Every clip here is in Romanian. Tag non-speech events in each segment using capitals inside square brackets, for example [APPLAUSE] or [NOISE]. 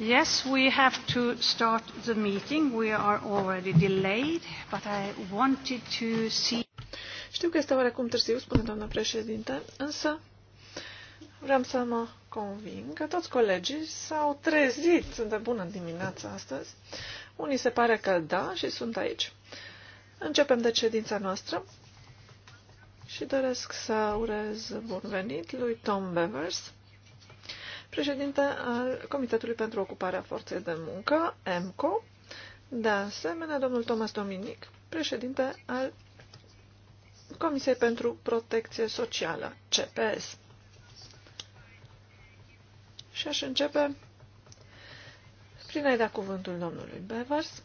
Yes, we have to start the meeting. We are already delayed, but I wanted to see... Știu că este oarecum târziu, spune doamna președinte, însă vreau să mă conving că toți colegii s-au trezit de bună dimineața astăzi. Unii se pare că da și sunt aici. Începem de ședința noastră și doresc să urez bun venit lui Tom Bevers, președinte al Comitetului pentru Ocuparea Forței de Muncă, EMCO, de asemenea domnul Thomas Dominic, președinte al Comisiei pentru Protecție Socială, CPS. Și aș începe prin a-i da cuvântul domnului Bevers.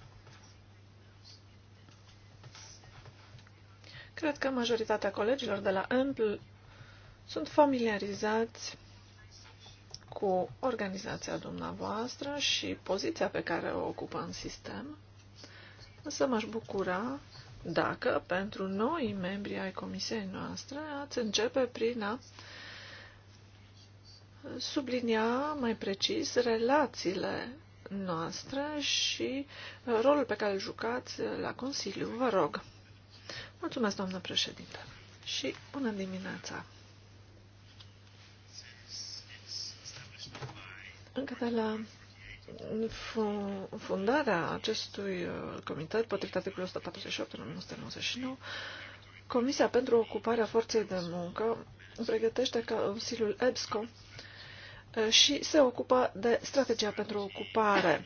Cred că majoritatea colegilor de la Ample sunt familiarizați cu organizația dumneavoastră și poziția pe care o ocupă în sistem, însă m-aș bucura dacă pentru noi membri ai comisiei noastre ați începe prin a sublinia mai precis relațiile noastre și rolul pe care îl jucați la Consiliu. Vă rog. Mulțumesc, doamnă președinte, și bună dimineața! Încă de la fundarea acestui uh, comitet, potrivit articolului 148 în 1999, Comisia pentru Ocuparea Forței de Muncă pregătește Consiliul EBSCO uh, și se ocupă de strategia pentru ocupare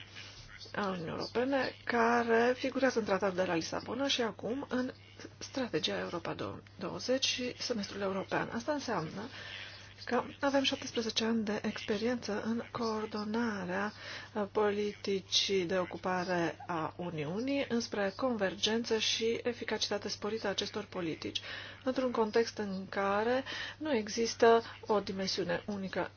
a Uniunii Europene, care figurează în tratatul de la Lisabona și acum în strategia Europa 20 și semestrul european. Asta înseamnă că avem 17 ani de experiență în coordonarea uh, politicii de ocupare a Uniunii înspre convergență și eficacitate sporită a acestor politici, într-un context în care nu există o dimensiune unică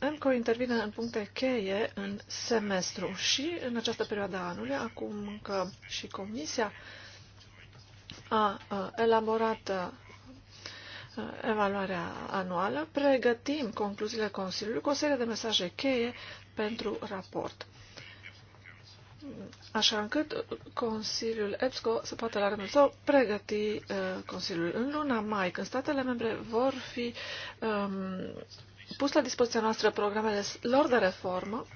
EMCO intervine în puncte cheie în semestru și în această perioadă a anului, acum că și Comisia a uh, elaborat uh, evaluarea anuală, pregătim concluziile Consiliului cu o serie de mesaje cheie pentru raport. Așa încât Consiliul EPSCO se poate la rândul său pregăti uh, Consiliul în luna mai, când statele membre vor fi um, pus la dispoziția noastră programele lor de reformă,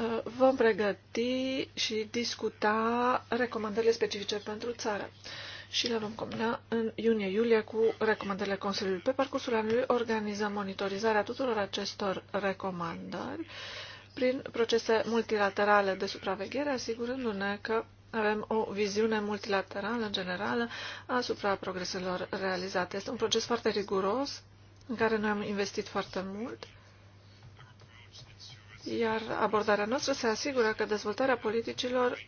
uh, vom pregăti și discuta recomandările specifice pentru țară. Uh, și le vom combina în iunie-iulie cu recomandările Consiliului. Pe parcursul anului organizăm monitorizarea tuturor acestor recomandări prin procese multilaterale de supraveghere, asigurându-ne că avem o viziune multilaterală, în generală, asupra progreselor realizate. Este un proces foarte riguros, în care noi am investit foarte mult, iar abordarea noastră se asigură că dezvoltarea politicilor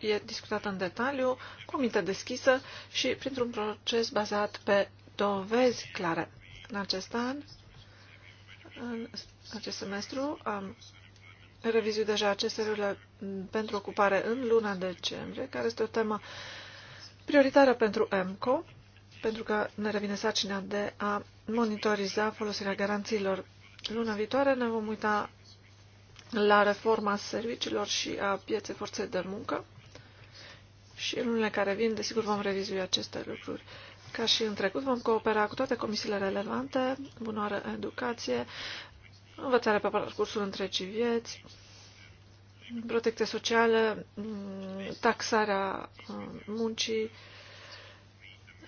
e discutată în detaliu, cu minte deschisă și printr-un proces bazat pe dovezi clare. În acest an, în acest semestru, am revizuit deja aceste acestea pentru ocupare în luna decembrie, care este o temă prioritară pentru EMCO, pentru că ne revine sarcina de a monitoriza folosirea garanțiilor. Luna viitoare ne vom uita la reforma serviciilor și a pieței forței de muncă și în lunile care vin, desigur, vom revizui aceste lucruri. Ca și în trecut, vom coopera cu toate comisiile relevante, bunoară, educație, învățare pe parcursul întregii vieți, protecție socială, mm, taxarea mm, muncii.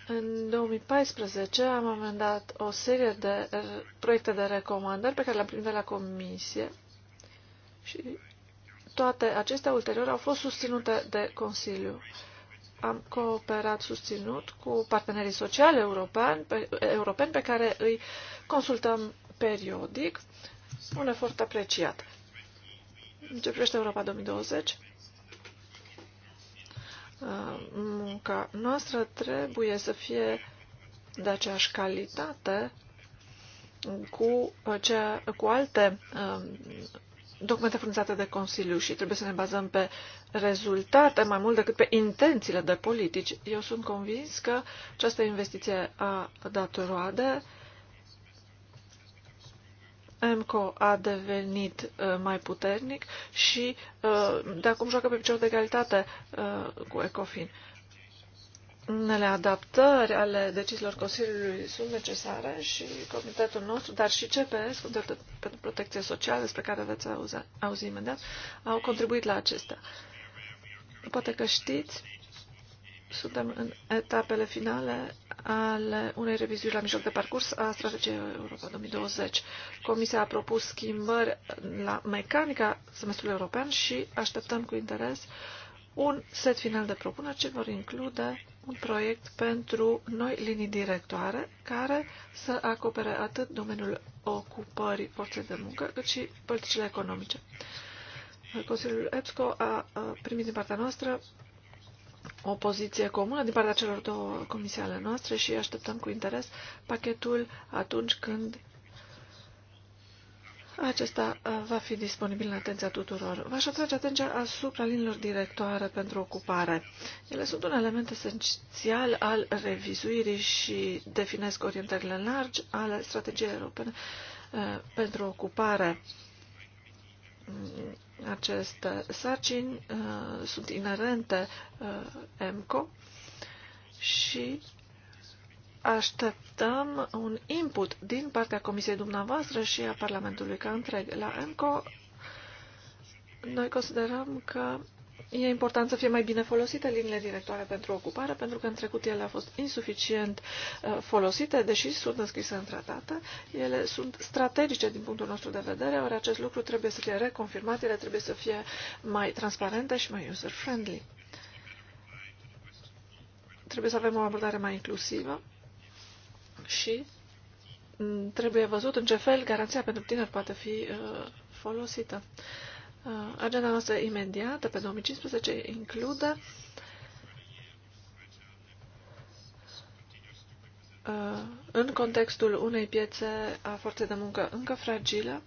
În 2014 am amendat o serie de proiecte de recomandări pe care le-am primit de la comisie și toate acestea ulterior au fost susținute de Consiliu. Am cooperat susținut cu partenerii sociali europeni pe, europeni pe care îi consultăm periodic, un efort apreciat. În ce privește Europa 2020, uh, munca noastră trebuie să fie de aceeași calitate cu, uh, cea, cu alte uh, documente furnizate de Consiliu și trebuie să ne bazăm pe rezultate mai mult decât pe intențiile de politici. Eu sunt convins că această investiție a dat roade. MCO a devenit uh, mai puternic și uh, de acum joacă pe picior de egalitate uh, cu ECOFIN. Unele adaptări ale deciziilor Consiliului sunt necesare și comitetul nostru, dar și CPS, Comitetul pentru Protecție Socială, despre care veți auzi, auzi imediat, au contribuit la acestea. Poate că știți, suntem în etapele finale ale unei reviziuri la mijloc de parcurs a strategiei Europa 2020. Comisia a propus schimbări la mecanica semestrului european și așteptăm cu interes uh, un set final de propuneri ce vor include un proiect pentru noi linii directoare care să acopere atât domeniul ocupării forței de muncă, cât și politicile economice. Consiliul EPSCO a primit din partea noastră o poziție comună din partea celor două comisii ale noastre și așteptăm cu interes pachetul atunci când acesta uh, va fi disponibil în atenția tuturor. V-aș atrage atenția asupra linilor directoare pentru ocupare. Ele sunt un element esențial al revizuirii și definesc orientările largi ale strategiei europene uh, pentru ocupare. Mm, aceste sarcini uh, sunt inerente EMCO și așteptăm un input din partea Comisiei dumneavoastră și a Parlamentului ca întreg. La ENCo. noi considerăm că e important să fie mai bine folosite liniile directoare pentru ocupare, pentru că în trecut ele au fost insuficient uh, folosite, deși sunt înscrise în tratate. Ele sunt strategice din punctul nostru de vedere, ori acest lucru trebuie să fie reconfirmat, ele trebuie să fie mai transparente și mai user-friendly. Trebuie să avem o abordare mai inclusivă și mm, trebuie văzut în ce fel garanția pentru tineri poate fi uh, folosită. Uh, agenda noastră imediată pe 2015 include uh, în contextul unei piețe a forței de muncă încă fragilă.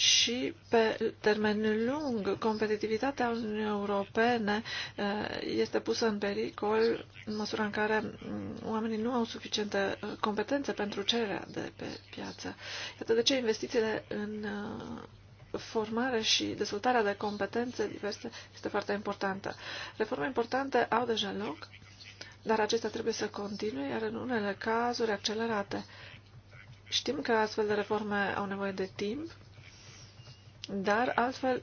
și pe termen lung competitivitatea Uniunii Europene eh, este pusă în pericol în măsura în care mm, oamenii nu au suficiente eh, competențe pentru cererea de pe piață. Iată de ce investițiile în eh, formare și dezvoltarea de competențe diverse este foarte importantă. Reforme importante au deja loc, dar acestea trebuie să continue, iar în unele cazuri accelerate. Știm că astfel de reforme au nevoie de timp dar altfel,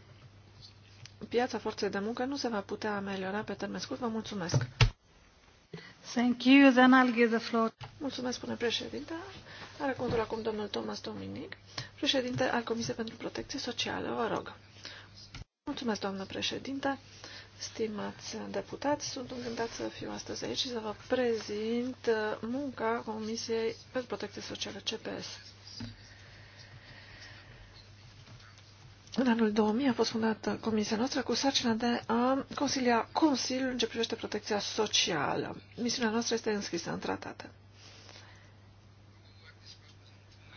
piața forței de muncă nu se va putea ameliora pe termen scurt. Vă mulțumesc! Thank you. Then I'll give the floor. Mulțumesc, spune președinte. Are cuvântul acum domnul Thomas Dominic, președinte al Comisiei pentru Protecție Socială. Vă rog. Mulțumesc, doamnă președinte. Stimați deputați, sunt încântat să fiu astăzi aici și să vă prezint uh, munca Comisiei pentru Protecție Socială CPS. În anul 2000 a fost fundată comisia noastră cu sarcina de a consilia Consiliul în ce privește protecția socială. Misiunea noastră este înscrisă în tratate.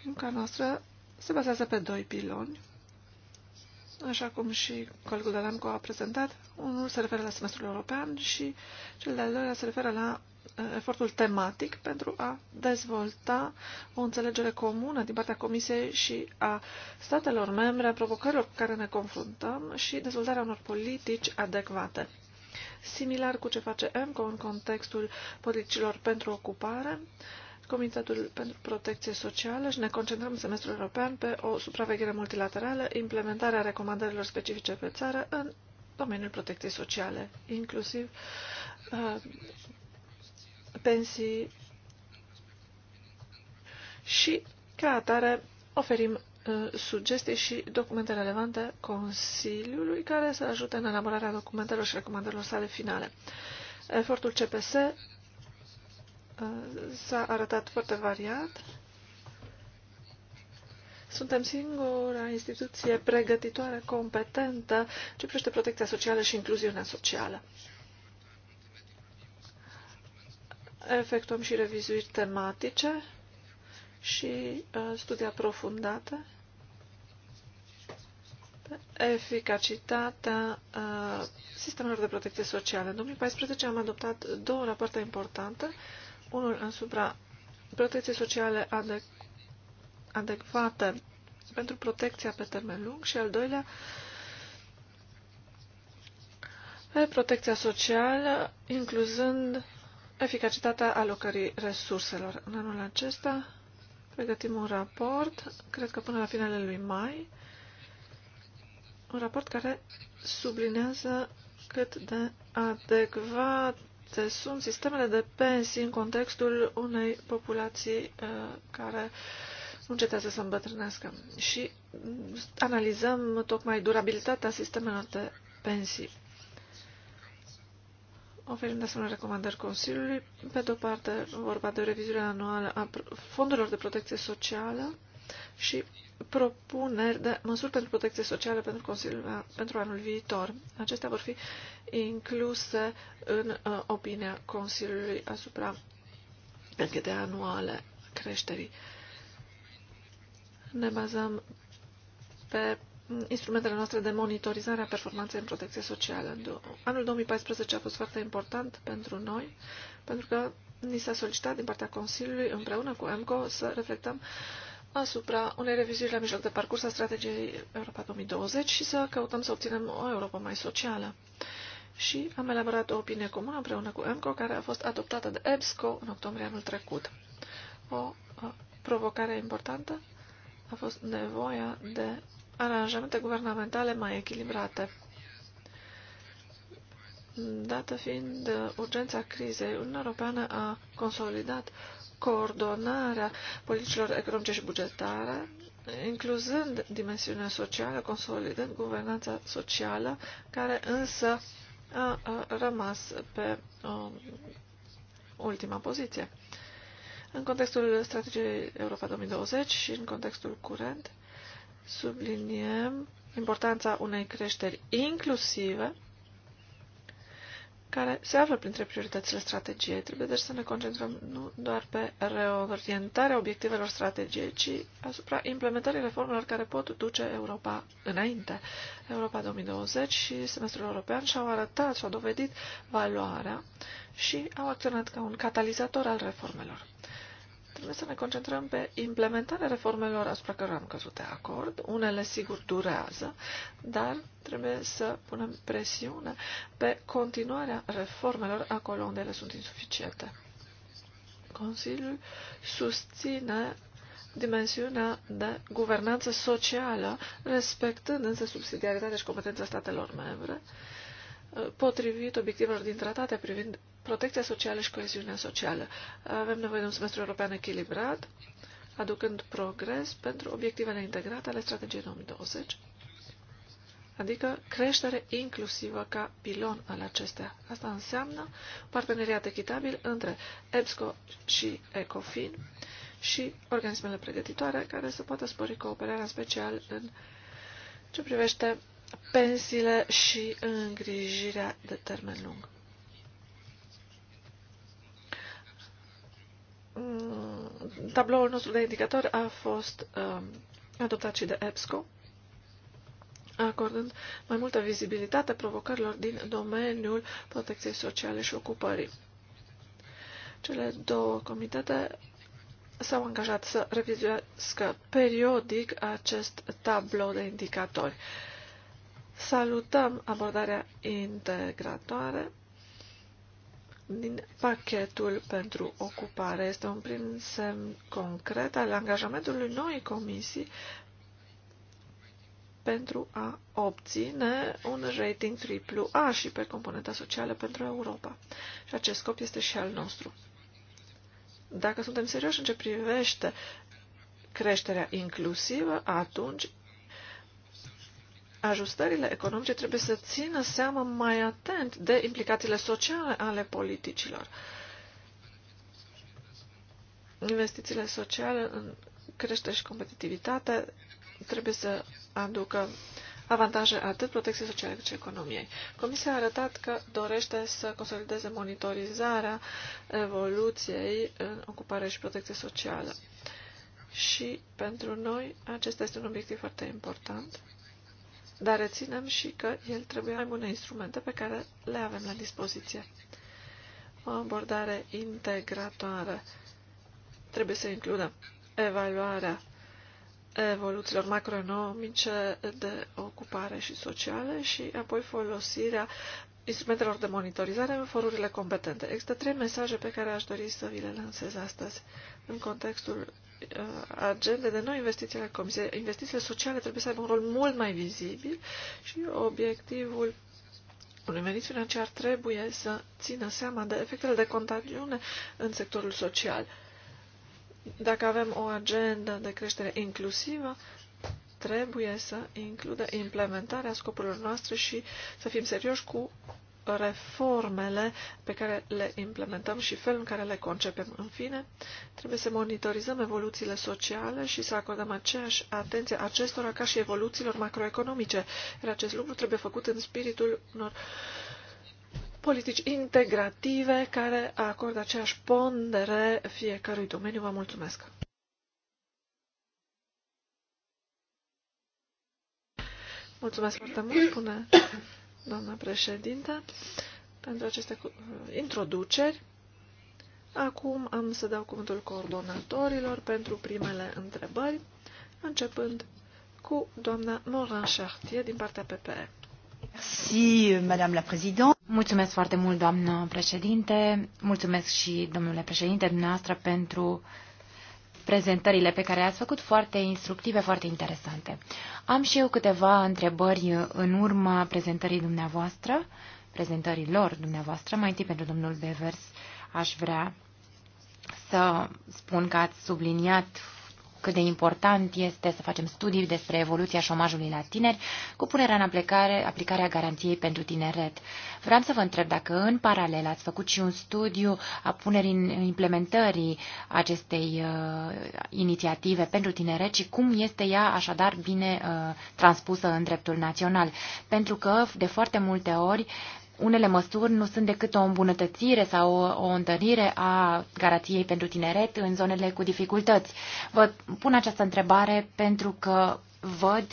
Munca noastră se bazează pe doi piloni, așa cum și colegul de Lamco a prezentat. Unul se referă la semestrul european și cel de-al doilea se referă la Uh, efortul tematic pentru a dezvolta o înțelegere comună din partea Comisiei și a statelor membre a provocărilor cu care ne confruntăm și dezvoltarea unor politici adecvate. Similar cu ce face EMCO în contextul politicilor pentru ocupare, Comitetul pentru Protecție Socială și ne concentrăm în semestrul european pe o supraveghere multilaterală, implementarea recomandărilor specifice pe țară în domeniul protecției sociale, inclusiv uh, pensii și, ca atare, oferim uh, sugestii și documente relevante Consiliului care să ajute în elaborarea documentelor și recomandărilor sale finale. Efortul CPS uh, s-a arătat foarte variat. Suntem singura instituție pregătitoare competentă ce privește protecția socială și incluziunea socială. efectuăm și revizuiri tematice și uh, studii aprofundate eficacitatea uh, sistemelor de protecție socială. În 2014 am adoptat două rapoarte importante, unul asupra protecției sociale adec adecvate pentru protecția pe termen lung și al doilea pe protecția socială, incluzând eficacitatea alocării resurselor. În anul acesta pregătim un raport, cred că până la finele lui mai, un raport care sublinează cât de adecvate sunt sistemele de pensii în contextul unei populații uh, care nu încetează să îmbătrânească. Și analizăm tocmai durabilitatea sistemelor de pensii oferind asemenea recomandări Consiliului. Pe de o parte, vorba de o revizuire anuală a fondurilor de protecție socială și propuneri de măsuri pentru protecție socială pentru, Consiliul, pentru anul viitor. Acestea vor fi incluse în uh, opinia Consiliului asupra de anuale creșterii. Ne bazăm pe instrumentele noastre de monitorizare a performanței în protecție socială. Anul 2014 a fost foarte important pentru noi, pentru că ni s-a solicitat din partea Consiliului, împreună cu EMCO, să reflectăm asupra unei revizuiri la mijloc de parcurs a strategiei Europa 2020 și să căutăm să obținem o Europa mai socială. Și am elaborat o opinie comună împreună cu EMCO, care a fost adoptată de EBSCO în octombrie anul trecut. O uh, provocare importantă a fost nevoia de aranjamente guvernamentale mai echilibrate. Dată fiind uh, urgența crizei, Uniunea Europeană a consolidat coordonarea politicilor economice și bugetare, incluzând dimensiunea socială, consolidând guvernanța socială, care însă a, rămas pe um, ultima poziție. În contextul strategiei Europa 2020 și în contextul curent, subliniem importanța unei creșteri inclusive care se află printre prioritățile strategiei. Trebuie deci să ne concentrăm nu doar pe reorientarea obiectivelor strategiei, ci asupra implementării reformelor care pot duce Europa înainte. Europa 2020 și semestrul european și-au arătat și-au dovedit valoarea și au acționat ca un catalizator al reformelor. Trebuie să ne concentrăm pe implementarea reformelor asupra care am căzut de acord. Unele, sigur, durează, dar trebuie să punem presiune pe continuarea reformelor acolo unde ele sunt insuficiente. Consiliul susține dimensiunea de guvernanță socială, respectând însă subsidiaritatea și competența statelor membre, potrivit obiectivelor din tratate privind protecția socială și coeziunea socială. Avem nevoie de un semestru european echilibrat, aducând progres pentru obiectivele integrate ale strategiei 2020, adică creștere inclusivă ca pilon al acestea. Asta înseamnă parteneriat echitabil între EBSCO și ECOFIN și organismele pregătitoare care să poată spori cooperarea special în ce privește pensiile și îngrijirea de termen lung. Mm, tabloul nostru de indicatori a fost um, adoptat și de EBSCO, acordând mai multă vizibilitate provocărilor din domeniul protecției sociale și ocupării. Cele două comitete s-au angajat să revizuiască periodic acest tablou de indicatori. Salutăm abordarea integratoare din pachetul pentru ocupare. Este un prim semn concret al angajamentului noii comisii pentru a obține un rating AAA și pe componenta socială pentru Europa. Și acest scop este și al nostru. Dacă suntem serioși în ce privește creșterea inclusivă, atunci ajustările economice trebuie să țină seama mai atent de implicațiile sociale ale politicilor. Investițiile sociale în creștere și competitivitate trebuie să aducă avantaje atât protecției sociale cât și economiei. Comisia a arătat că dorește să consolideze monitorizarea evoluției în ocupare și protecție socială. Și pentru noi acesta este un obiectiv foarte important dar reținem și că el trebuie mai bune instrumente pe care le avem la dispoziție. O abordare integratoare trebuie să includă evaluarea evoluțiilor macroeconomice de ocupare și sociale și apoi folosirea instrumentelor de monitorizare în forurile competente. Există trei mesaje pe care aș dori să vi le lansez astăzi în contextul Uh, agende de noi investiții la Comisie, Investițiile sociale trebuie să aibă un rol mult mai vizibil și obiectivul unui venit financiar trebuie să țină seama de efectele de contagiune în sectorul social. Dacă avem o agendă de creștere inclusivă, trebuie să includă implementarea scopurilor noastre și să fim serioși cu reformele pe care le implementăm și felul în care le concepem. În fine, trebuie să monitorizăm evoluțiile sociale și să acordăm aceeași atenție acestora ca și evoluțiilor macroeconomice. Iar acest lucru trebuie făcut în spiritul unor politici integrative care acordă aceeași pondere fiecărui domeniu. Vă mulțumesc! Mulțumesc foarte mult, spune doamna Președintă, pentru aceste introduceri. Acum am să dau cuvântul coordonatorilor pentru primele întrebări, începând cu doamna Morin Chartier din partea PPE. Merci, Madame la Président. Mulțumesc foarte mult, doamnă președinte. Mulțumesc și, domnule președinte, dumneavoastră pentru uh, prezentările pe care le-ați făcut, foarte instructive, foarte interesante. Am și eu câteva întrebări în urma prezentării dumneavoastră, prezentării lor dumneavoastră. Mai întâi pentru domnul Bevers aș vrea să spun că ați subliniat cât de important este să facem studii despre evoluția șomajului la tineri cu punerea în aplicare, aplicarea garanției pentru tineret. Vreau să vă întreb dacă în paralel ați făcut și un studiu a punerii în implementării acestei uh, inițiative pentru tineret și cum este ea așadar bine uh, transpusă în dreptul național. Pentru că de foarte multe ori unele măsuri nu sunt decât o îmbunătățire sau o întărire a garanției pentru tineret în zonele cu dificultăți. Vă pun această întrebare pentru că văd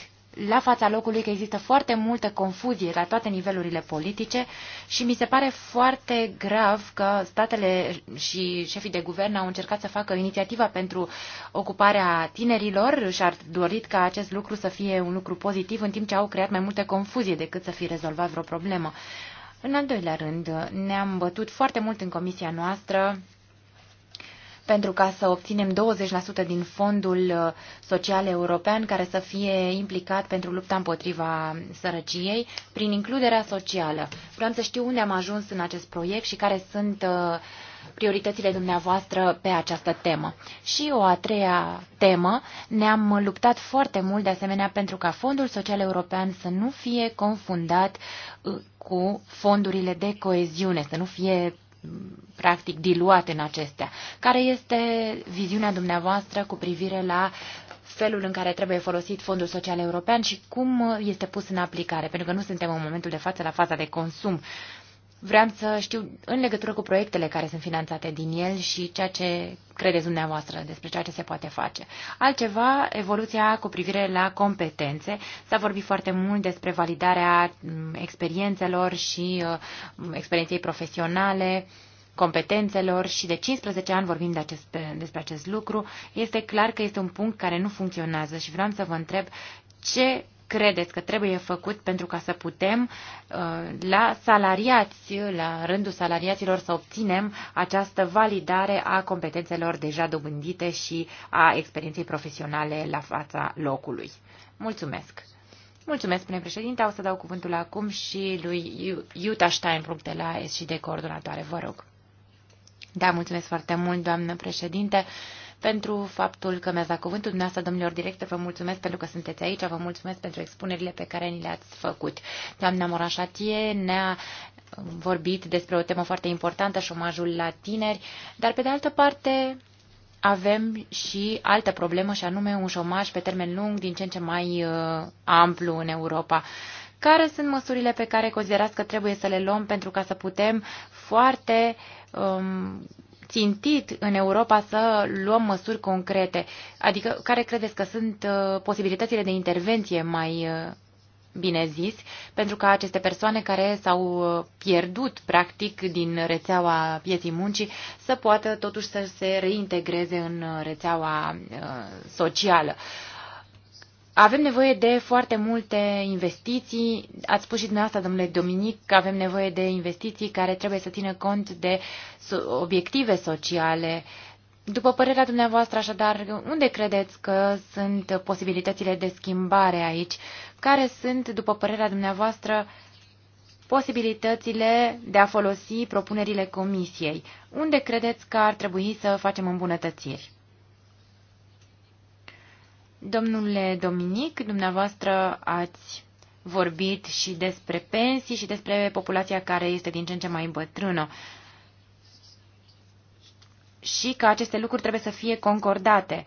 la fața locului că există foarte multă confuzie la toate nivelurile politice și mi se pare foarte grav că statele și șefii de guvern au încercat să facă inițiativa pentru ocuparea tinerilor și ar dorit ca acest lucru să fie un lucru pozitiv în timp ce au creat mai multe confuzie decât să fi rezolvat vreo problemă. În al doilea rând, ne-am bătut foarte mult în comisia noastră pentru ca să obținem 20% din fondul social european care să fie implicat pentru lupta împotriva sărăciei prin includerea socială. Vreau să știu unde am ajuns în acest proiect și care sunt uh, prioritățile dumneavoastră pe această temă. Și o a treia temă, ne-am luptat foarte mult de asemenea pentru ca Fondul Social European să nu fie confundat uh, cu fondurile de coeziune, să nu fie mm, practic diluate în acestea. Care este viziunea dumneavoastră cu privire la felul în care trebuie folosit Fondul Social European și cum este pus în aplicare? Pentru că nu suntem în momentul de față la faza de consum vreau să știu în legătură cu proiectele care sunt finanțate din el și ceea ce credeți dumneavoastră despre ceea ce se poate face. Altceva, evoluția cu privire la competențe. S-a vorbit foarte mult despre validarea mm, experiențelor și uh, experienței profesionale competențelor și de 15 ani vorbim de acest, despre acest lucru, este clar că este un punct care nu funcționează și vreau să vă întreb ce credeți că trebuie făcut pentru ca să putem uh, la salariați, la rândul salariaților să obținem această validare a competențelor deja dobândite și a experienței profesionale la fața locului. Mulțumesc! Mulțumesc, spune președinte. O să dau cuvântul acum și lui Iuta Steinbruck de la SCD Coordonatoare. Vă rog. Da, mulțumesc foarte mult, doamnă președinte. Uh, pentru faptul că mi-ați dat cuvântul dumneavoastră, domnilor director. Vă mulțumesc pentru că sunteți aici, vă mulțumesc pentru expunerile pe care ni le-ați făcut. Doamna Morașatie ne-a vorbit despre o temă foarte importantă, șomajul la tineri, dar pe de altă parte avem și altă problemă și anume un șomaj pe termen lung din ce în ce mai uh, amplu în Europa. Care sunt măsurile pe care considerați că trebuie să le luăm pentru ca să putem foarte um, țintit în Europa să luăm măsuri concrete? Adică, care credeți că sunt uh, posibilitățile de intervenție mai uh, bine zis, pentru că aceste persoane care s-au uh, pierdut practic din rețeaua pieții muncii să poată totuși să se reintegreze în rețeaua socială. Avem nevoie de foarte multe investiții. Ați spus și dumneavoastră, domnule Dominic, că avem nevoie de investiții care trebuie să țină cont de obiective sociale. După părerea dumneavoastră, așadar, unde credeți că sunt posibilitățile de schimbare aici? Care sunt, după părerea dumneavoastră, posibilitățile de a folosi propunerile comisiei? Unde credeți că ar trebui să facem îmbunătățiri? Domnule Dominic, dumneavoastră ați vorbit și despre pensii și despre populația care este din ce în ce mai bătrână și că aceste lucruri trebuie să fie concordate.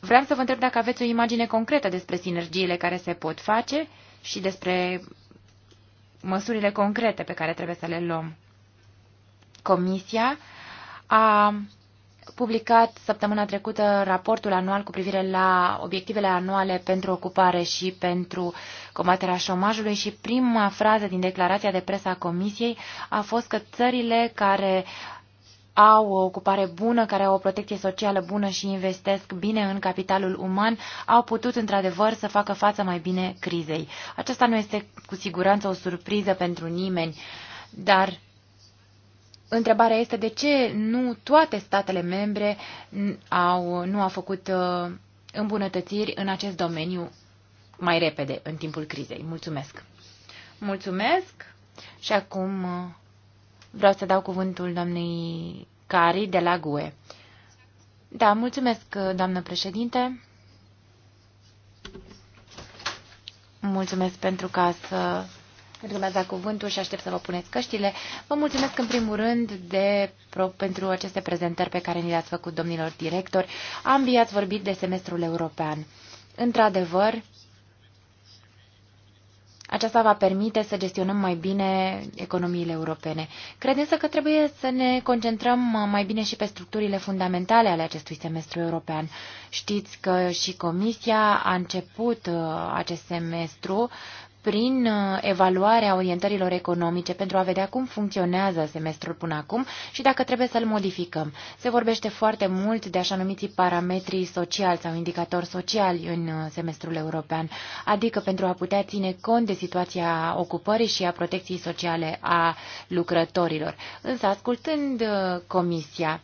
Vreau să vă întreb dacă aveți o imagine concretă despre sinergiile care se pot face și despre măsurile concrete pe care trebuie să le luăm. Comisia a publicat săptămâna trecută raportul anual cu privire la obiectivele anuale pentru ocupare și pentru combaterea șomajului și prima frază din declarația de presă a Comisiei a fost că țările care au o ocupare bună, care au o protecție socială bună și investesc bine în capitalul uman, au putut într-adevăr să facă față mai bine crizei. Aceasta nu este cu siguranță o surpriză pentru nimeni, dar Întrebarea este de ce nu toate statele membre au, nu au făcut uh, îmbunătățiri în acest domeniu mai repede în timpul crizei. Mulțumesc! Mulțumesc și acum uh, vreau să dau cuvântul doamnei Cari de la GUE. Da, mulțumesc, uh, doamnă președinte. Mulțumesc pentru că ați pentru că mi-ați dat cuvântul și aștept să vă puneți căștile. Vă mulțumesc în primul rând de, pro, pentru aceste prezentări pe care ni le-ați făcut, domnilor directori. Ambii ați vorbit de semestrul european. Într-adevăr, aceasta va permite să gestionăm mai bine economiile europene. Cred însă că trebuie să ne concentrăm mai bine și pe structurile fundamentale ale acestui semestru european. Știți că și Comisia a început uh, acest semestru prin uh, evaluarea orientărilor economice pentru a vedea cum funcționează semestrul până acum și dacă trebuie să-l modificăm. Se vorbește foarte mult de așa numiții parametri sociali sau indicatori sociali în uh, semestrul european, adică pentru a putea ține cont de situația ocupării și a protecției sociale a lucrătorilor. Însă, ascultând uh, Comisia,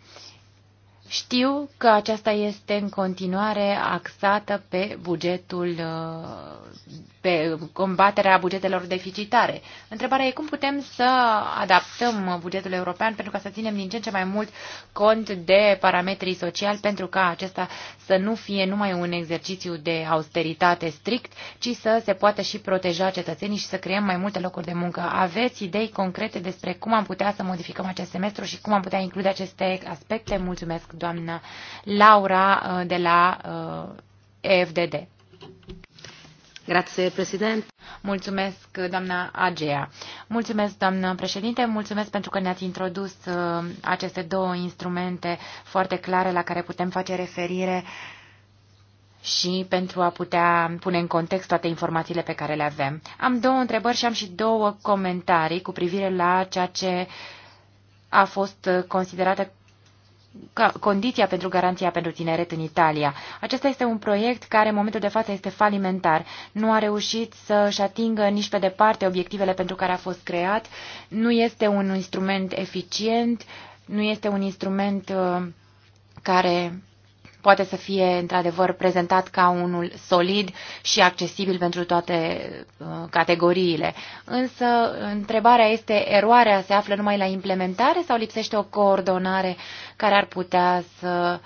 știu că aceasta este în continuare axată pe bugetul pe combaterea bugetelor deficitare. Întrebarea e cum putem să adaptăm bugetul european pentru ca să ținem din ce în ce mai mult cont de parametrii sociali pentru ca acesta să nu fie numai un exercițiu de austeritate strict, ci să se poată și proteja cetățenii și să creăm mai multe locuri de muncă. Aveți idei concrete despre cum am putea să modificăm acest semestru și cum am putea include aceste aspecte? Mulțumesc, doamna Laura de la uh, EFDD. Mulțumesc, doamna Agea. Mulțumesc, doamnă președinte, mulțumesc pentru că ne-ați introdus uh, aceste două instrumente foarte clare la care putem face referire și pentru a putea pune în context toate informațiile pe care le avem. Am două întrebări și am și două comentarii cu privire la ceea ce a fost considerată condiția pentru garanția pentru tineret în Italia. Acesta este un proiect care în momentul de față este falimentar. Nu a reușit să-și atingă nici pe departe obiectivele pentru care a fost creat. Nu este un instrument eficient, nu este un instrument uh, care poate să fie într-adevăr prezentat ca unul solid și accesibil pentru toate uh, categoriile. Însă întrebarea este, eroarea se află numai la implementare sau lipsește o coordonare care ar putea să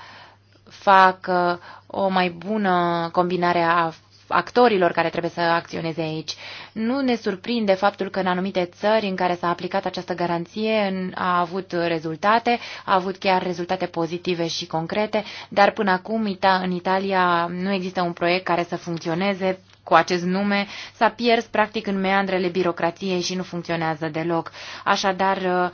facă o mai bună combinare a actorilor care trebuie să acționeze aici. Nu ne surprinde faptul că în anumite țări în care s-a aplicat această garanție a avut rezultate, a avut chiar rezultate pozitive și concrete, dar până acum în Italia nu există un proiect care să funcționeze cu acest nume, s-a pierd practic în meandrele birocratiei și nu funcționează deloc. Așadar, uh,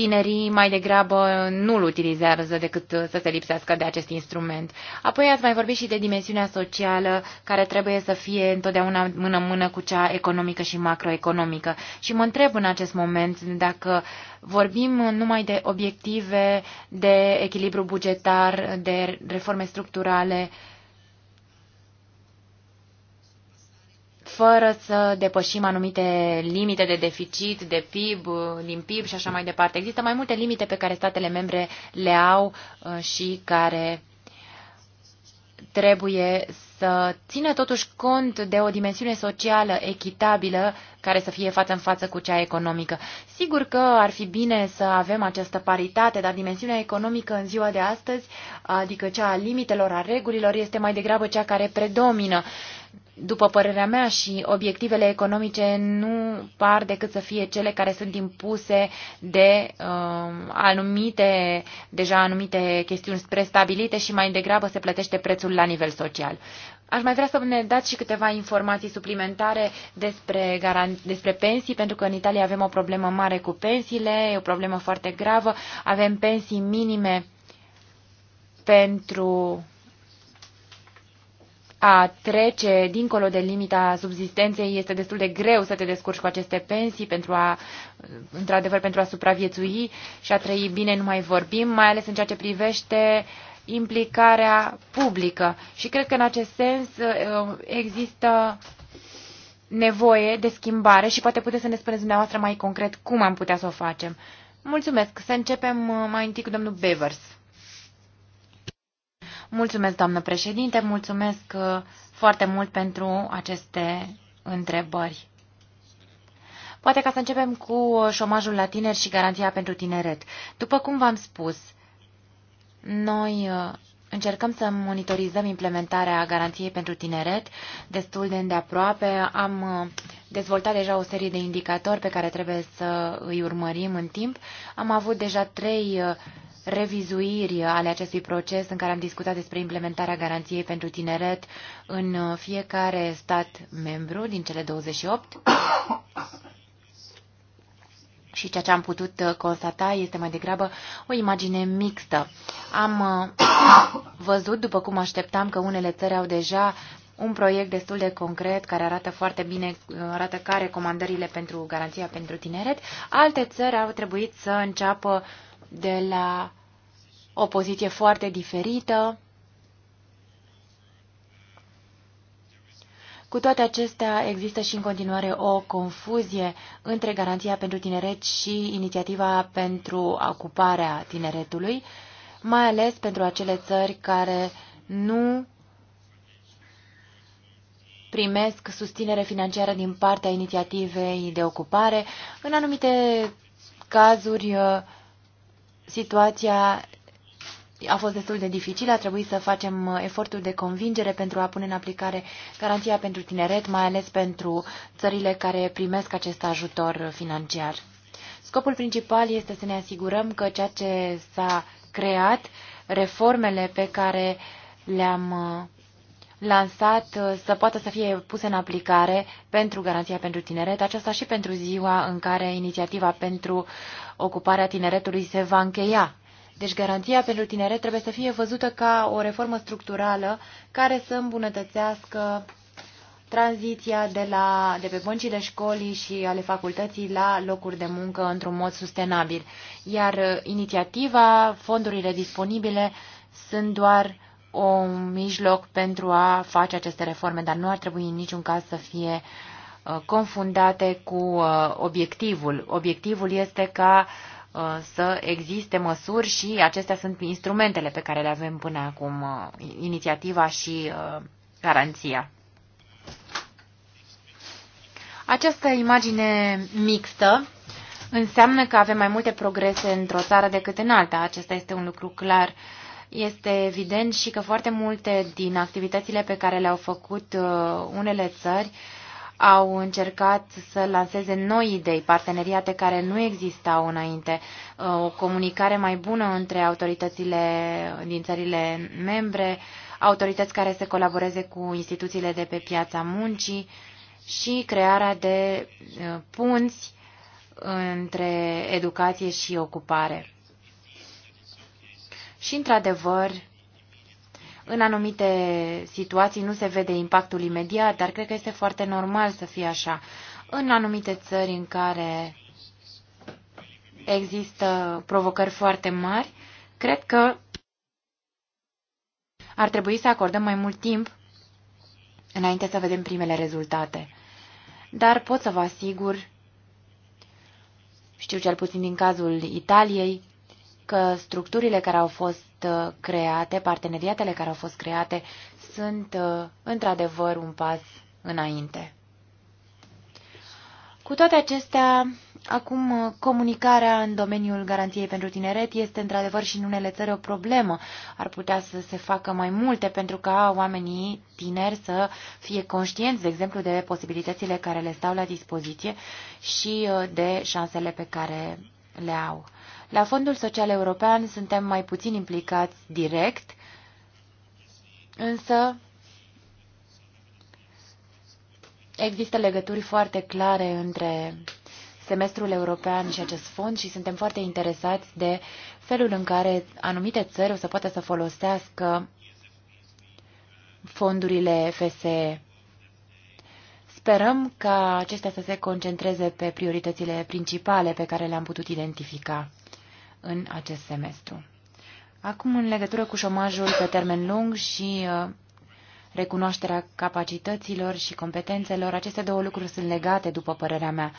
tinerii mai degrabă nu-l utilizează decât să se lipsească de acest instrument. Apoi ați mai vorbit și de dimensiunea socială, care trebuie să fie întotdeauna mână-mână cu cea economică și macroeconomică. Și mă întreb în acest moment dacă vorbim numai de obiective, de echilibru bugetar, de reforme structurale, fără să depășim anumite limite de deficit, de PIB, din PIB și așa mai departe. Există mai multe limite pe care statele membre le au uh, și care trebuie să țină totuși cont de o dimensiune socială echitabilă care să fie față în față cu cea economică. Sigur că ar fi bine să avem această paritate, dar dimensiunea economică în ziua de astăzi, adică cea a limitelor, a regulilor, este mai degrabă cea care predomină. După părerea mea și obiectivele economice nu par decât să fie cele care sunt impuse de uh, anumite, deja anumite chestiuni prestabilite și mai degrabă se plătește prețul la nivel social. Aș mai vrea să ne dați și câteva informații suplimentare despre, despre pensii, pentru că în Italia avem o problemă mare cu pensiile, e o problemă foarte gravă. Avem pensii minime pentru a trece dincolo de limita subzistenței este destul de greu să te descurci cu aceste pensii pentru a, într-adevăr, pentru a supraviețui și a trăi bine, nu mai vorbim, mai ales în ceea ce privește uh, implicarea publică. Și cred că în acest sens uh, există nevoie de schimbare și poate puteți să ne spuneți dumneavoastră mai concret cum am putea să o facem. Mulțumesc. Să începem uh, mai întâi cu domnul Bevers. Mulțumesc, doamnă președinte, mulțumesc uh, foarte mult pentru aceste întrebări. Poate ca să începem cu șomajul la tineri și garanția pentru tineret. După cum v-am spus, noi uh, încercăm să monitorizăm implementarea garanției pentru tineret destul de îndeaproape. Am uh, dezvoltat deja o serie de indicatori pe care trebuie să îi urmărim în timp. Am avut deja trei uh, revizuiri ale acestui proces în care am discutat despre implementarea garanției pentru tineret în fiecare stat membru din cele 28 și ceea ce am putut uh, constata este mai degrabă o imagine mixtă. Am uh, [COUGHS] văzut, după cum așteptam, că unele țări au deja un proiect destul de concret care arată foarte bine, uh, arată care comandările pentru garanția pentru tineret. Alte țări au trebuit să înceapă de la o poziție foarte diferită, Cu toate acestea, există și în continuare o confuzie între garanția pentru tineret și inițiativa pentru ocuparea tineretului, mai ales pentru acele țări care nu primesc susținere financiară din partea inițiativei de ocupare. În anumite cazuri, situația a fost destul de dificil, a trebuit să facem uh, eforturi de convingere pentru a pune în aplicare garanția pentru tineret, mai ales pentru țările care primesc acest ajutor financiar. Scopul principal este să ne asigurăm că ceea ce s-a creat, reformele pe care le-am uh, lansat uh, să poată să fie puse în aplicare pentru Garanția pentru Tineret, aceasta și pentru ziua în care inițiativa pentru ocuparea tineretului se va încheia deci garanția pentru tineret trebuie să fie văzută ca o reformă structurală care să îmbunătățească tranziția de, la, de pe băncile școlii și ale facultății la locuri de muncă într-un mod sustenabil. Iar uh, inițiativa, fondurile disponibile sunt doar un mijloc pentru a face aceste reforme, dar nu ar trebui în niciun caz să fie uh, confundate cu uh, obiectivul. Obiectivul este ca uh, Uh, să existe măsuri și acestea sunt instrumentele pe care le avem până acum, uh, inițiativa și uh, garanția. Această imagine mixtă înseamnă că avem mai multe progrese într-o țară decât în alta. Acesta este un lucru clar. Este evident și că foarte multe din activitățile pe care le-au făcut unele țări uh, au încercat să lanseze noi idei, parteneriate care nu existau înainte, uh, o comunicare mai bună între autoritățile din țările membre, autorități care să colaboreze cu instituțiile de pe piața muncii și crearea de uh, punți între educație și ocupare. Și, într-adevăr, în anumite situații nu se vede impactul imediat, dar cred că este foarte normal să fie așa. În anumite țări în care există provocări foarte mari, cred că ar trebui să acordăm mai mult timp înainte să vedem primele rezultate. Dar pot să vă asigur, știu cel puțin din cazul Italiei, că structurile care au fost uh, create, parteneriatele care au fost create, sunt uh, într-adevăr un pas înainte. Cu toate acestea, acum uh, comunicarea în domeniul garanției pentru tineret este într-adevăr și în unele țări o problemă. Ar putea să se facă mai multe pentru ca oamenii tineri să fie conștienți, de exemplu, de posibilitățile care le stau la dispoziție și de șansele pe care le au. La Fondul Social European suntem mai puțin implicați direct, însă există legături foarte clare între semestrul european și acest fond și suntem foarte interesați de felul în care anumite țări o să poată să folosească fondurile FSE. Sperăm ca acestea să se concentreze pe prioritățile principale pe care le-am putut identifica în acest semestru. Acum, în legătură cu șomajul pe termen lung și uh, recunoașterea capacităților și competențelor, aceste două lucruri sunt legate, după părerea mea.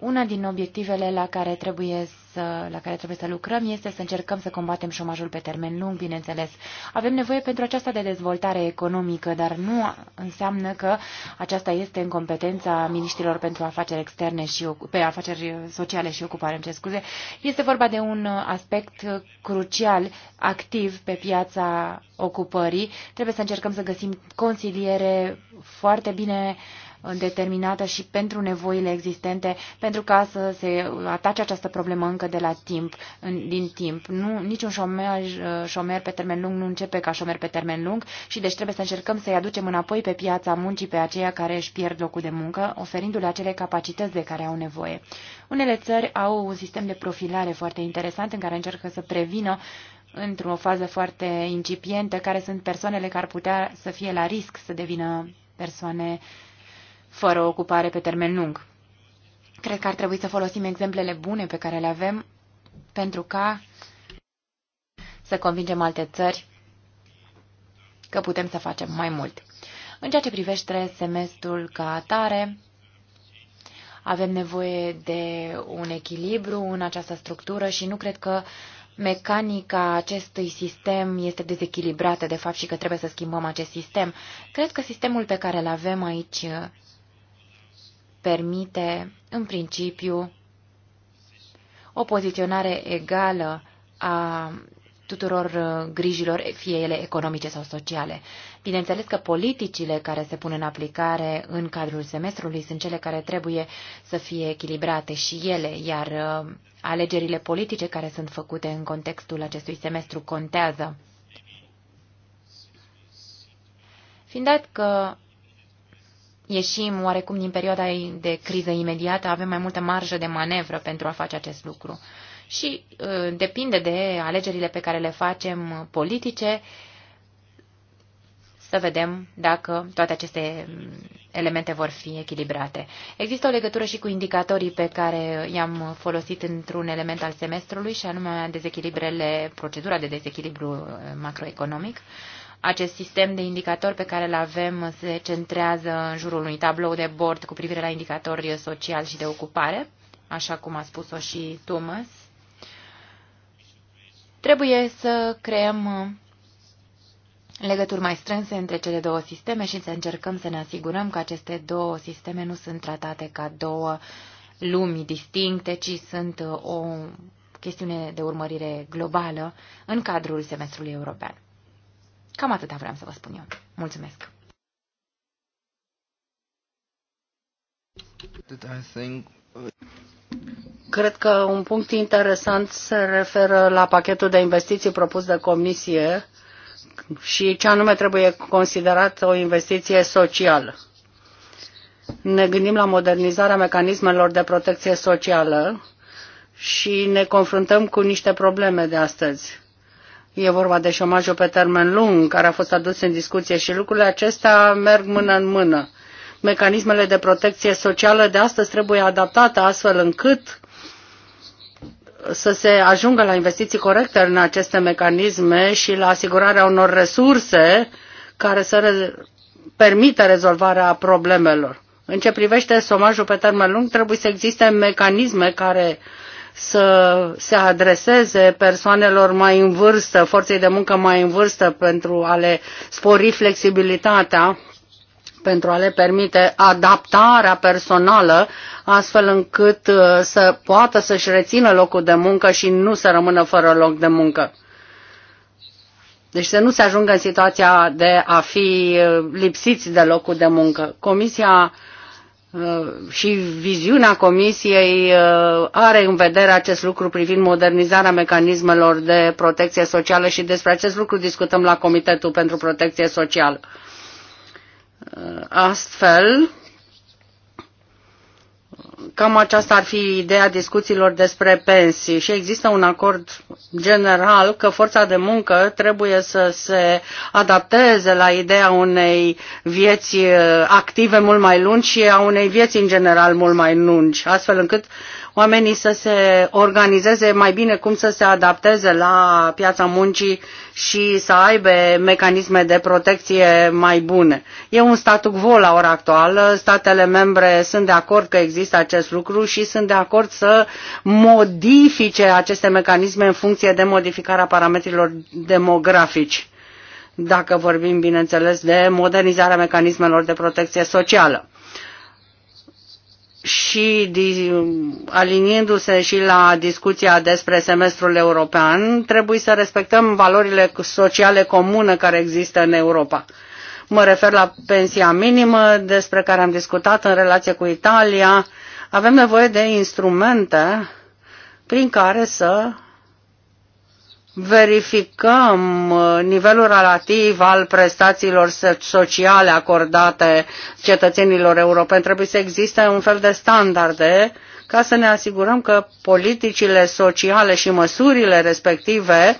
Una din obiectivele la care, trebuie să, la care trebuie să lucrăm este să încercăm să combatem șomajul pe termen lung, bineînțeles. Avem nevoie pentru aceasta de dezvoltare economică, dar nu înseamnă că aceasta este în competența ministrilor pentru afaceri externe și pe afaceri sociale și ocupare, îmi cer scuze. Este vorba de un aspect crucial, activ pe piața ocupării. Trebuie să încercăm să găsim consiliere foarte bine uh, Uh, determinată și pentru nevoile existente, pentru ca să se atace această problemă încă de la timp, în, din timp. Nu, niciun șomer, uh, șomer pe termen lung nu începe ca șomer pe termen lung și deci trebuie să încercăm să-i aducem înapoi pe piața muncii pe aceia care își pierd locul de muncă, oferindu-le acele capacități de care au nevoie. Unele țări au un sistem de profilare foarte interesant în care încercă să prevină într-o fază foarte incipientă care sunt persoanele care ar putea să fie la risc să devină persoane uh, fără o ocupare pe termen lung. Cred că ar trebui să folosim exemplele bune pe care le avem pentru ca să convingem alte țări că putem să facem mai mult. În ceea ce privește semestrul ca atare, avem nevoie de un echilibru în această structură și nu cred că mecanica acestui sistem este dezechilibrată de fapt și că trebuie să schimbăm acest sistem. Cred că sistemul pe care îl avem aici permite, în principiu, o poziționare egală a tuturor uh, grijilor, fie ele economice sau sociale. Bineînțeles că politicile care se pun în aplicare în cadrul semestrului sunt cele care trebuie să fie echilibrate și ele, iar uh, alegerile politice care sunt făcute în contextul acestui semestru contează. Fiind dat că ieșim oarecum din perioada de criză imediată, avem mai multă marjă de manevră pentru a face acest lucru. Și uh, depinde de alegerile pe care le facem politice, să vedem dacă toate aceste mm, elemente vor fi echilibrate. Există o legătură și cu indicatorii pe care i-am folosit într-un element al semestrului, și anume dezechilibrele, procedura de dezechilibru uh, macroeconomic acest sistem de indicatori pe care îl avem se centrează în jurul unui tablou de bord cu privire la indicatori social și de ocupare, așa cum a spus-o și Thomas. Trebuie să creăm uh, legături mai strânse între cele două sisteme și să încercăm să ne asigurăm că aceste două sisteme nu sunt tratate ca două lumii distincte, ci sunt uh, o chestiune de urmărire globală în cadrul semestrului european. Cam atâta vreau să vă spun eu. Mulțumesc! Cred că un punct interesant se referă la pachetul de investiții propus de comisie și ce anume trebuie considerat o investiție socială. Ne gândim la modernizarea mecanismelor de protecție socială și ne confruntăm cu niște probleme de astăzi E vorba de șomajul pe termen lung care a fost adus în discuție și lucrurile acestea merg mână în mână. Mecanismele de protecție socială de astăzi trebuie adaptate astfel încât să se ajungă la investiții corecte în aceste mecanisme și la asigurarea unor resurse care să re permită rezolvarea problemelor. În ce privește somajul pe termen lung, trebuie să existe mecanisme care să se adreseze persoanelor mai în vârstă, forței de muncă mai în vârstă pentru a le spori flexibilitatea, pentru a le permite adaptarea personală, astfel încât uh, să poată să-și rețină locul de muncă și nu să rămână fără loc de muncă. Deci să nu se ajungă în situația de a fi uh, lipsiți de locul de muncă. Comisia Uh, și viziunea Comisiei uh, are în vedere acest lucru privind modernizarea mecanismelor de protecție socială și despre acest lucru discutăm la Comitetul pentru Protecție Socială. Uh, astfel, Cam aceasta ar fi ideea discuțiilor despre pensii și există un acord general că forța de muncă trebuie să se adapteze la ideea unei vieți uh, active mult mai lungi și a unei vieți în general mult mai lungi, astfel încât oamenii să se organizeze mai bine, cum să se adapteze la piața muncii și să aibă mecanisme de protecție mai bune. E un statu quo la ora actuală, statele membre sunt de acord că există acest lucru și sunt de acord să modifice aceste mecanisme în funcție de modificarea parametrilor demografici dacă vorbim, bineînțeles, de modernizarea mecanismelor de protecție socială și um, aliniindu-se și la discuția despre semestrul european, trebuie să respectăm valorile sociale comune care există în Europa. Mă refer la pensia minimă, despre care am discutat în relație cu Italia. Avem nevoie de instrumente prin care să verificăm uh, nivelul relativ al prestațiilor sociale acordate cetățenilor europeni. Trebuie să existe un fel de standarde ca să ne asigurăm că politicile sociale și măsurile respective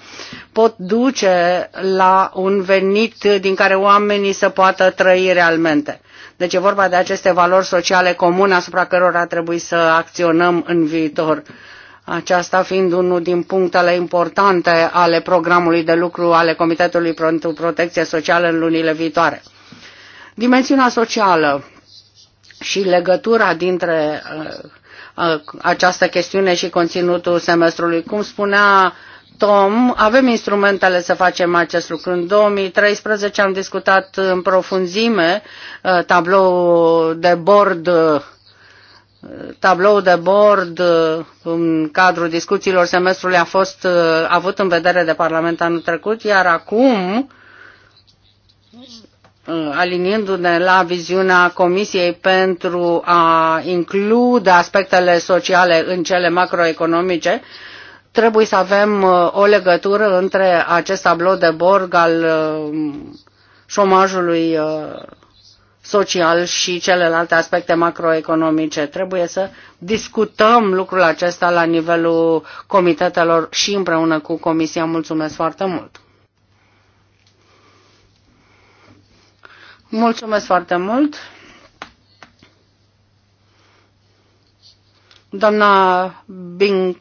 pot duce la un venit din care oamenii să poată trăi realmente. Deci e vorba de aceste valori sociale comune asupra cărora trebuie să acționăm în viitor aceasta fiind unul din punctele importante ale programului de lucru ale Comitetului pentru Protecție Socială în lunile viitoare. Dimensiunea socială și legătura dintre uh, uh, această chestiune și conținutul semestrului. Cum spunea Tom, avem instrumentele să facem acest lucru. În 2013 am discutat în profunzime uh, tabloul de bord tablou de bord uh, în cadrul discuțiilor semestrului a fost uh, avut în vedere de Parlament anul trecut, iar acum, uh, aliniindu-ne la viziunea Comisiei pentru a include aspectele sociale în cele macroeconomice, trebuie să avem o legătură între acest tablou de bord al șomajului social și celelalte aspecte macroeconomice. Trebuie să discutăm lucrul acesta la nivelul comitetelor și împreună cu Comisia. Mulțumesc foarte mult! Mulțumesc foarte mult! Doamna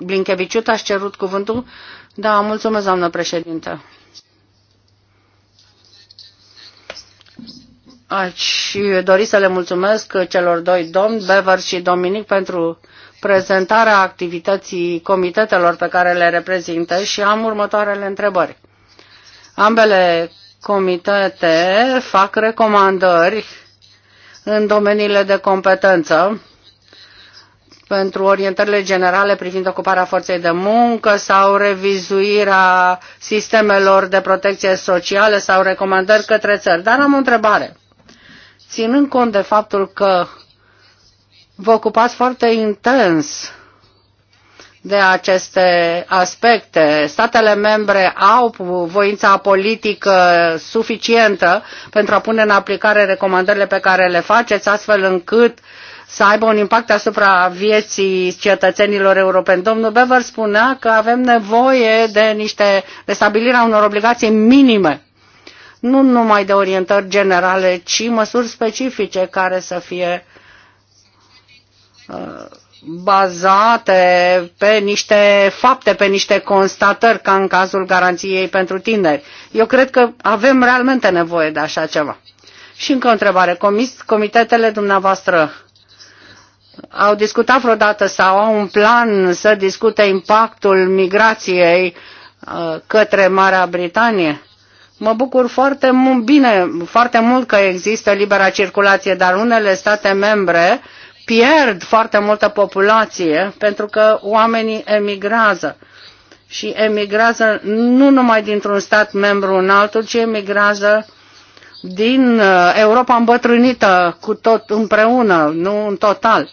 Blinkeviciut, ați cerut cuvântul? Da, mulțumesc, doamnă președintă. Aș dori să le mulțumesc celor doi domni, Bever și Dominic, pentru prezentarea activității comitetelor pe care le reprezintă și am următoarele întrebări. Ambele comitete fac recomandări în domeniile de competență pentru orientările generale privind ocuparea forței de muncă sau revizuirea sistemelor de protecție socială sau recomandări către țări. Dar am o întrebare ținând cont de faptul că vă ocupați foarte intens de aceste aspecte. Statele membre au voința politică suficientă pentru a pune în aplicare recomandările pe care le faceți, astfel încât să aibă un impact asupra vieții cetățenilor europeni. Domnul Bever spunea că avem nevoie de, niște, de stabilirea unor obligații minime nu numai de orientări generale, ci măsuri specifice care să fie uh, bazate pe niște fapte, pe niște constatări, ca în cazul garanției pentru tineri. Eu cred că avem realmente nevoie de așa ceva. Și încă o întrebare. Comis, comitetele dumneavoastră au discutat vreodată sau au un plan să discute impactul migrației uh, către Marea Britanie? Mă bucur foarte bine, foarte mult că există libera circulație, dar unele state membre pierd foarte multă populație pentru că oamenii emigrează. Și emigrează nu numai dintr-un stat membru în altul, ci emigrează din uh, Europa îmbătrânită cu tot împreună, nu în total.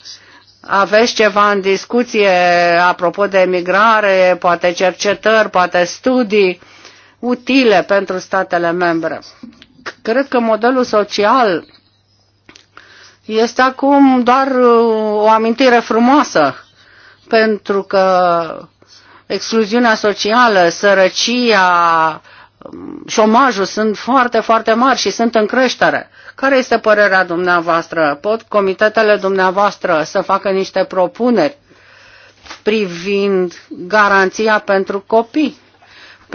Aveți ceva în discuție apropo de emigrare, poate cercetări, poate studii utile pentru statele membre. Cred că modelul social este acum doar uh, o amintire frumoasă, pentru că excluziunea socială, sărăcia, um, șomajul sunt foarte, foarte mari și sunt în creștere. Care este părerea dumneavoastră? Pot comitetele dumneavoastră să facă niște propuneri privind garanția pentru copii?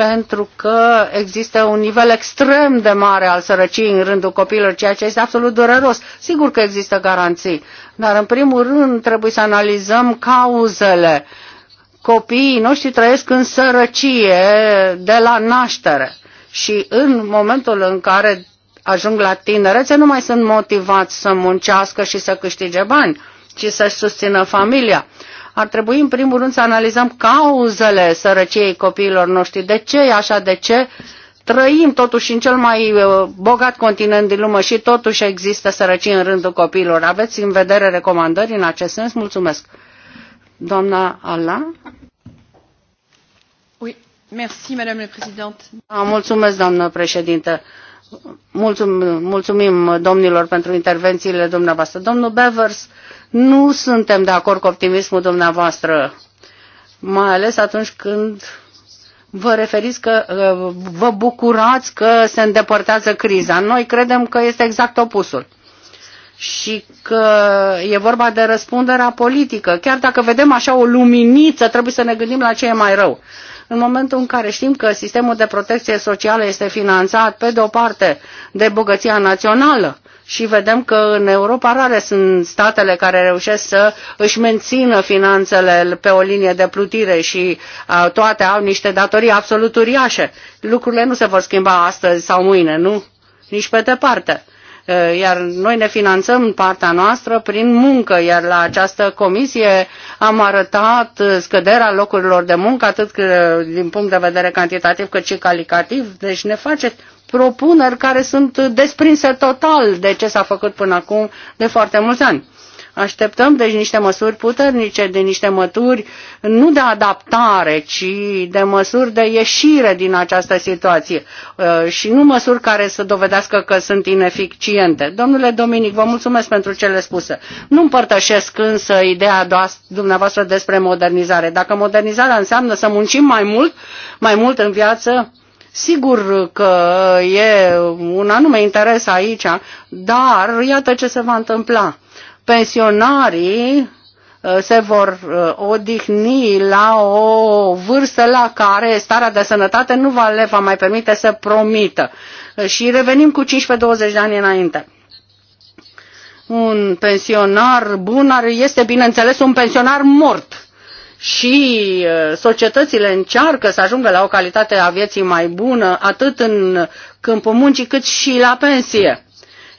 pentru că există un nivel extrem de mare al sărăciei în rândul copiilor, ceea ce este absolut dureros. Sigur că există garanții, dar în primul rând trebuie să analizăm cauzele. Copiii noștri trăiesc în sărăcie de la naștere și în momentul în care ajung la tinerețe nu mai sunt motivați să muncească și să câștige bani, ci să-și susțină familia. Ar trebui, în primul rând, să analizăm cauzele sărăciei copiilor noștri. De ce e așa? De ce trăim totuși în cel mai uh, bogat continent din lume și totuși există sărăcie în rândul copiilor? Aveți în vedere recomandări în acest sens? Mulțumesc. Doamna Ala? Oui, merci, Madame la ah, Mulțumesc, doamnă președintă. Mulțumim, mulțumim domnilor pentru intervențiile dumneavoastră. Domnul Bevers, nu suntem de acord cu optimismul dumneavoastră, mai ales atunci când vă referiți că vă bucurați că se îndepărtează criza. Noi credem că este exact opusul și că e vorba de răspunderea politică. Chiar dacă vedem așa o luminiță, trebuie să ne gândim la ce e mai rău. În momentul în care știm că sistemul de protecție socială este finanțat, pe de o parte, de bogăția națională, și vedem că în Europa rare sunt statele care reușesc să își mențină finanțele pe o linie de plutire și toate au niște datorii absolut uriașe. Lucrurile nu se vor schimba astăzi sau mâine, nu? Nici pe departe. Eh, iar noi ne finanțăm partea noastră prin muncă, iar la această comisie am arătat scăderea locurilor de muncă, atât din punct de vedere cantitativ cât și calitativ, deci ne face propuneri care sunt desprinse total de ce s-a făcut până acum de foarte mulți ani. Așteptăm deci niște măsuri puternice, de niște măsuri nu de adaptare, ci de măsuri de ieșire din această situație uh, și nu măsuri care să dovedească că sunt ineficiente. Domnule Dominic, vă mulțumesc pentru cele spuse. Nu împărtășesc însă ideea dumneavoastră despre modernizare. Dacă modernizarea înseamnă să muncim mai mult, mai mult în viață, Sigur că e un anume interes aici, dar iată ce se va întâmpla pensionarii uh, se vor uh, odihni la o vârstă la care starea de sănătate nu va le va mai permite să promită. Uh, și revenim cu 15-20 de ani înainte. Un pensionar bun este, bineînțeles, un pensionar mort. Și societățile încearcă să ajungă la o calitate a vieții mai bună, atât în câmpul muncii, cât și la pensie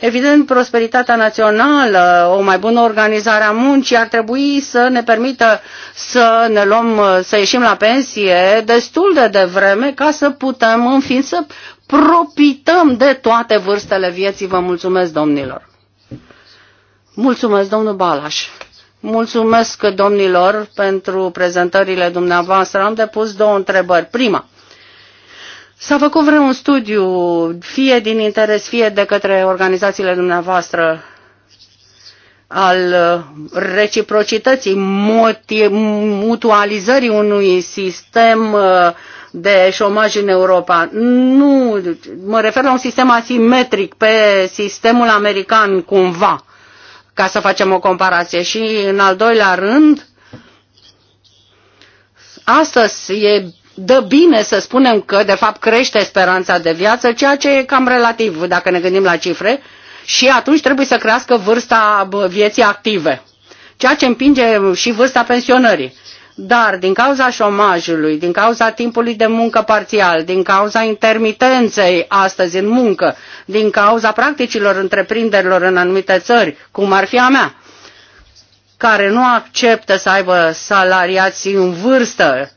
Evident, prosperitatea națională, o mai bună organizare a muncii ar trebui să ne permită să ne luăm, să ieșim la pensie destul de devreme ca să putem, în fin, să profităm de toate vârstele vieții. Vă mulțumesc, domnilor! Mulțumesc, domnul Balaș! Mulțumesc domnilor pentru prezentările dumneavoastră. Am depus două întrebări. Prima, S-a făcut vreun studiu, fie din interes, fie de către organizațiile dumneavoastră, al uh, reciprocității, mutualizării unui sistem uh, de șomaj în Europa. Nu, mă refer la un sistem asimetric pe sistemul american cumva, ca să facem o comparație. Și în al doilea rând, astăzi e dă bine să spunem că, de fapt, crește speranța de viață, ceea ce e cam relativ dacă ne gândim la cifre, și atunci trebuie să crească vârsta vieții active, ceea ce împinge și vârsta pensionării. Dar din cauza șomajului, din cauza timpului de muncă parțial, din cauza intermitenței astăzi în muncă, din cauza practicilor întreprinderilor în anumite țări, cum ar fi a mea, care nu acceptă să aibă salariați în vârstă,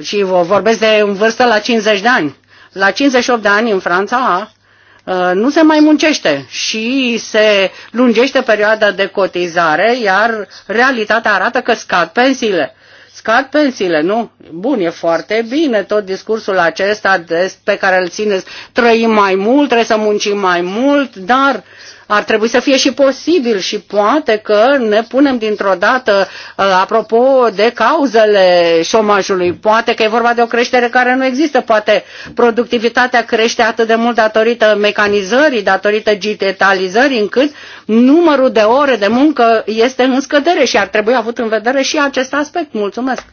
și vorbesc de în vârstă la 50 de ani. La 58 de ani în Franța uh, nu se mai muncește și se lungește perioada de cotizare, iar realitatea arată că scad pensiile. Scad pensiile, nu? Bun, e foarte bine tot discursul acesta pe care îl țineți. Trăim mai mult, trebuie să muncim mai mult, dar uh, ar trebui să fie și posibil și poate că ne punem dintr-o dată uh, apropo de cauzele șomajului. Poate că e vorba de o creștere care nu există, poate productivitatea crește atât de mult datorită mecanizării, datorită digitalizării, încât numărul de ore de muncă este în scădere și ar trebui avut în vedere și acest aspect. Mulțumesc!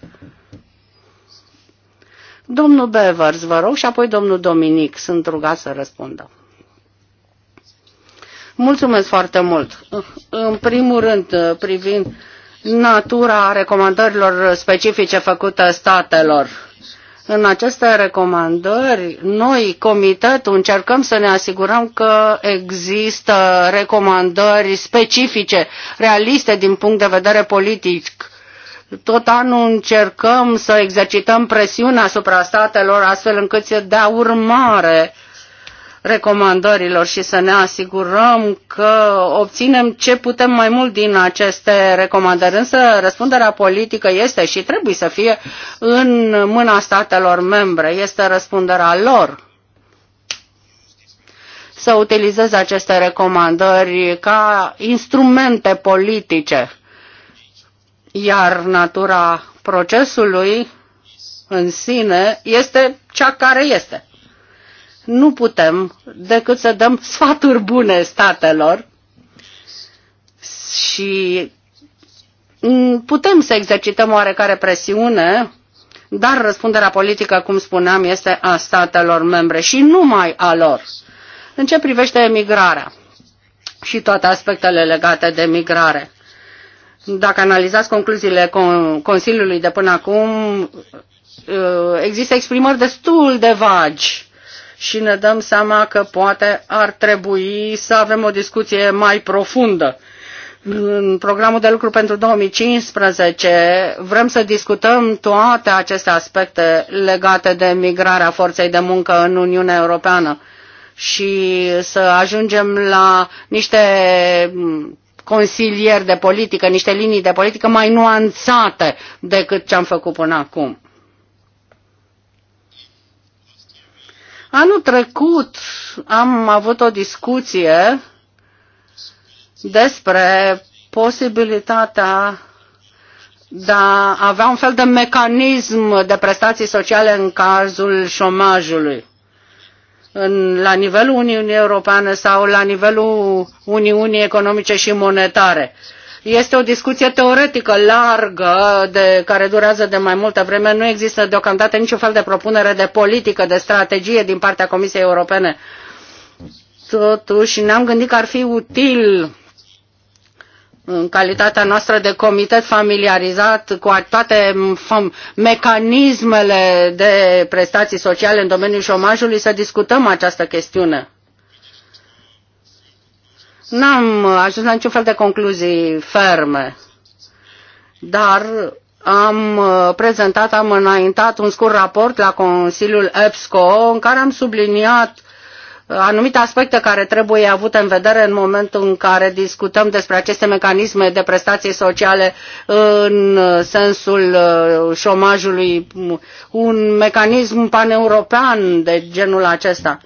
Domnul Bevers, vă rog, și apoi domnul Dominic, sunt rugat să răspundă. Mulțumesc foarte mult. În primul rând, privind natura recomandărilor specifice făcute statelor. În aceste recomandări, noi, comitetul, încercăm să ne asigurăm că există recomandări specifice, realiste din punct de vedere politic, tot anul încercăm să exercităm presiunea asupra statelor astfel încât să dea urmare recomandărilor și să ne asigurăm că obținem ce putem mai mult din aceste recomandări. Însă răspunderea politică este și trebuie să fie în mâna statelor membre, este răspunderea lor să utilizeze aceste recomandări ca instrumente politice, iar natura procesului în sine este cea care este nu putem decât să dăm sfaturi bune statelor și putem să exercităm oarecare presiune, dar răspunderea politică, cum spuneam, este a statelor membre și numai a lor. În ce privește emigrarea și toate aspectele legate de emigrare? dacă analizați concluziile Consiliului de până acum, uh, există exprimări destul de vagi și ne dăm seama că poate ar trebui să avem o discuție mai profundă. În programul de lucru pentru 2015 vrem să discutăm toate aceste aspecte legate de migrarea forței de muncă în Uniunea Europeană și să ajungem la niște consilieri de politică, niște linii de politică mai nuanțate decât ce am făcut până acum. Anul trecut am avut o discuție despre posibilitatea de a avea un fel de mecanism de prestații sociale în cazul șomajului în, la nivelul Uniunii Europene sau la nivelul Uniunii Economice și Monetare. Este o discuție teoretică largă de, care durează de mai multă vreme. Nu există deocamdată niciun fel de propunere de politică, de strategie din partea Comisiei Europene. Totuși ne-am gândit că ar fi util în calitatea noastră de comitet familiarizat cu toate mecanismele de prestații sociale în domeniul șomajului să discutăm această chestiune N-am ajuns la niciun fel de concluzii ferme, dar am uh, prezentat, am înaintat un scurt raport la Consiliul EPSCO în care am subliniat uh, anumite aspecte care trebuie avute în vedere în momentul în care discutăm despre aceste mecanisme de prestații sociale în sensul uh, șomajului, un mecanism paneuropean de genul acesta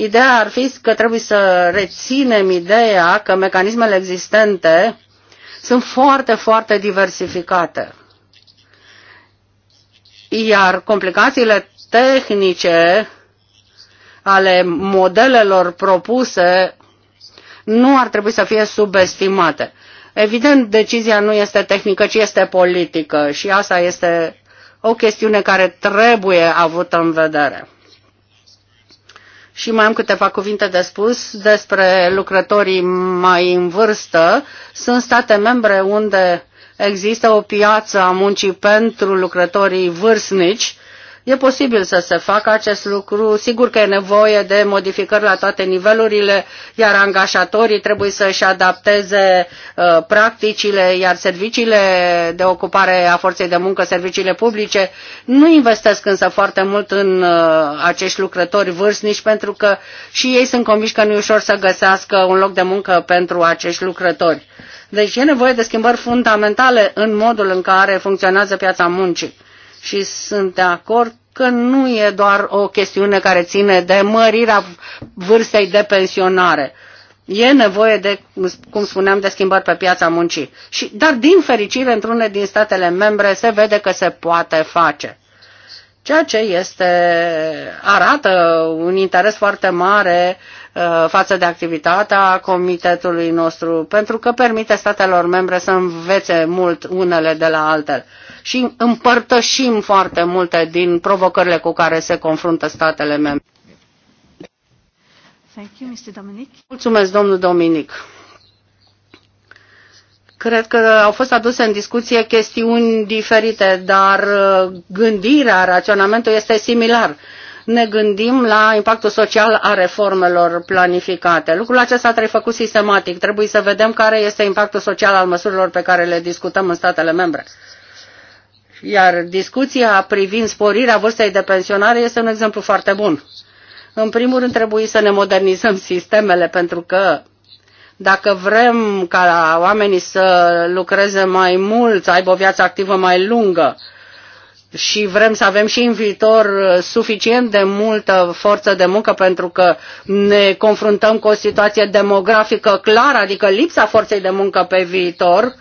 Ideea ar fi că trebuie să reținem ideea că mecanismele existente sunt foarte, foarte diversificate. Iar complicațiile tehnice ale modelelor propuse nu ar trebui să fie subestimate. Evident, decizia nu este tehnică, ci este politică și asta este o chestiune care trebuie avută în vedere. Și mai am câteva cuvinte de spus despre lucrătorii mai în vârstă. Sunt state membre unde există o piață a muncii pentru lucrătorii vârstnici E posibil să se facă acest lucru, sigur că e nevoie de modificări la toate nivelurile, iar angajatorii trebuie să-și adapteze uh, practicile, iar serviciile de ocupare a forței de muncă, serviciile publice, nu investesc însă foarte mult în uh, acești lucrători vârstnici, pentru că și ei sunt convinși că nu e ușor să găsească un loc de muncă pentru acești lucrători. Deci e nevoie de schimbări fundamentale în modul în care funcționează piața muncii și sunt de acord că nu e doar o chestiune care ține de mărirea vârstei de pensionare. E nevoie de, cum spuneam, de schimbări pe piața muncii. Și, dar, din fericire, într-une din statele membre se vede că se poate face. Ceea ce este, arată un interes foarte mare uh, față de activitatea comitetului nostru, pentru că permite statelor membre să învețe mult unele de la altele și împărtășim foarte multe din provocările cu care se confruntă statele membre. Thank you, Mr. Dominic. Mulțumesc, domnul Dominic. Cred că au fost aduse în discuție chestiuni diferite, dar uh, gândirea, raționamentul este similar. Ne gândim la impactul social a reformelor planificate. Lucrul acesta trebuie făcut sistematic. Trebuie să vedem care este impactul social al măsurilor pe care le discutăm în statele membre. Iar discuția privind sporirea vârstei de pensionare este un exemplu foarte bun. În primul rând trebuie să ne modernizăm [LAUGHS] sistemele pentru că dacă vrem ca oamenii să lucreze mai mult, să aibă o viață activă mai lungă și vrem să avem și în viitor suficient de multă forță de muncă pentru că ne confruntăm cu o situație demografică clară, adică lipsa forței de muncă pe viitor,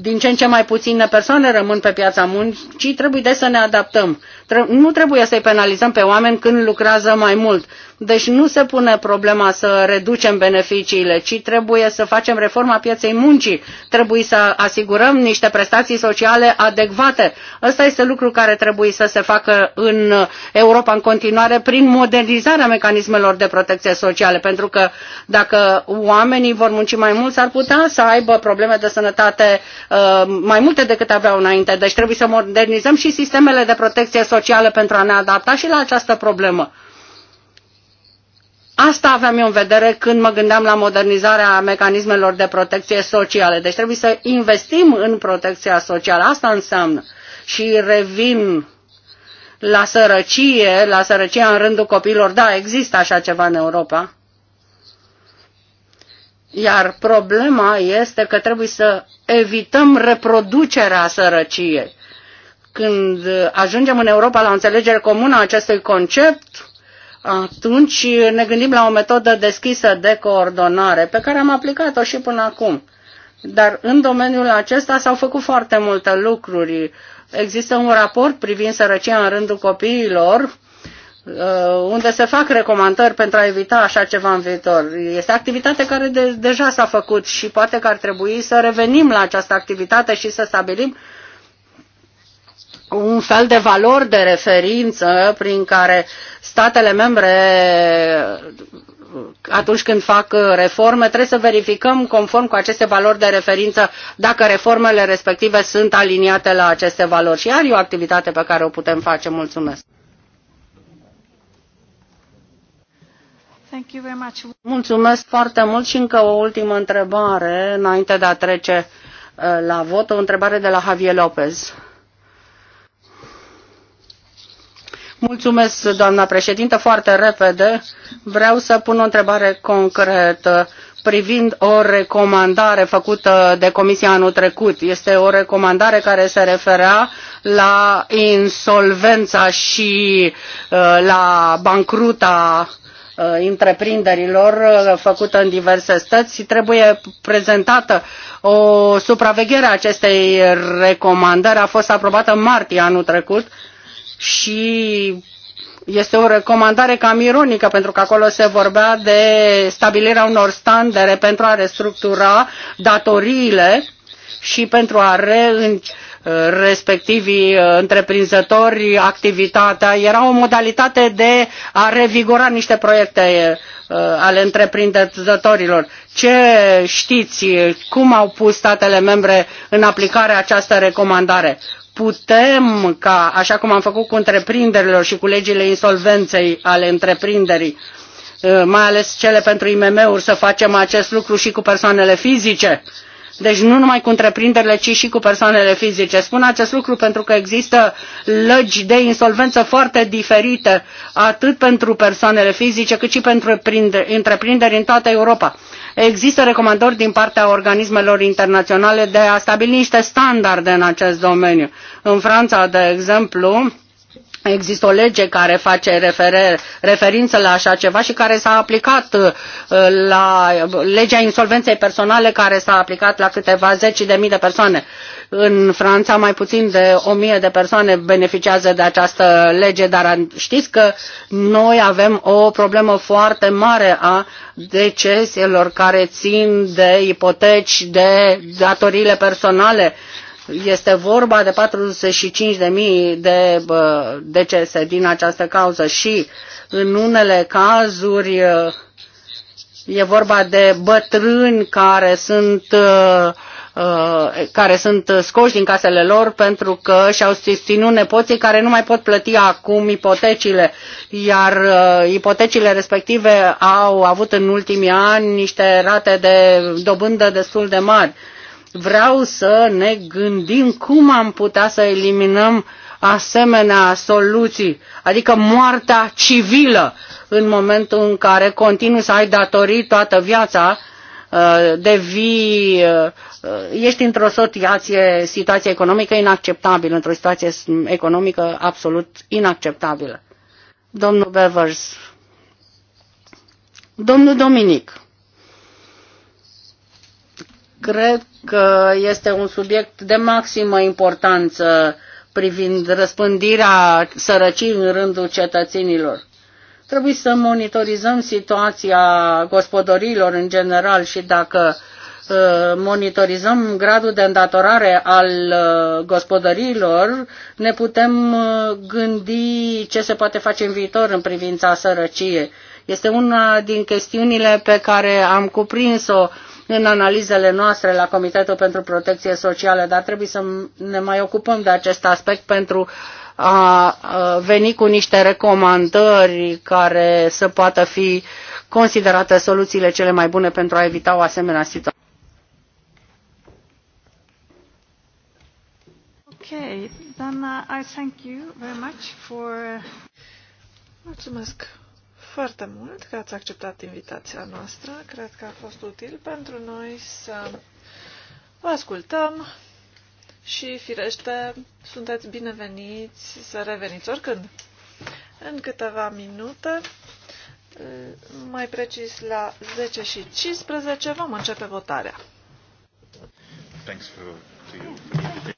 din ce în ce mai puține persoane rămân pe piața muncii, trebuie de să ne adaptăm. Nu trebuie să-i penalizăm pe oameni când lucrează mai mult. Deci nu se pune problema să reducem beneficiile, ci trebuie să facem reforma pieței muncii, trebuie să asigurăm niște prestații sociale adecvate. Ăsta este lucru care trebuie să se facă în Europa în continuare prin modernizarea mecanismelor de protecție socială, pentru că dacă oamenii vor munci mai mult, s-ar putea să aibă probleme de sănătate uh, mai multe decât aveau înainte. Deci trebuie să modernizăm și sistemele de protecție socială pentru a ne adapta și la această problemă. Asta aveam eu în vedere când mă gândeam la modernizarea mecanismelor de protecție socială. Deci trebuie să investim în protecția socială. Asta înseamnă. Și revin la sărăcie, la sărăcia în rândul copiilor. Da, există așa ceva în Europa. Iar problema este că trebuie să evităm reproducerea sărăciei. Când ajungem în Europa la o înțelegere comună a acestui concept, atunci ne gândim la o metodă deschisă de coordonare pe care am aplicat-o și până acum. Dar în domeniul acesta s-au făcut foarte multe lucruri. Există un raport privind sărăcia în rândul copiilor, uh, unde se fac recomandări pentru a evita așa ceva în viitor. Este activitate care de, deja s-a făcut și poate că ar trebui să revenim la această activitate și să stabilim un fel de valori de referință prin care statele membre atunci când fac reforme, trebuie să verificăm conform cu aceste valori de referință dacă reformele respective sunt aliniate la aceste valori. Și iar e o activitate pe care o putem face. Mulțumesc! Thank you very much. Mulțumesc foarte mult și încă o ultimă întrebare înainte de a trece uh, la vot, o întrebare de la Javier Lopez. Mulțumesc, doamna președintă. Foarte repede vreau să pun o întrebare concretă privind o recomandare făcută de Comisia anul trecut. Este o recomandare care se referea la insolvența și uh, la bancruta uh, întreprinderilor uh, făcută în diverse stăți. Trebuie prezentată o supraveghere a acestei recomandări. A fost aprobată în martie anul trecut și este o recomandare cam ironică, pentru că acolo se vorbea de stabilirea unor standarde pentru a restructura datoriile și pentru a re respectivii uh, întreprinzători activitatea. Era o modalitate de a revigora niște proiecte uh, ale întreprinzătorilor. Ce știți? Cum au pus statele membre în aplicare această recomandare? putem ca, așa cum am făcut cu întreprinderilor și cu legile insolvenței ale întreprinderii, uh, mai ales cele pentru IMM-uri, să facem acest lucru și cu persoanele fizice deci nu numai cu întreprinderile, ci și cu persoanele fizice. Spun acest lucru pentru că există legi de insolvență foarte diferite, atât pentru persoanele fizice, cât și pentru întreprinderi în toată Europa. Există recomandări din partea organismelor internaționale de a stabili niște standarde în acest domeniu. În Franța, de exemplu, Există o lege care face referință la așa ceva și care s-a aplicat uh, la legea insolvenței personale care s-a aplicat la câteva zeci de mii de persoane. În Franța mai puțin de o mie de persoane beneficiază de această lege, dar știți că noi avem o problemă foarte mare a deceselor care țin de ipoteci, de datoriile personale este vorba de 45.000 de de decese din această cauză și în unele cazuri e vorba de bătrâni care sunt ă, ă, care sunt scoși din casele lor pentru că și-au susținut nepoții care nu mai pot plăti acum ipotecile, iar ă, ipotecile respective au avut în ultimii ani niște rate de dobândă destul de mari vreau să ne gândim cum am putea să eliminăm asemenea soluții, adică moartea civilă în momentul în care continui să ai datorii toată viața, uh, devii, uh, ești într-o situație, situație economică inacceptabilă, într-o situație economică absolut inacceptabilă. Domnul Bevers. Domnul Dominic. Cred că este un subiect de maximă importanță privind răspândirea sărăcii în rândul cetățenilor. Trebuie să monitorizăm situația gospodăriilor în general și dacă uh, monitorizăm gradul de îndatorare al uh, gospodăriilor, ne putem uh, gândi ce se poate face în viitor în privința sărăciei. Este una din chestiunile pe care am cuprins-o în analizele noastre la Comitetul pentru Protecție Socială, dar trebuie să ne mai ocupăm de acest aspect pentru a veni cu niște recomandări care să poată fi considerate soluțiile cele mai bune pentru a evita o asemenea situație. Okay, then uh, I thank you very much for... Mulțumesc foarte mult că ați acceptat invitația noastră. Cred că a fost util pentru noi să vă ascultăm și, firește, sunteți bineveniți să reveniți oricând. În câteva minute, mai precis la 10 și 15, vom începe votarea. Thanks for, to you for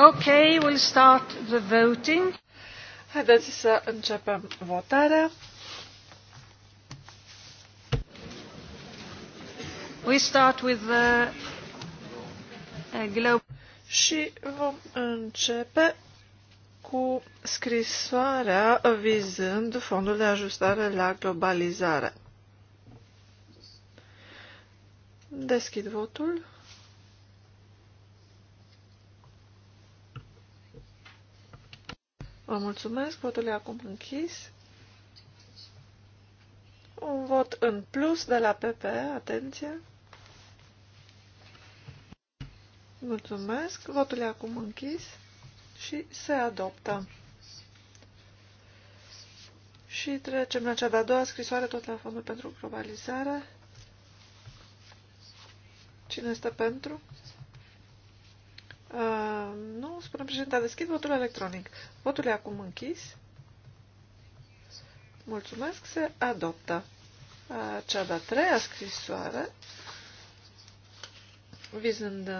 Okay, we'll start the voting. Haideți să începem votarea. We start with the uh, globe. Și vom începe cu scrisoarea vizând fondul de ajustare la globalizare. Deschid votul. Vă mulțumesc. Votul e acum închis. Un vot în plus de la PP. Atenție. Mulțumesc. Votul e acum închis și se adoptă. Și trecem la cea de-a doua scrisoare, tot la Fondul pentru Globalizare. Cine este pentru? Uh, nu, spune președinte, deschid votul electronic. Votul e acum închis. Mulțumesc, se adoptă. cea de-a treia scrisoare, vizând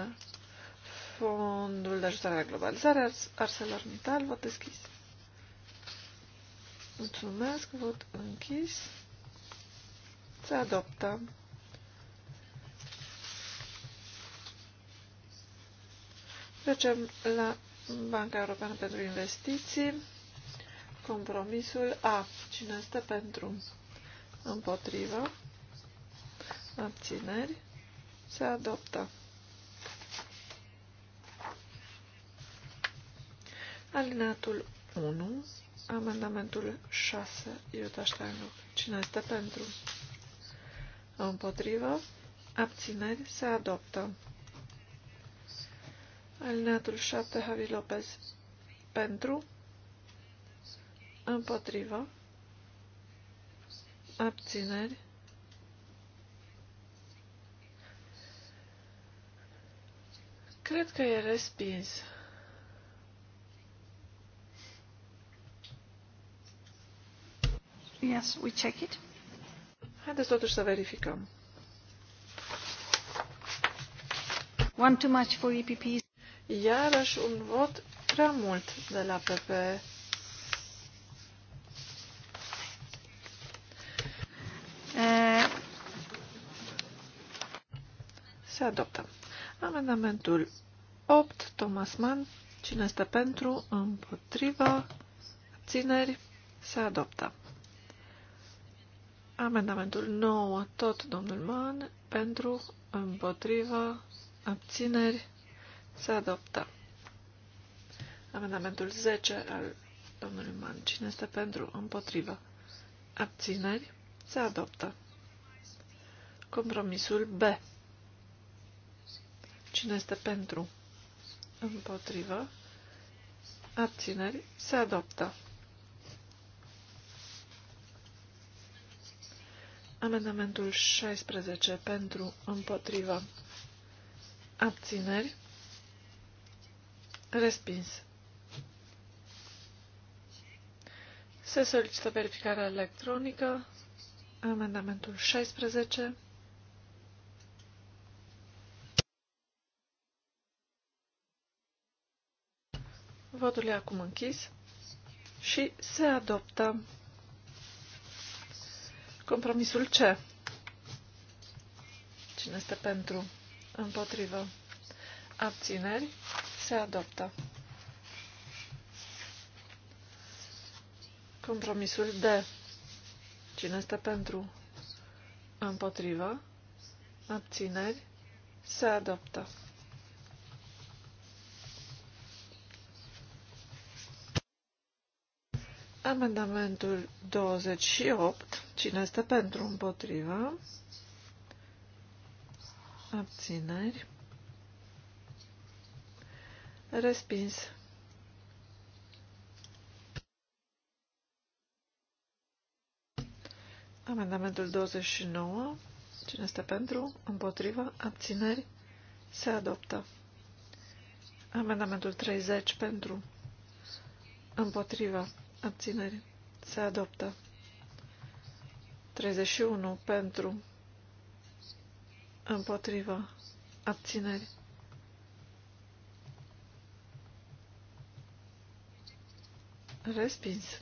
Fondul de Ajutare la Globalizare, ArcelorMittal, vot deschis. Mulțumesc, vot închis. Se adoptă. Trecem la Banca Europeană pentru Investiții. Compromisul A. Cine este pentru? Împotrivă. Abțineri. Se adoptă. Alineatul 1, amendamentul 6, Iuta Steinruck. Cine este pentru? Împotrivă. Abțineri. Se adoptă. Alineatul 7, Javi Lopez. Pentru. Împotrivă. Abțineri. Cred că e respins. Yes, we check it. Haideți totuși să verificăm. One too much for EPP Iarăși un vot prea mult de la PP. Se adoptă. Amendamentul 8, Thomas Mann. Cine este pentru, împotrivă, Țineri. se adoptă. Amendamentul 9, tot domnul Mann, pentru, împotrivă, abțineri, se adoptă. Amendamentul 10 al domnului Man. Cine este pentru? Împotrivă. Abțineri? Se adoptă. Compromisul B. Cine este pentru? Împotrivă. Abțineri? Se adoptă. Amendamentul 16 pentru împotriva abțineri Respins. Se solicită verificarea electronică. Amendamentul 16. Votul e acum închis și se adoptă compromisul C. Cine este pentru? Împotrivă. Abțineri. Se adoptă. Compromisul D. Cine este pentru? Împotrivă. Abțineri. Se adoptă. Amendamentul 28. Cine este pentru? Împotrivă. Abțineri. Respins. Amendamentul 29. Cine este pentru? Împotriva? Abțineri? Se adoptă. Amendamentul 30 pentru. Împotriva. Abțineri. Se adoptă. 31 pentru. Împotriva. Abțineri. Respins.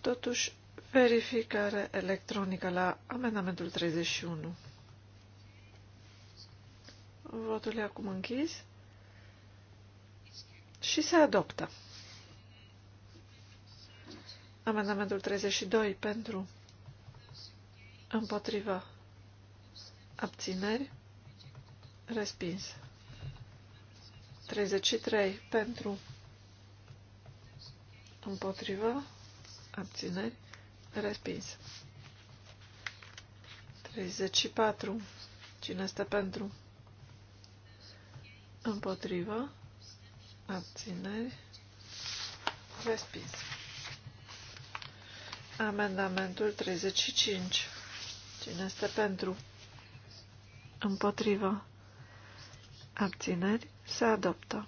Totuși, verificare electronică la amendamentul 31. Votul e acum închis și se adoptă. Amendamentul 32 pentru împotriva abțineri respins. 33 pentru împotriva abțineri respins. 34 cine este pentru împotriva abțineri respins. Amendamentul 35 cine este pentru împotriva abțineri se adoptă.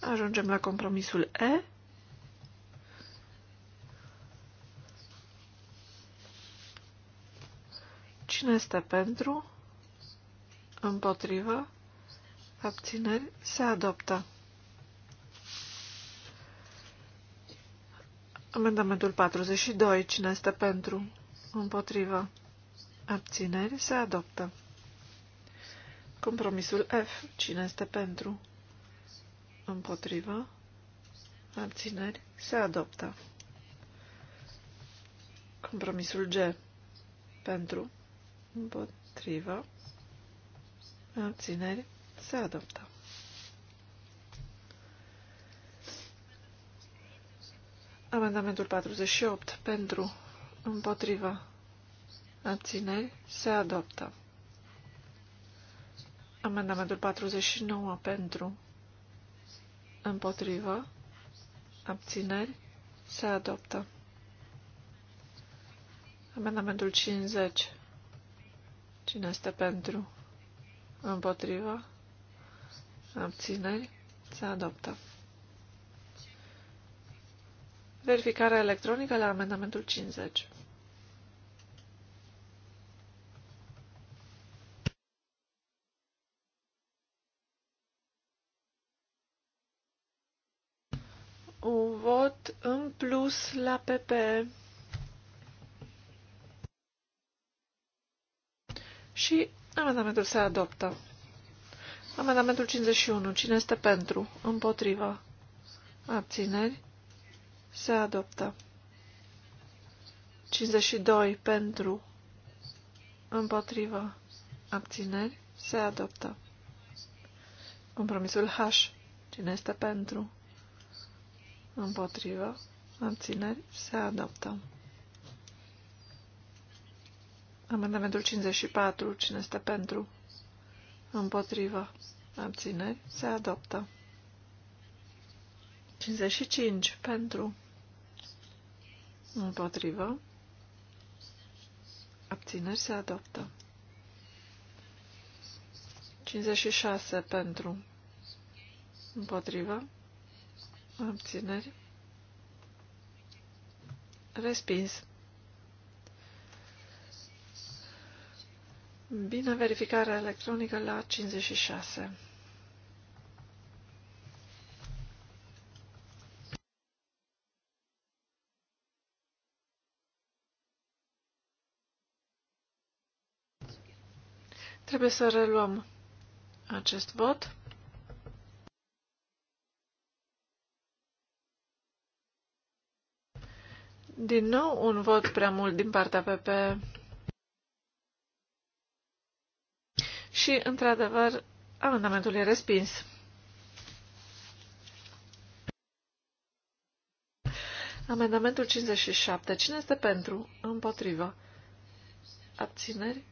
Ajungem la compromisul E. Cine este pentru? Împotrivă? Abțineri? Se adoptă. Amendamentul 42. Cine este pentru? Împotrivă? Abțineri? Se adoptă. Compromisul F. Cine este pentru? Împotriva? Abțineri? Se adoptă. Compromisul G. Pentru? Împotriva? Abțineri? Se adoptă. Amendamentul 48. Pentru? Împotriva? Abțineri? Se adoptă. Amendamentul 49 pentru, împotrivă, abțineri, se adoptă. Amendamentul 50. Cine este pentru? Împotrivă? Abțineri? Se adoptă. Verificarea electronică la amendamentul 50. Plus la PP. Și amendamentul se adoptă. Amendamentul 51. Cine este pentru? Împotriva. Abțineri. Se adoptă. 52. Pentru. Împotriva. Abțineri. Se adoptă. Compromisul H. Cine este pentru? Împotriva abțineri, se adoptă. Amendamentul 54, cine este pentru, împotrivă, abțineri, se adoptă. 55, pentru, împotrivă, abțineri, se adoptă. 56, pentru, împotrivă, abțineri, Respins. Bine, verificarea electronică la 56. Trebuie să reluăm acest vot. Din nou un vot prea mult din partea PP. Și, într-adevăr, amendamentul e respins. Amendamentul 57. Cine este pentru? Împotrivă. Abțineri?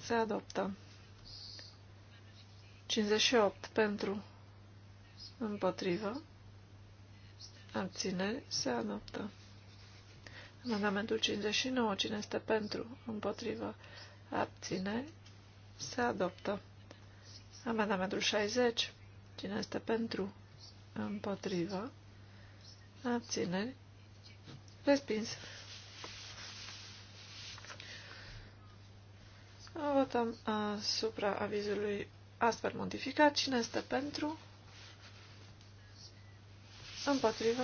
Se adoptă. 58. Pentru. Împotrivă. Abțineri? Se adoptă. Mandamentul 59. Cine este pentru? Împotrivă. abține, Se adoptă. Amendamentul 60. Cine este pentru? Împotrivă. abține, Respins. Votăm asupra avizului astfel modificat. Cine este pentru? Împotrivă.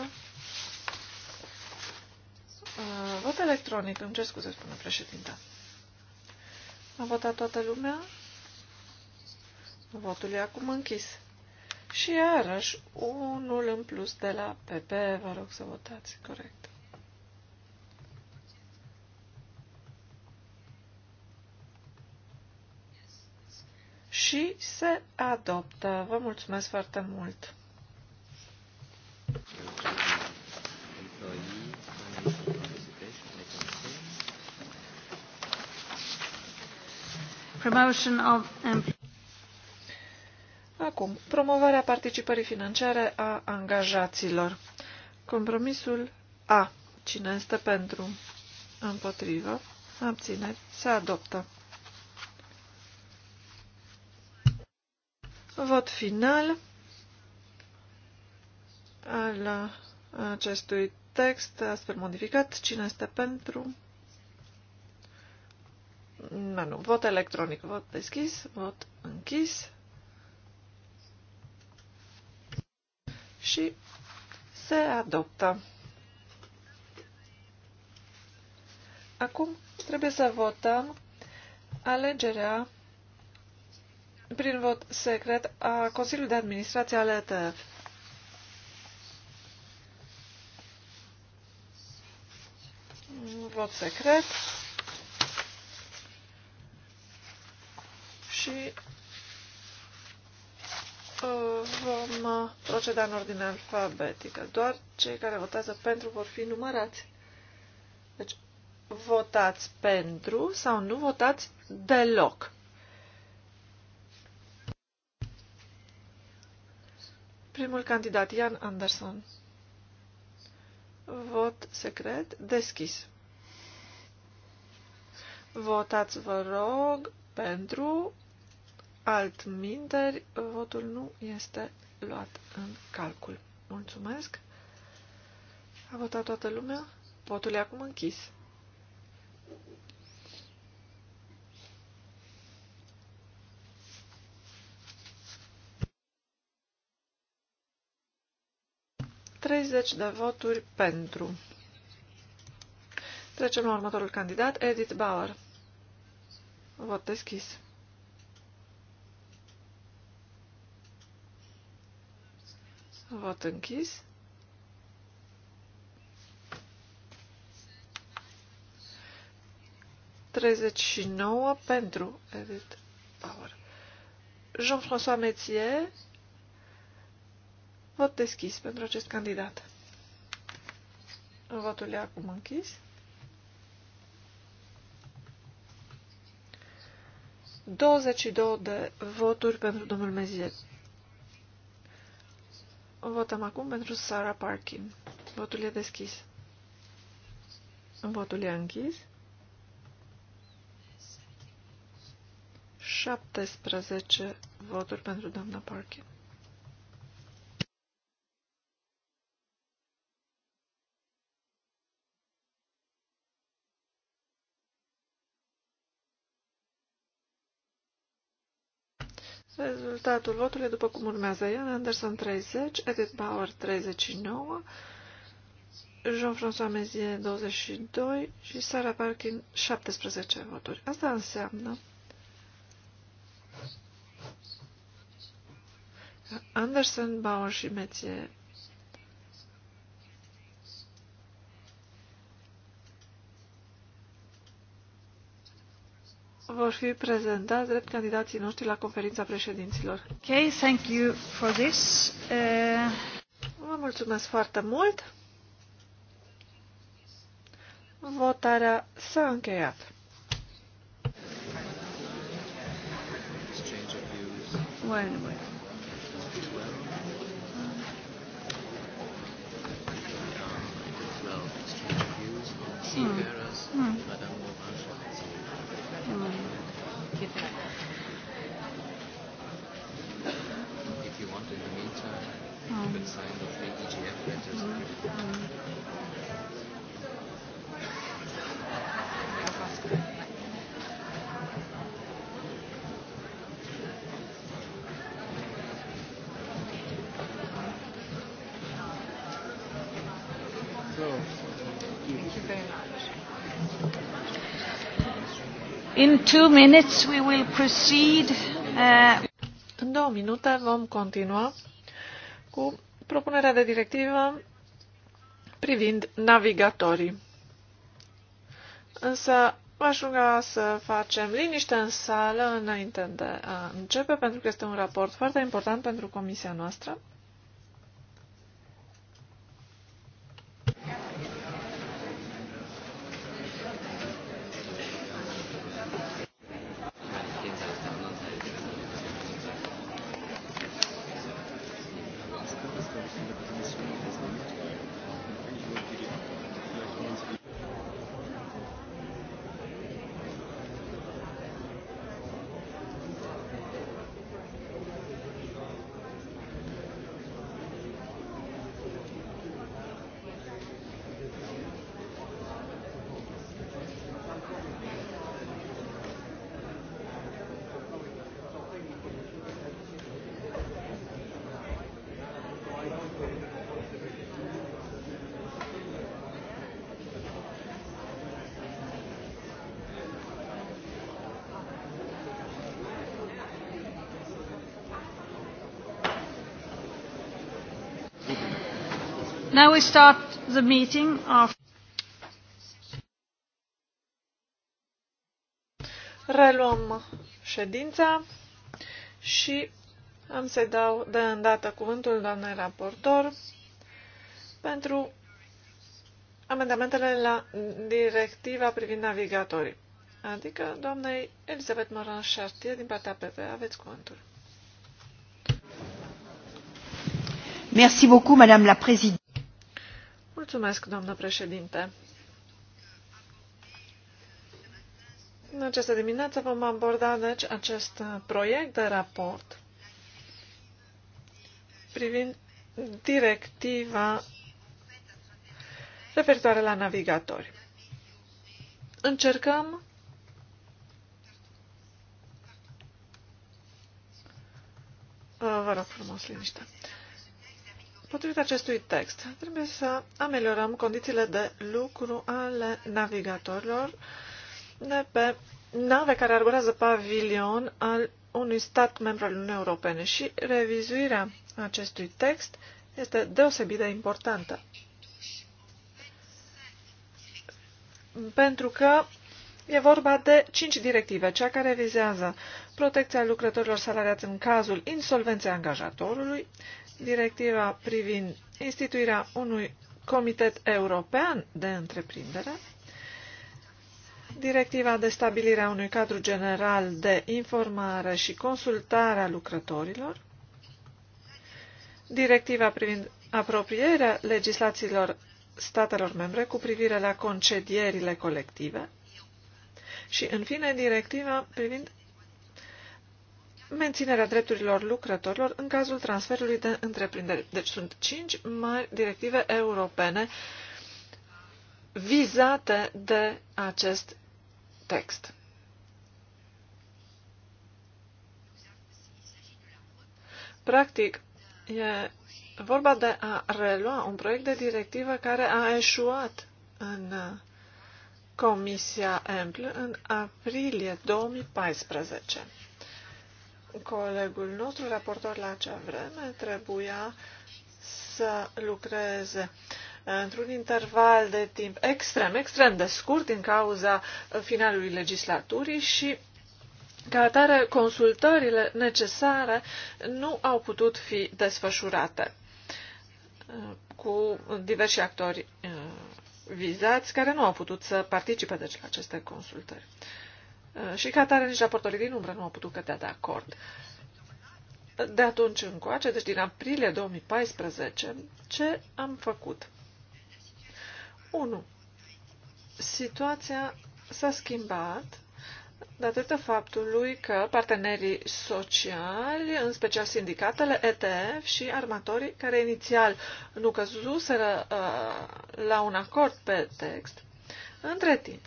Uh, vot electronic, îmi cer scuze, spune președinta. A votat toată lumea? Votul e acum închis. Și iarăși, unul în plus de la PP, vă rog să votați corect. Și se adoptă. Vă mulțumesc foarte mult! Acum, promovarea participării financiare a angajaților. Compromisul A. Cine este pentru? Împotrivă. Abțineri. Se adoptă. Vot final al acestui text astfel modificat. Cine este pentru? Ba nu, vot electronic, vot deschis, vot închis. Și se adoptă. Acum trebuie să votăm alegerea prin vot secret a Consiliului de Administrație al ETF. Vot secret. și uh, vom uh, proceda în ordine alfabetică. Doar cei care votează pentru vor fi numărați. Deci, votați pentru sau nu votați deloc. Primul candidat, Ian Anderson. Vot secret deschis. Votați, vă rog, pentru Altminteri, votul nu este luat în calcul. Mulțumesc. A votat toată lumea? Votul e acum închis. Treizeci de voturi pentru. Trecem la următorul candidat, Edith Bauer. Vot deschis. Vot închis. Treizeci și nouă pentru Edith Power. Jean-François Metier, vot deschis pentru acest candidat. Votul e acum închis. 22 de voturi pentru domnul Mezier, Votăm acum pentru Sarah Parkin. Votul e deschis. Votul e închis. 17 voturi pentru doamna Parkin. Rezultatul votului după cum urmează Ian Anderson 30, Edith Bauer 39, Jean-François Mezier 22 și Sarah Parkin 17 voturi. Asta înseamnă Anderson, Bauer și Mezier vor fi prezentați drept candidații noștri la conferința președinților. Ok, thank you for this. Uh... Vă mulțumesc foarte mult. Votarea s-a încheiat. Well, anyway. Mm. Mm. In two minutes we will proceed. Uh... În două minute vom continua cu propunerea de directivă privind navigatorii. Însă aș ruga să facem liniște în sală înainte de a începe, pentru că este un raport foarte important pentru comisia noastră. Now we start the meeting of Reluăm ședința și am să dau de îndată cuvântul doamnei raportor pentru amendamentele la directiva privind navigatorii, adică doamnei Elisabeth Moran Chartier din partea PP. Aveți cuvântul. Merci beaucoup, Madame la Présidente. Mulțumesc, doamnă președinte. În această dimineață vom aborda deci acest proiect de raport privind directiva referitoare la navigatori. Încercăm Vă rog frumos, liniște. Potrivit acestui text, trebuie să ameliorăm condițiile de lucru ale navigatorilor de pe nave care arborează pavilion al unui stat membru al Uniunii Europene și revizuirea acestui text este deosebit de importantă. Pentru că e vorba de cinci directive, cea care vizează protecția lucrătorilor salariați în cazul insolvenței angajatorului, directiva privind instituirea unui comitet european de întreprindere, directiva de stabilire a unui cadru general de informare și consultare a lucrătorilor, directiva privind apropierea legislațiilor statelor membre cu privire la concedierile colective și, în fine, directiva privind menținerea drepturilor lucrătorilor în cazul transferului de întreprinderi. Deci sunt cinci mari directive europene vizate de acest text. Practic, e vorba de a relua un proiect de directivă care a eșuat în Comisia EMPL în aprilie 2014 colegul nostru, raportor la acea vreme, trebuia să lucreze într-un interval de timp extrem, extrem de scurt din cauza finalului legislaturii și ca atare consultările necesare nu au putut fi desfășurate uh, cu diversi actori uh, vizați care nu au putut să participe deci la aceste consultări. Uh, și ca atare nici raportorii din umbră nu au putut cădea de acord. De atunci încoace, deci din aprilie 2014, ce am făcut? 1. Situația s-a schimbat datorită faptului că partenerii sociali, în special sindicatele ETF și armatorii care inițial nu căzuseră uh, la un acord pe text, între timp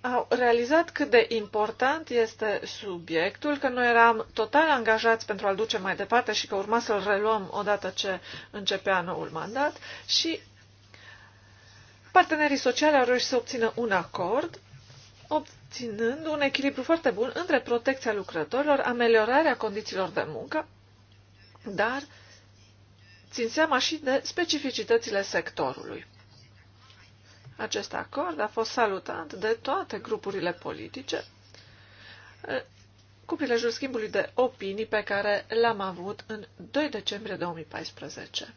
au realizat cât de important este subiectul, că noi eram total angajați pentru a-l duce mai departe și că urma să-l reluăm odată ce începea noul mandat și partenerii sociali au reușit să obțină un acord, obținând un echilibru foarte bun între protecția lucrătorilor, ameliorarea condițiilor de muncă, dar țin seama și de specificitățile sectorului. Acest acord a fost salutat de toate grupurile politice eh, cu prilejul schimbului de opinii pe care l-am avut în 2 decembrie 2014.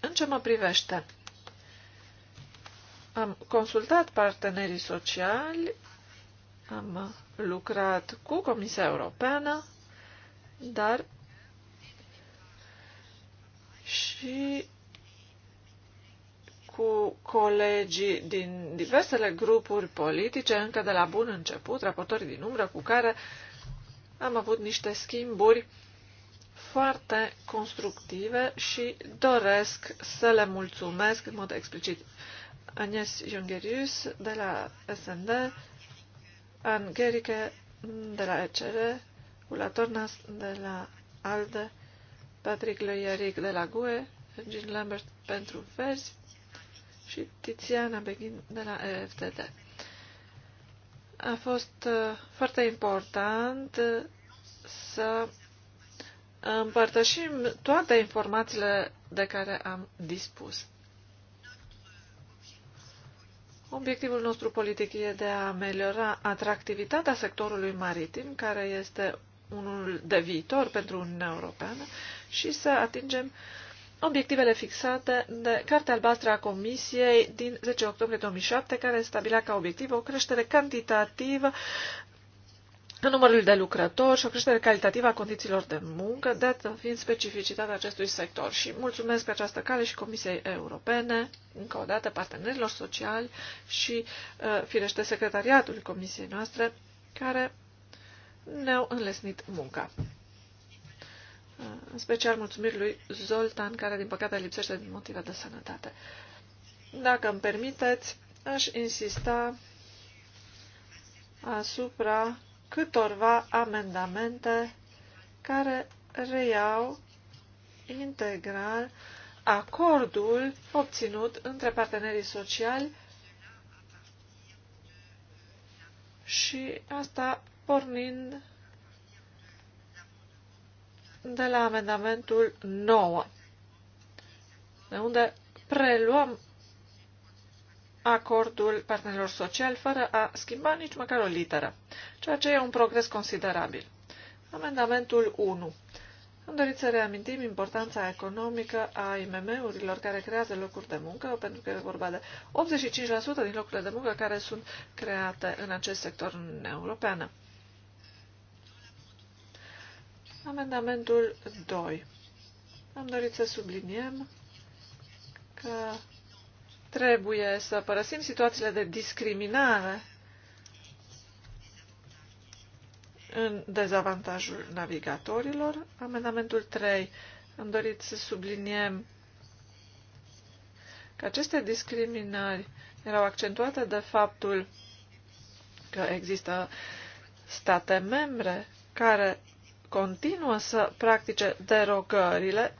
În ce mă privește, am consultat partenerii sociali, am lucrat cu Comisia Europeană, dar și cu colegii din diversele grupuri politice, încă de la bun început, raportorii din umbră, cu care am avut niște schimburi foarte constructive și doresc să le mulțumesc în mod explicit. Agnes Jungerius de la SND, Anne Gerike de la ECR, Ula Tornas de la ALDE, Patrick Leieric de la GUE, Jean Lambert pentru Verzi, și Tiziana Beghin de la EFTD. A fost uh, foarte important uh, să împărtășim toate informațiile de care am dispus. Obiectivul nostru politic e de a ameliora atractivitatea sectorului maritim, care este unul de viitor pentru Uniunea Europeană, și să atingem uh, obiectivele fixate de Cartea Albastră a Comisiei din 10 octombrie 2007, care stabilea ca obiectiv o creștere cantitativă a numărului de lucrători și o creștere calitativă a condițiilor de muncă, dată fiind specificitatea acestui sector. Și mulțumesc pe această cale și Comisiei Europene, încă o dată partenerilor sociali și, uh, firește, secretariatului Comisiei noastre, care ne-au înlesnit munca. În special mulțumiri lui Zoltan, care din păcate lipsește din motive de sănătate. Dacă îmi permiteți, aș insista asupra câtorva amendamente care reiau integral acordul obținut între partenerii sociali și asta pornind de la amendamentul 9, de unde preluăm acordul partenerilor sociali fără a schimba nici măcar o literă, ceea ce e un progres considerabil. Amendamentul 1. Am dorit să reamintim importanța economică a IMM-urilor care creează locuri de muncă, pentru că e vorba de 85% din locurile de muncă care sunt create în acest sector în Europeană. Amendamentul 2. Am dorit să subliniem că trebuie să părăsim situațiile de discriminare în dezavantajul navigatorilor. Amendamentul 3. Am dorit să subliniem că aceste discriminări erau accentuate de faptul că există state membre care continuă să practice derogările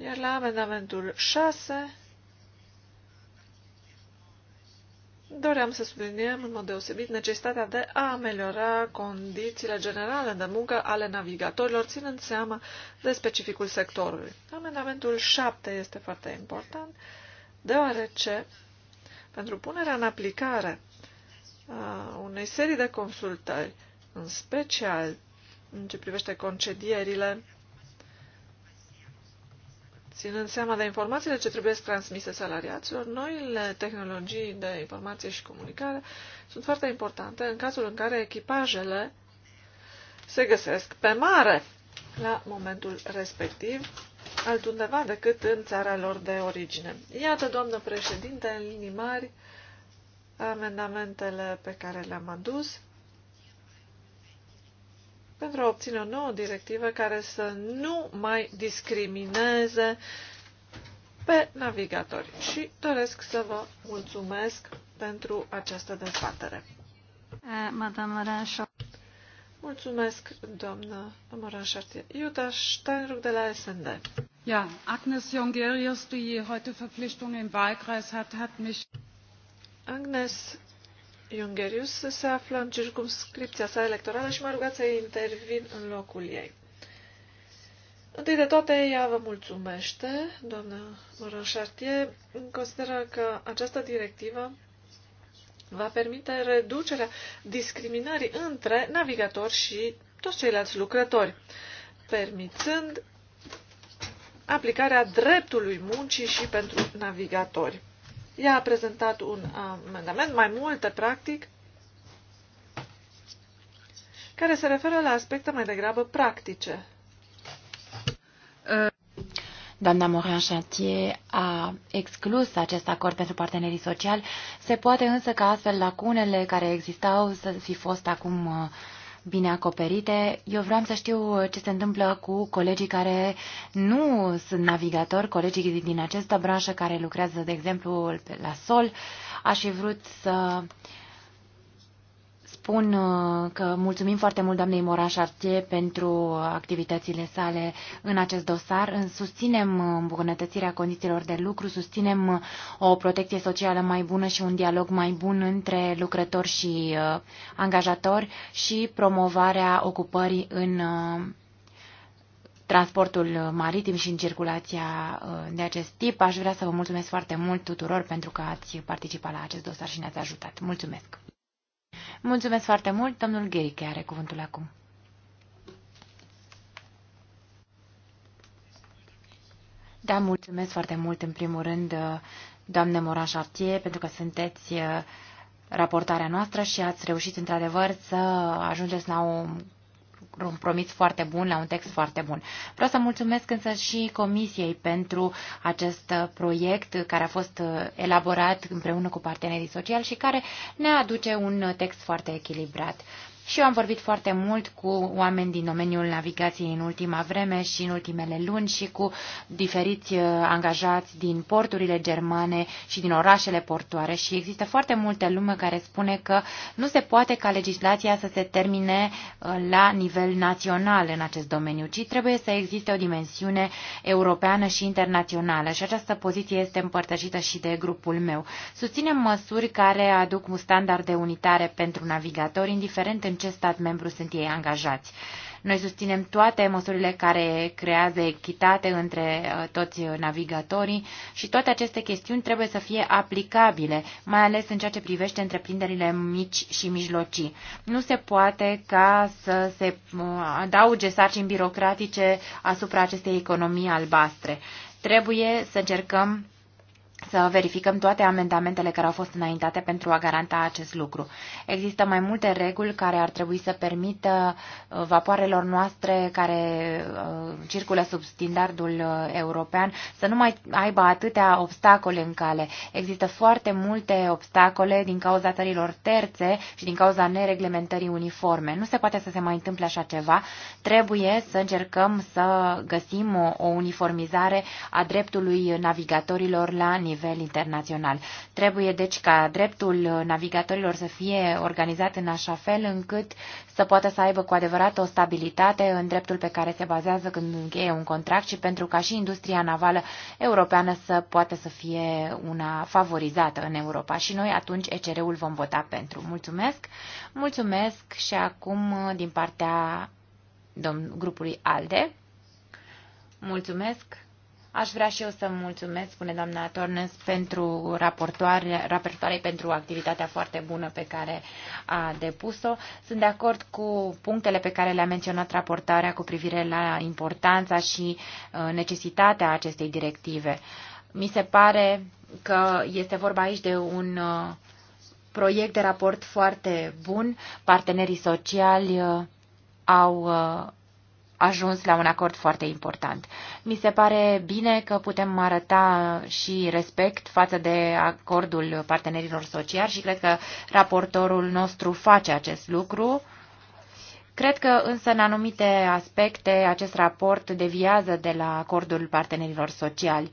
Iar la amendamentul 6 doream să subliniem în mod deosebit necesitatea de a ameliora condițiile generale de muncă ale navigatorilor, ținând seama de specificul sectorului. Amendamentul 7 este foarte important deoarece pentru punerea în aplicare a unei serii de consultări, în special în ce privește concedierile, ținând seama de informațiile ce trebuie transmise salariaților, noile tehnologii de informație și comunicare sunt foarte importante în cazul în care echipajele se găsesc pe mare la momentul respectiv altundeva decât în țara lor de origine. Iată, doamnă președinte, în linii mari, amendamentele pe care le-am adus pentru a obține o nouă directivă care să nu mai discrimineze pe navigatori. Și doresc să vă mulțumesc pentru această dezbatere. Eh, mulțumesc, doamnă Moran Chartier. Iuta Steinruc de la SND. Ja, Agnes Jongerius, die heute Verpflichtung im Wahlkreis hat, hat mich. Agnes Jongerius se află în circumscripția sa electorală și m-a rugat să intervin în locul ei. Întâi de toate, ea vă mulțumește, doamnă Moran Chartier. Consideră că această directivă va permite reducerea discriminării între navigatori și toți ceilalți lucrători, permițând aplicarea dreptului muncii și pentru navigatori. Ea a prezentat un amendament, mai multe practic, care se referă la aspecte mai degrabă practice. Doamna Morin Chantier a exclus acest acord pentru partenerii sociali. Se poate însă ca astfel lacunele care existau să fi fost acum uh, bine acoperite. Eu vreau să știu ce se întâmplă cu colegii care nu sunt navigatori, colegii din această branșă care lucrează, de exemplu, la sol. Aș fi vrut să uh, spun uh, că mulțumim foarte mult doamnei Moran Chartier pentru activitățile sale în acest dosar. Susținem îmbunătățirea condițiilor de lucru, susținem uh, o protecție socială mai bună și un dialog mai bun între lucrători și uh, angajatori și promovarea ocupării în transportul maritim și în circulația de acest tip. Aș vrea să vă mulțumesc foarte mult tuturor pentru că ați participat la acest dosar și ne-ați ajutat. Mulțumesc! Mulțumesc foarte mult. Domnul Gheriche are cuvântul acum. Da, mulțumesc foarte mult, în primul rând, doamne Moran Chartier, pentru că sunteți uh, raportarea noastră și ați reușit, într-adevăr, să ajungeți la un un compromis foarte bun, la un text foarte bun. Vreau să mulțumesc însă și Comisiei pentru acest uh, proiect care a fost uh, elaborat împreună cu partenerii sociali și care ne aduce un uh, text foarte echilibrat și eu am vorbit foarte mult cu oameni din domeniul navigației în ultima vreme și în ultimele luni și cu diferiți uh, angajați din porturile germane și din orașele portoare și există foarte multe lume care spune că nu se poate ca legislația să se termine uh, la nivel național în acest domeniu, ci trebuie să existe o dimensiune europeană și internațională și această poziție este împărtășită și de grupul meu. Susținem măsuri care aduc standarde unitare pentru navigatori, indiferent în ce stat membru sunt ei angajați. Noi susținem toate măsurile care creează echitate între uh, toți navigatorii și toate aceste chestiuni trebuie să fie aplicabile, mai ales în ceea ce privește întreprinderile mici și mijlocii. Nu se poate ca să se uh, adauge sarcini birocratice asupra acestei economii albastre. Trebuie să încercăm să verificăm toate amendamentele care au fost înaintate pentru a garanta acest lucru. Există mai multe reguli care ar trebui să permită uh, vapoarelor noastre care uh, circulă sub standardul uh, european să nu mai aibă atâtea obstacole în cale. Există foarte multe obstacole din cauza țărilor terțe și din cauza nereglementării uniforme. Nu se poate să se mai întâmple așa ceva. Trebuie să încercăm să găsim o uniformizare a dreptului navigatorilor la nivel nivel internațional. Trebuie deci ca dreptul navigatorilor să fie organizat în așa fel încât să poată să aibă cu adevărat o stabilitate în dreptul pe care se bazează când încheie un contract și pentru ca și industria navală europeană să poată să fie una favorizată în Europa. Și noi atunci ECR-ul vom vota pentru. Mulțumesc! Mulțumesc și acum din partea grupului ALDE. Mulțumesc! Aș vrea și eu să mulțumesc, spune doamna Tornes, pentru raportoare, raportoarei pentru activitatea foarte bună pe care a depus-o. Sunt de acord cu punctele pe care le-a menționat raportarea cu privire la importanța și uh, necesitatea acestei directive. Mi se pare că este vorba aici de un uh, proiect de raport foarte bun. Partenerii sociali uh, au ajuns la un acord foarte important. Mi se pare bine că putem arăta și respect față de acordul partenerilor sociali și cred că raportorul nostru face acest lucru. Cred că însă în anumite aspecte acest raport deviază de la acordul partenerilor sociali.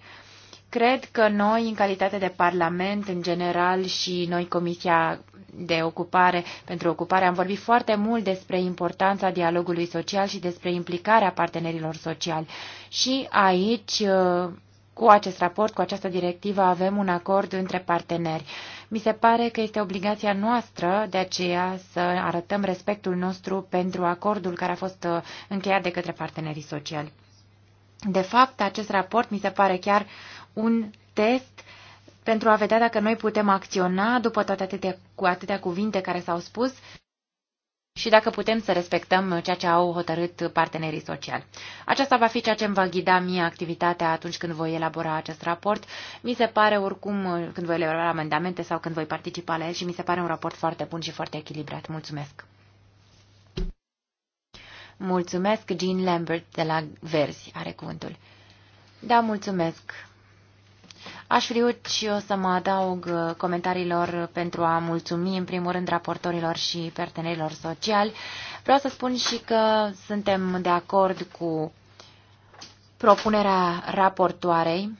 Cred că noi, în calitate de Parlament în general și noi, Comisia de Ocupare pentru Ocupare, am vorbit foarte mult despre importanța dialogului social și despre implicarea partenerilor sociali. Și aici, uh, cu acest raport, cu această directivă, avem un acord între parteneri. Mi se pare că este obligația noastră de aceea să arătăm respectul nostru pentru acordul care a fost uh, încheiat de către partenerii sociali. De fapt, acest raport mi se pare chiar uh, un test pentru a vedea dacă noi putem acționa după toate atâtea, cu atâtea cuvinte care s-au spus și dacă putem să respectăm ceea ce au hotărât partenerii sociali. Aceasta va fi ceea ce îmi va ghida mie activitatea atunci când voi elabora acest raport. Mi se pare oricum când voi elabora amendamente sau când voi participa la el și mi se pare un raport foarte bun și foarte echilibrat. Mulțumesc! Mulțumesc, Jean Lambert de la Verzi are cuvântul. Da, mulțumesc! Aș fi vrut și eu să mă adaug comentariilor pentru a mulțumi, în primul rând, raportorilor și partenerilor sociali. Vreau să spun și că suntem de acord cu propunerea raportoarei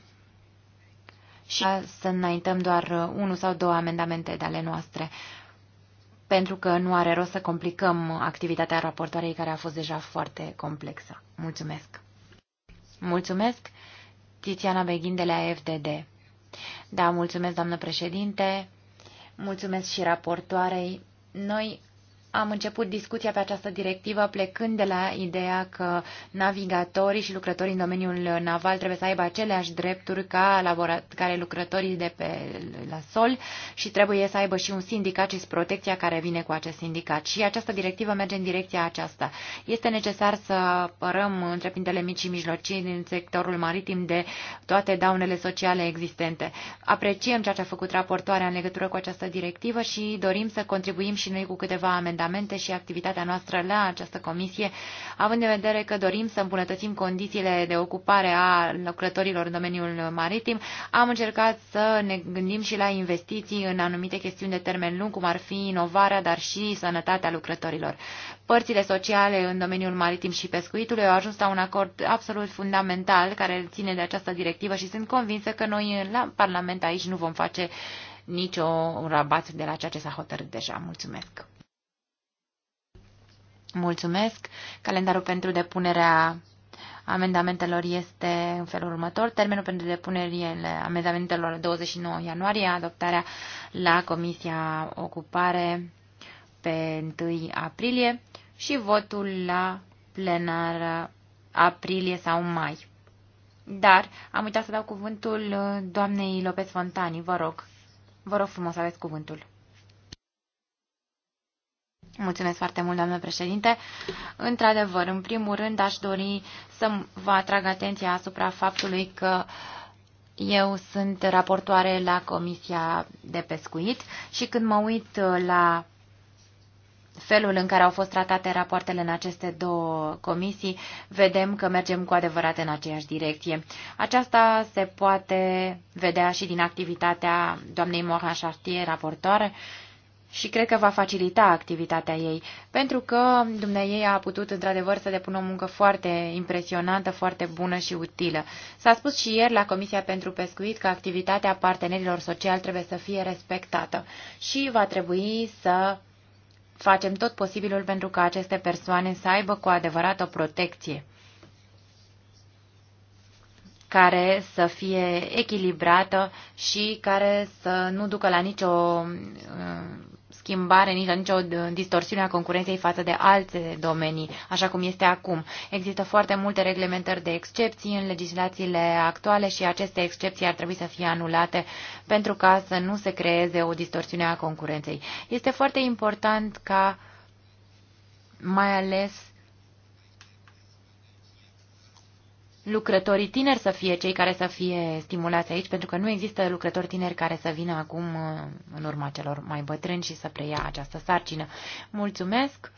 și să înaintăm doar unul sau două amendamente de ale noastre, pentru că nu are rost să complicăm activitatea raportoarei care a fost deja foarte complexă. Mulțumesc! Mulțumesc, Tiziana Beghin de la FDD. Da, mulțumesc, doamnă președinte. Mulțumesc și raportoarei. Noi am început discuția pe această directivă plecând de la ideea că navigatorii și lucrătorii în domeniul naval trebuie să aibă aceleași drepturi ca care lucrătorii de pe la sol și trebuie să aibă și un sindicat și protecția care vine cu acest sindicat. Și această directivă merge în direcția aceasta. Este necesar să părăm întreprinderile mici și mijlocii din sectorul maritim de toate daunele sociale existente. Apreciem ceea ce a făcut raportoarea în legătură cu această directivă și dorim să contribuim și noi cu câteva amendamente comportamente și activitatea noastră la această comisie, având în vedere că dorim să îmbunătățim condițiile de ocupare a lucrătorilor în domeniul maritim, am încercat să ne gândim și la investiții în anumite chestiuni de termen lung, cum ar fi inovarea, dar și sănătatea lucrătorilor. Părțile sociale în domeniul maritim și pescuitului au ajuns la un acord absolut fundamental care ține de această directivă și sunt convinsă că noi la Parlament aici nu vom face nicio rabat de la ceea ce s-a hotărât deja. Mulțumesc! Mulțumesc. Calendarul pentru depunerea amendamentelor este în felul următor. Termenul pentru depunerile amendamentelor 29 ianuarie, adoptarea la Comisia Ocupare pe 1 aprilie și votul la plenar aprilie sau mai. Dar am uitat să dau cuvântul doamnei Lopez Fontani, vă rog. Vă rog frumos, aveți cuvântul. Mulțumesc foarte mult, doamnă președinte. Într-adevăr, în primul rând aș dori să vă atrag atenția asupra faptului că eu sunt raportoare la Comisia de Pescuit și când mă uit la felul în care au fost tratate rapoartele în aceste două comisii, vedem că mergem cu adevărat în aceeași direcție. Aceasta se poate vedea și din activitatea doamnei Moran Chartier, raportoare, și cred că va facilita activitatea ei, pentru că dumneai a putut într-adevăr să depună o muncă foarte impresionantă, foarte bună și utilă. S-a spus și ieri la Comisia pentru Pescuit că activitatea partenerilor sociali trebuie să fie respectată și va trebui să facem tot posibilul pentru ca aceste persoane să aibă cu adevărat o protecție care să fie echilibrată și care să nu ducă la nicio uh, schimbare, nici la nicio uh, distorsiune a concurenței față de alte domenii, așa cum este acum. Există foarte multe reglementări de excepții în legislațiile actuale și aceste excepții ar trebui să fie anulate pentru ca să nu se creeze o distorsiune a concurenței. Este foarte important ca mai ales lucrătorii tineri să fie cei care să fie stimulați aici, pentru că nu există lucrători tineri care să vină acum uh, în urma celor mai bătrâni și să preia această sarcină. Mulțumesc!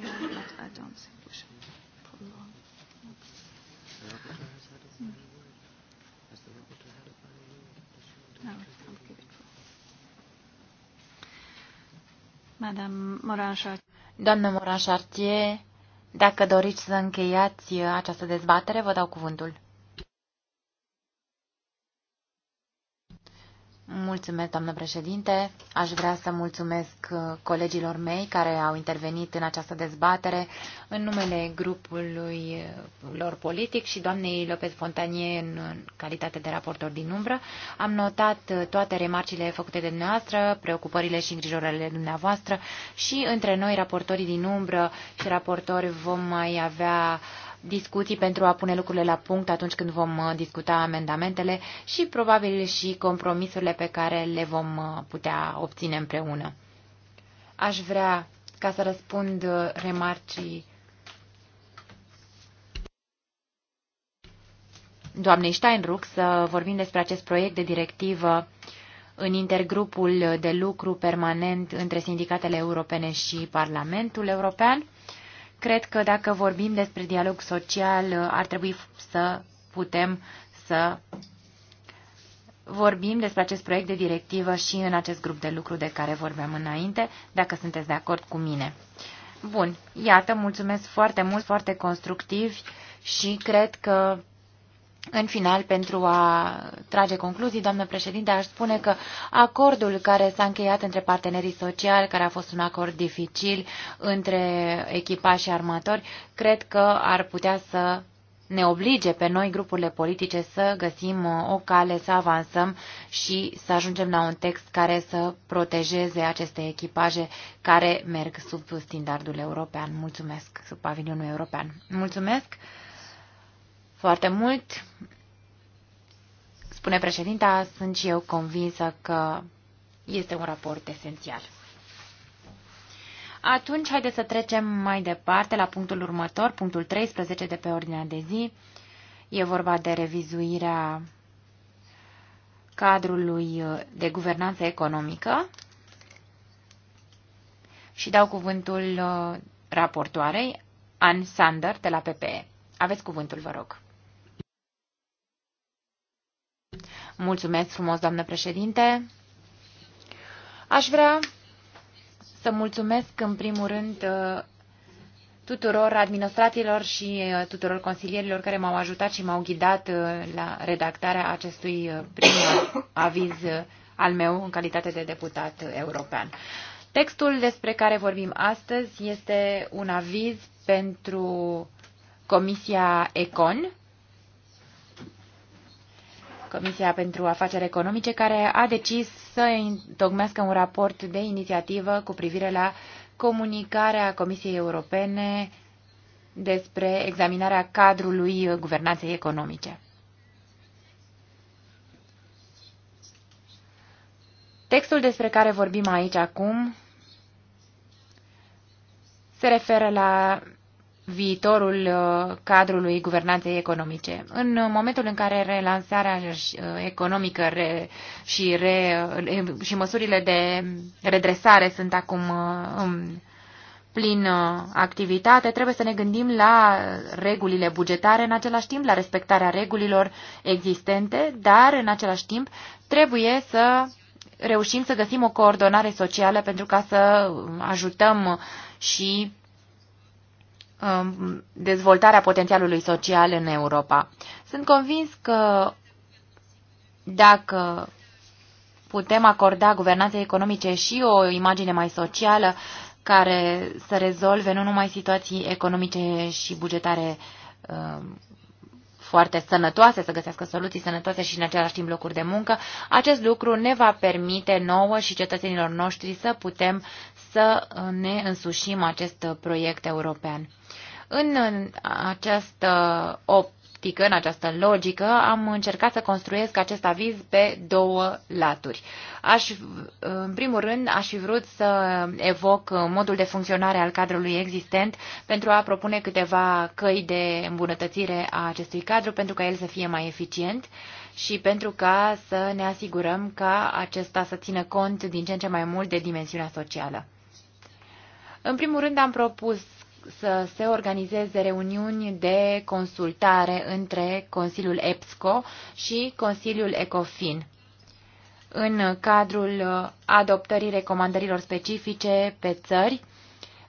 Yeah, I don't see. Doamnă Moran Chartier, dacă doriți să încheiați această dezbatere, vă dau cuvântul. Mulțumesc, doamnă președinte. Aș vrea să mulțumesc uh, colegilor mei care au intervenit în această dezbatere în numele grupului uh, lor politic și doamnei Lopez Fontanie în calitate de raportor din umbră. Am notat uh, toate remarcile făcute de dumneavoastră, preocupările și îngrijorările dumneavoastră și între noi, raportorii din umbră și raportori, vom mai avea uh, discuții pentru a pune lucrurile la punct atunci când vom uh, discuta amendamentele și probabil și compromisurile pe care le vom uh, putea obține împreună. Aș vrea ca să răspund uh, remarcii doamnei Steinruck să vorbim despre acest proiect de directivă în intergrupul de lucru permanent între sindicatele europene și Parlamentul European. Cred că dacă vorbim despre dialog social, ar trebui să putem să vorbim despre acest proiect de directivă și în acest grup de lucru de care vorbeam înainte, dacă sunteți de acord cu mine. Bun, iată, mulțumesc foarte mult, foarte constructiv și cred că în final, pentru a trage concluzii, doamnă președinte, aș spune că acordul care s-a încheiat între partenerii sociali, care a fost un acord dificil între echipași și armatori, cred că ar putea să ne oblige pe noi, grupurile politice, să găsim uh, o cale, să avansăm și să ajungem la un text care să protejeze aceste echipaje care merg sub standardul european. Mulțumesc, sub pavilionul european. Mulțumesc! foarte mult. Spune președinta, sunt și eu convinsă că este un raport esențial. Atunci, haideți să trecem mai departe la punctul următor, punctul 13 de pe ordinea de zi. E vorba de revizuirea cadrului de guvernanță economică și dau cuvântul uh, raportoarei, Ann Sander, de la PPE. Aveți cuvântul, vă rog. Mulțumesc frumos, doamnă președinte. Aș vrea să mulțumesc în primul rând uh, tuturor administrațiilor și uh, tuturor consilierilor care m-au ajutat și m-au ghidat uh, la redactarea acestui prim aviz al meu în calitate de deputat european. Textul despre care vorbim astăzi este un aviz pentru Comisia Econ Comisia pentru Afaceri Economice, care a decis să întocmească un raport de inițiativă cu privire la comunicarea Comisiei Europene despre examinarea cadrului guvernanței economice. Textul despre care vorbim aici acum se referă la viitorul uh, cadrului guvernanței economice. În uh, momentul în care relansarea uh, economică și, re, și măsurile de redresare sunt acum în plin activitate, trebuie să ne gândim la regulile bugetare, în același timp la respectarea regulilor existente, dar în același timp trebuie să reușim să găsim o coordonare socială pentru ca să ajutăm și Um, dezvoltarea potențialului social în Europa. Sunt convins că dacă putem acorda guvernanței economice și o imagine mai socială care să rezolve nu numai situații economice și bugetare um, foarte sănătoase, să găsească soluții sănătoase și în același timp locuri de muncă, acest lucru ne va permite nouă și cetățenilor noștri să putem să ne însușim acest proiect european. În această optică, în această logică, am încercat să construiesc acest aviz pe două laturi. Aș, în primul rând, aș fi vrut să evoc modul de funcționare al cadrului existent pentru a propune câteva căi de îmbunătățire a acestui cadru pentru ca el să fie mai eficient și pentru ca să ne asigurăm ca acesta să țină cont din ce în ce mai mult de dimensiunea socială. În primul rând am propus să se organizeze reuniuni de consultare între Consiliul EPSCO și Consiliul ECOFIN în cadrul adoptării recomandărilor specifice pe țări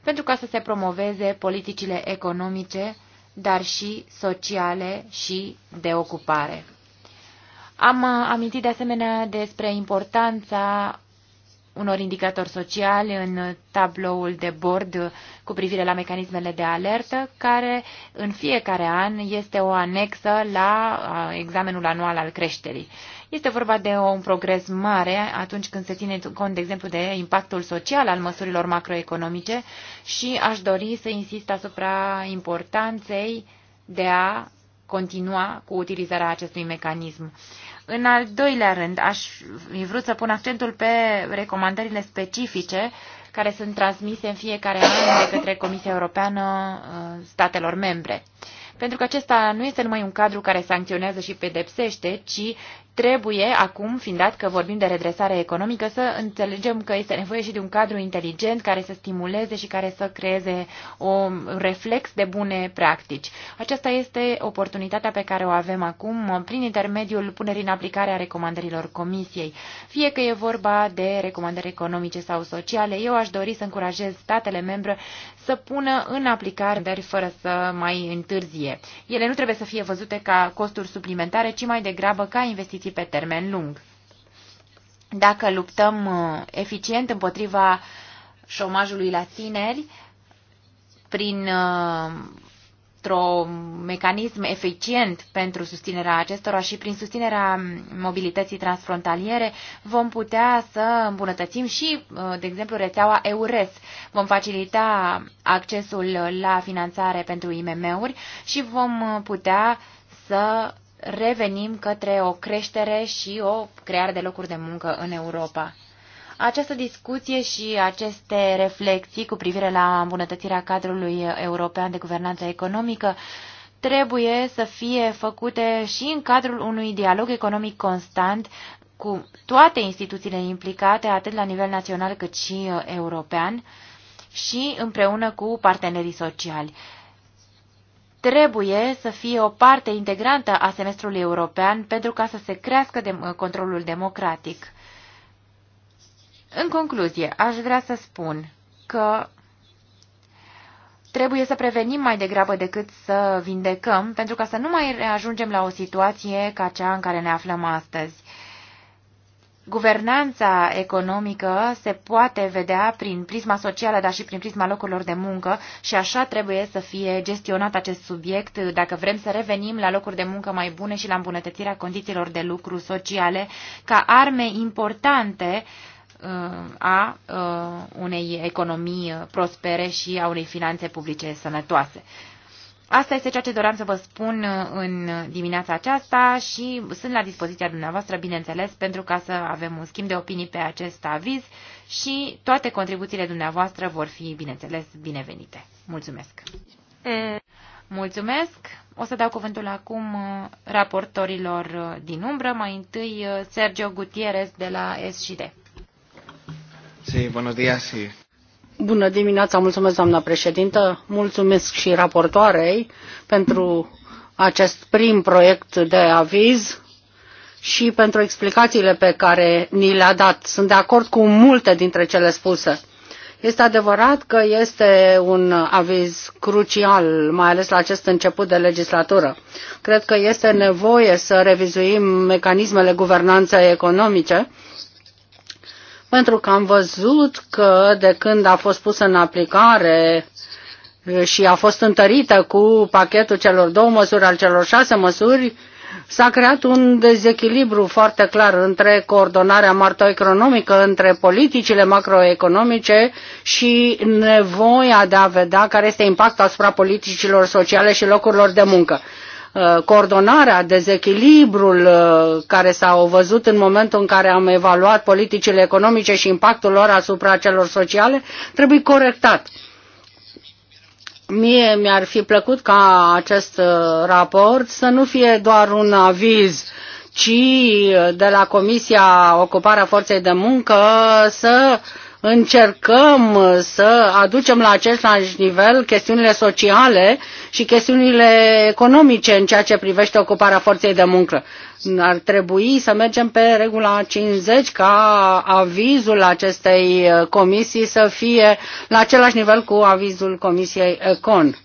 pentru ca să se promoveze politicile economice, dar și sociale și de ocupare. Am amintit de asemenea despre importanța unor indicatori sociali în tabloul de bord cu privire la mecanismele de alertă, care în fiecare an este o anexă la examenul anual al creșterii. Este vorba de un progres mare atunci când se ține cont, de exemplu, de impactul social al măsurilor macroeconomice și aș dori să insist asupra importanței de a continua cu utilizarea acestui mecanism. În al doilea rând, aș fi vrut să pun accentul pe recomandările specifice care sunt transmise în fiecare an de către Comisia Europeană uh, statelor membre. Pentru că acesta nu este numai un cadru care sancționează și pedepsește, ci Trebuie acum, fiind dat că vorbim de redresare economică, să înțelegem că este nevoie și de un cadru inteligent care să stimuleze și care să creeze un reflex de bune practici. Aceasta este oportunitatea pe care o avem acum prin intermediul punerii în aplicare a recomandărilor Comisiei. Fie că e vorba de recomandări economice sau sociale, eu aș dori să încurajez statele membre să pună în aplicare dar fără să mai întârzie. Ele nu trebuie să fie văzute ca costuri suplimentare, ci mai degrabă ca investiții investiții pe termen lung. Dacă luptăm uh, eficient împotriva șomajului la tineri, prin un uh, mecanism eficient pentru susținerea acestora și prin susținerea mobilității transfrontaliere vom putea să îmbunătățim și, uh, de exemplu, rețeaua EURES. Vom facilita accesul la finanțare pentru IMM-uri și vom putea să revenim către o creștere și o creare de locuri de muncă în Europa. Această discuție și aceste reflexii cu privire la îmbunătățirea cadrului european de guvernanță economică trebuie să fie făcute și în cadrul unui dialog economic constant cu toate instituțiile implicate, atât la nivel național cât și uh, european, și împreună cu partenerii sociali trebuie să fie o parte integrantă a semestrului european pentru ca să se crească de controlul democratic. În concluzie, aș vrea să spun că trebuie să prevenim mai degrabă decât să vindecăm, pentru ca să nu mai ajungem la o situație ca cea în care ne aflăm astăzi. Guvernanța economică se poate vedea prin prisma socială, dar și prin prisma locurilor de muncă și așa trebuie să fie gestionat acest subiect dacă vrem să revenim la locuri de muncă mai bune și la îmbunătățirea condițiilor de lucru sociale ca arme importante uh, a uh, unei economii prospere și a unei finanțe publice sănătoase. Asta este ceea ce doream să vă spun uh, în dimineața aceasta și sunt la dispoziția dumneavoastră, bineînțeles, pentru ca să avem un schimb de opinii pe acest aviz și toate contribuțiile dumneavoastră vor fi, bineînțeles, binevenite. Mulțumesc! E... Mulțumesc! O să dau cuvântul acum uh, raportorilor uh, din umbră, mai întâi Sergio Gutierrez de la SCD. Sí, buenos días, sí. Bună dimineața, mulțumesc doamna președintă, mulțumesc și raportoarei pentru acest prim proiect de aviz și pentru explicațiile pe care ni le-a dat. Sunt de acord cu multe dintre cele spuse. Este adevărat că este un aviz crucial, mai ales la acest început de legislatură. Cred că este nevoie să revizuim mecanismele guvernanței economice pentru că am văzut că de când a fost pusă în aplicare și a fost întărită cu pachetul celor două măsuri, al celor șase măsuri, s-a creat un dezechilibru foarte clar între coordonarea macroeconomică, între politicile macroeconomice și nevoia de a vedea care este impactul asupra politicilor sociale și locurilor de muncă. Uh, coordonarea, dezechilibrul uh, care s-au văzut în momentul în care am evaluat politicile economice și impactul lor asupra celor sociale, trebuie corectat. Mie mi-ar fi plăcut ca acest uh, raport să nu fie doar un aviz ci de la Comisia Ocuparea Forței de Muncă să uh, încercăm uh, să aducem la același nivel chestiunile sociale și chestiunile economice în ceea ce privește ocuparea forței de muncă. Ar trebui să mergem pe regula 50 ca avizul acestei uh, comisii să fie la același nivel cu avizul Comisiei Econ.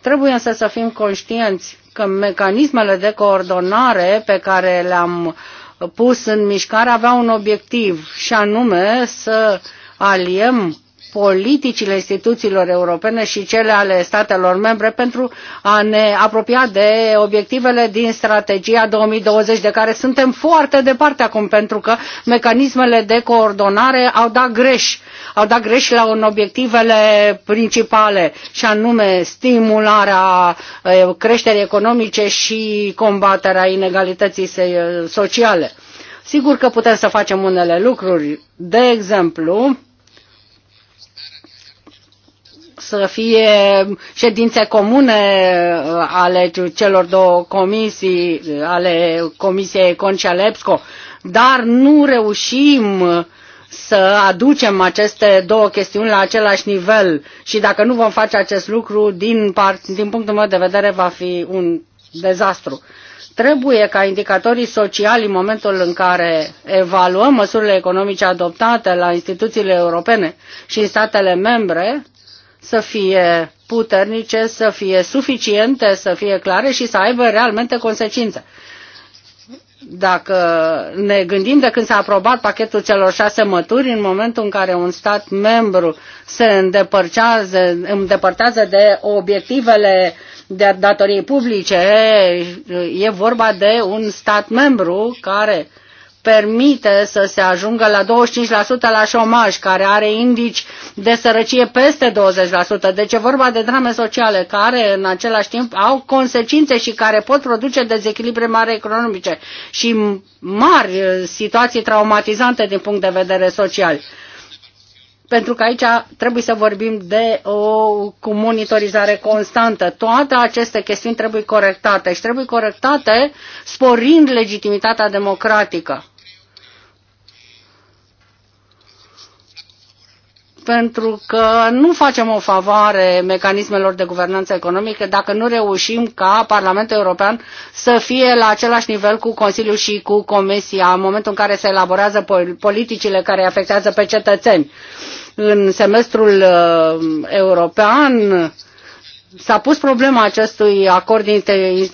Trebuie însă să fim conștienți că mecanismele de coordonare pe care le-am pus în mișcare aveau un obiectiv și anume să uh, aliem politicile instituțiilor europene și cele ale statelor membre pentru a ne apropia de obiectivele din strategia 2020, de care suntem foarte departe acum, pentru că mecanismele de coordonare au dat greș, au dat greș la un obiectivele principale, și anume stimularea eh, creșterii economice și combaterea inegalității eh, sociale. Sigur că putem să facem unele lucruri, de exemplu, să fie ședințe comune uh, ale celor două comisii, uh, ale Comisiei Econ și dar nu reușim să aducem aceste două chestiuni la același nivel și dacă nu vom face acest lucru, din, part, din punctul meu de vedere, va fi un dezastru. Trebuie ca indicatorii sociali, în momentul în care evaluăm măsurile economice adoptate la instituțiile europene și în statele membre, să fie puternice, să fie suficiente, să fie clare și să aibă realmente consecințe. Dacă ne gândim de când s-a aprobat pachetul celor șase mături, în momentul în care un stat membru se îndepărtează de obiectivele de datorii publice, e vorba de un stat membru care uh, permite să se ajungă la 25% la șomaj, care are indici de sărăcie peste 20%. Deci e vorba de drame sociale care în același timp au consecințe și care pot produce dezechilibre mari economice și mari situații traumatizante din punct de vedere social pentru că aici trebuie să vorbim de o cu monitorizare constantă. Toate aceste chestiuni trebuie corectate și trebuie corectate sporind legitimitatea democratică. pentru că nu facem o favoare mecanismelor de guvernanță economică dacă nu reușim ca Parlamentul European să fie la același nivel cu Consiliul și cu Comisia în momentul în care se elaborează politicile care afectează pe cetățeni. În semestrul uh, european s-a pus problema acestui acord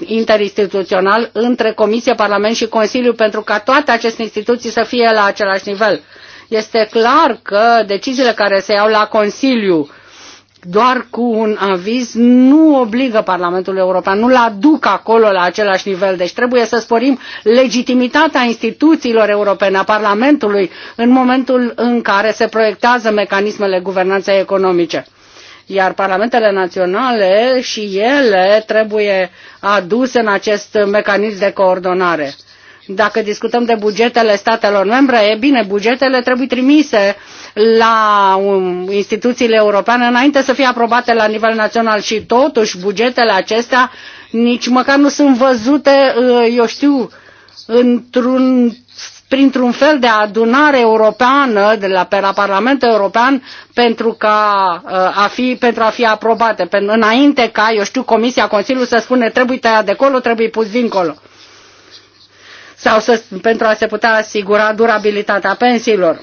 interinstituțional între Comisie, Parlament și Consiliu pentru ca toate aceste instituții să fie la același nivel este clar că deciziile care se iau la Consiliu doar cu un aviz nu obligă Parlamentul European, nu-l aduc acolo la același nivel. Deci trebuie să sporim legitimitatea instituțiilor europene, a Parlamentului, în momentul în care se proiectează mecanismele guvernanței economice iar parlamentele naționale și ele trebuie aduse în acest mecanism de coordonare. Dacă discutăm de bugetele statelor membre, e bine, bugetele trebuie trimise la um, instituțiile europene înainte să fie aprobate la nivel național și totuși bugetele acestea nici măcar nu sunt văzute, uh, eu știu, într-un printr-un fel de adunare europeană de la, pe la Parlamentul European pentru, ca, uh, a fi, pentru a fi aprobate, înainte ca, eu știu, Comisia, Consiliul să spune trebuie tăiat de acolo, trebuie pus dincolo sau să, pentru a se putea asigura durabilitatea pensiilor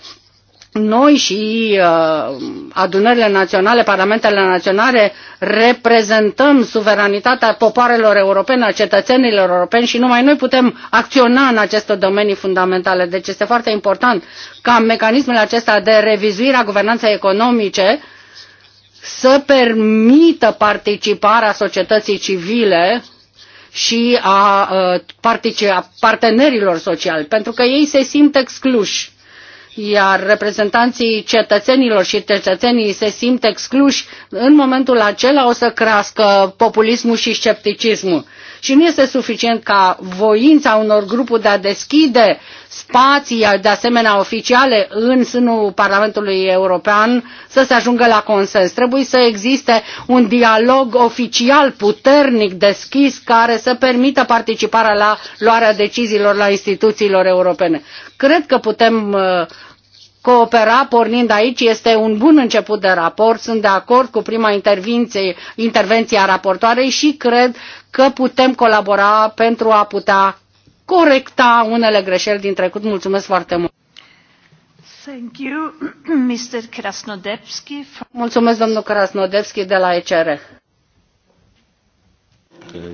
noi și uh, adunările naționale, parlamentele naționale, reprezentăm suveranitatea popoarelor europene, a cetățenilor europeni și numai noi putem acționa în aceste domenii fundamentale. Deci este foarte important ca mecanismul acesta de revizuire a guvernanței economice să permită participarea societății civile și a partenerilor sociali, pentru că ei se simt excluși iar reprezentanții cetățenilor și cetățenii se simt excluși, în momentul acela o să crească populismul și scepticismul. Și nu este suficient ca voința unor grupuri de a deschide spații de asemenea oficiale în sânul Parlamentului European să se ajungă la consens. Trebuie să existe un dialog oficial puternic, deschis, care să permită participarea la luarea deciziilor la instituțiilor europene. Cred că putem uh, coopera pornind aici este un bun început de raport. Sunt de acord cu prima intervenție, intervenție a raportoarei și cred că putem colabora pentru a putea corecta unele greșeli din trecut. Mulțumesc foarte mult! Thank you, [CLEARS THROAT] Mr. Krasnodebski. Mulțumesc, domnul Krasnodebski de la ECR.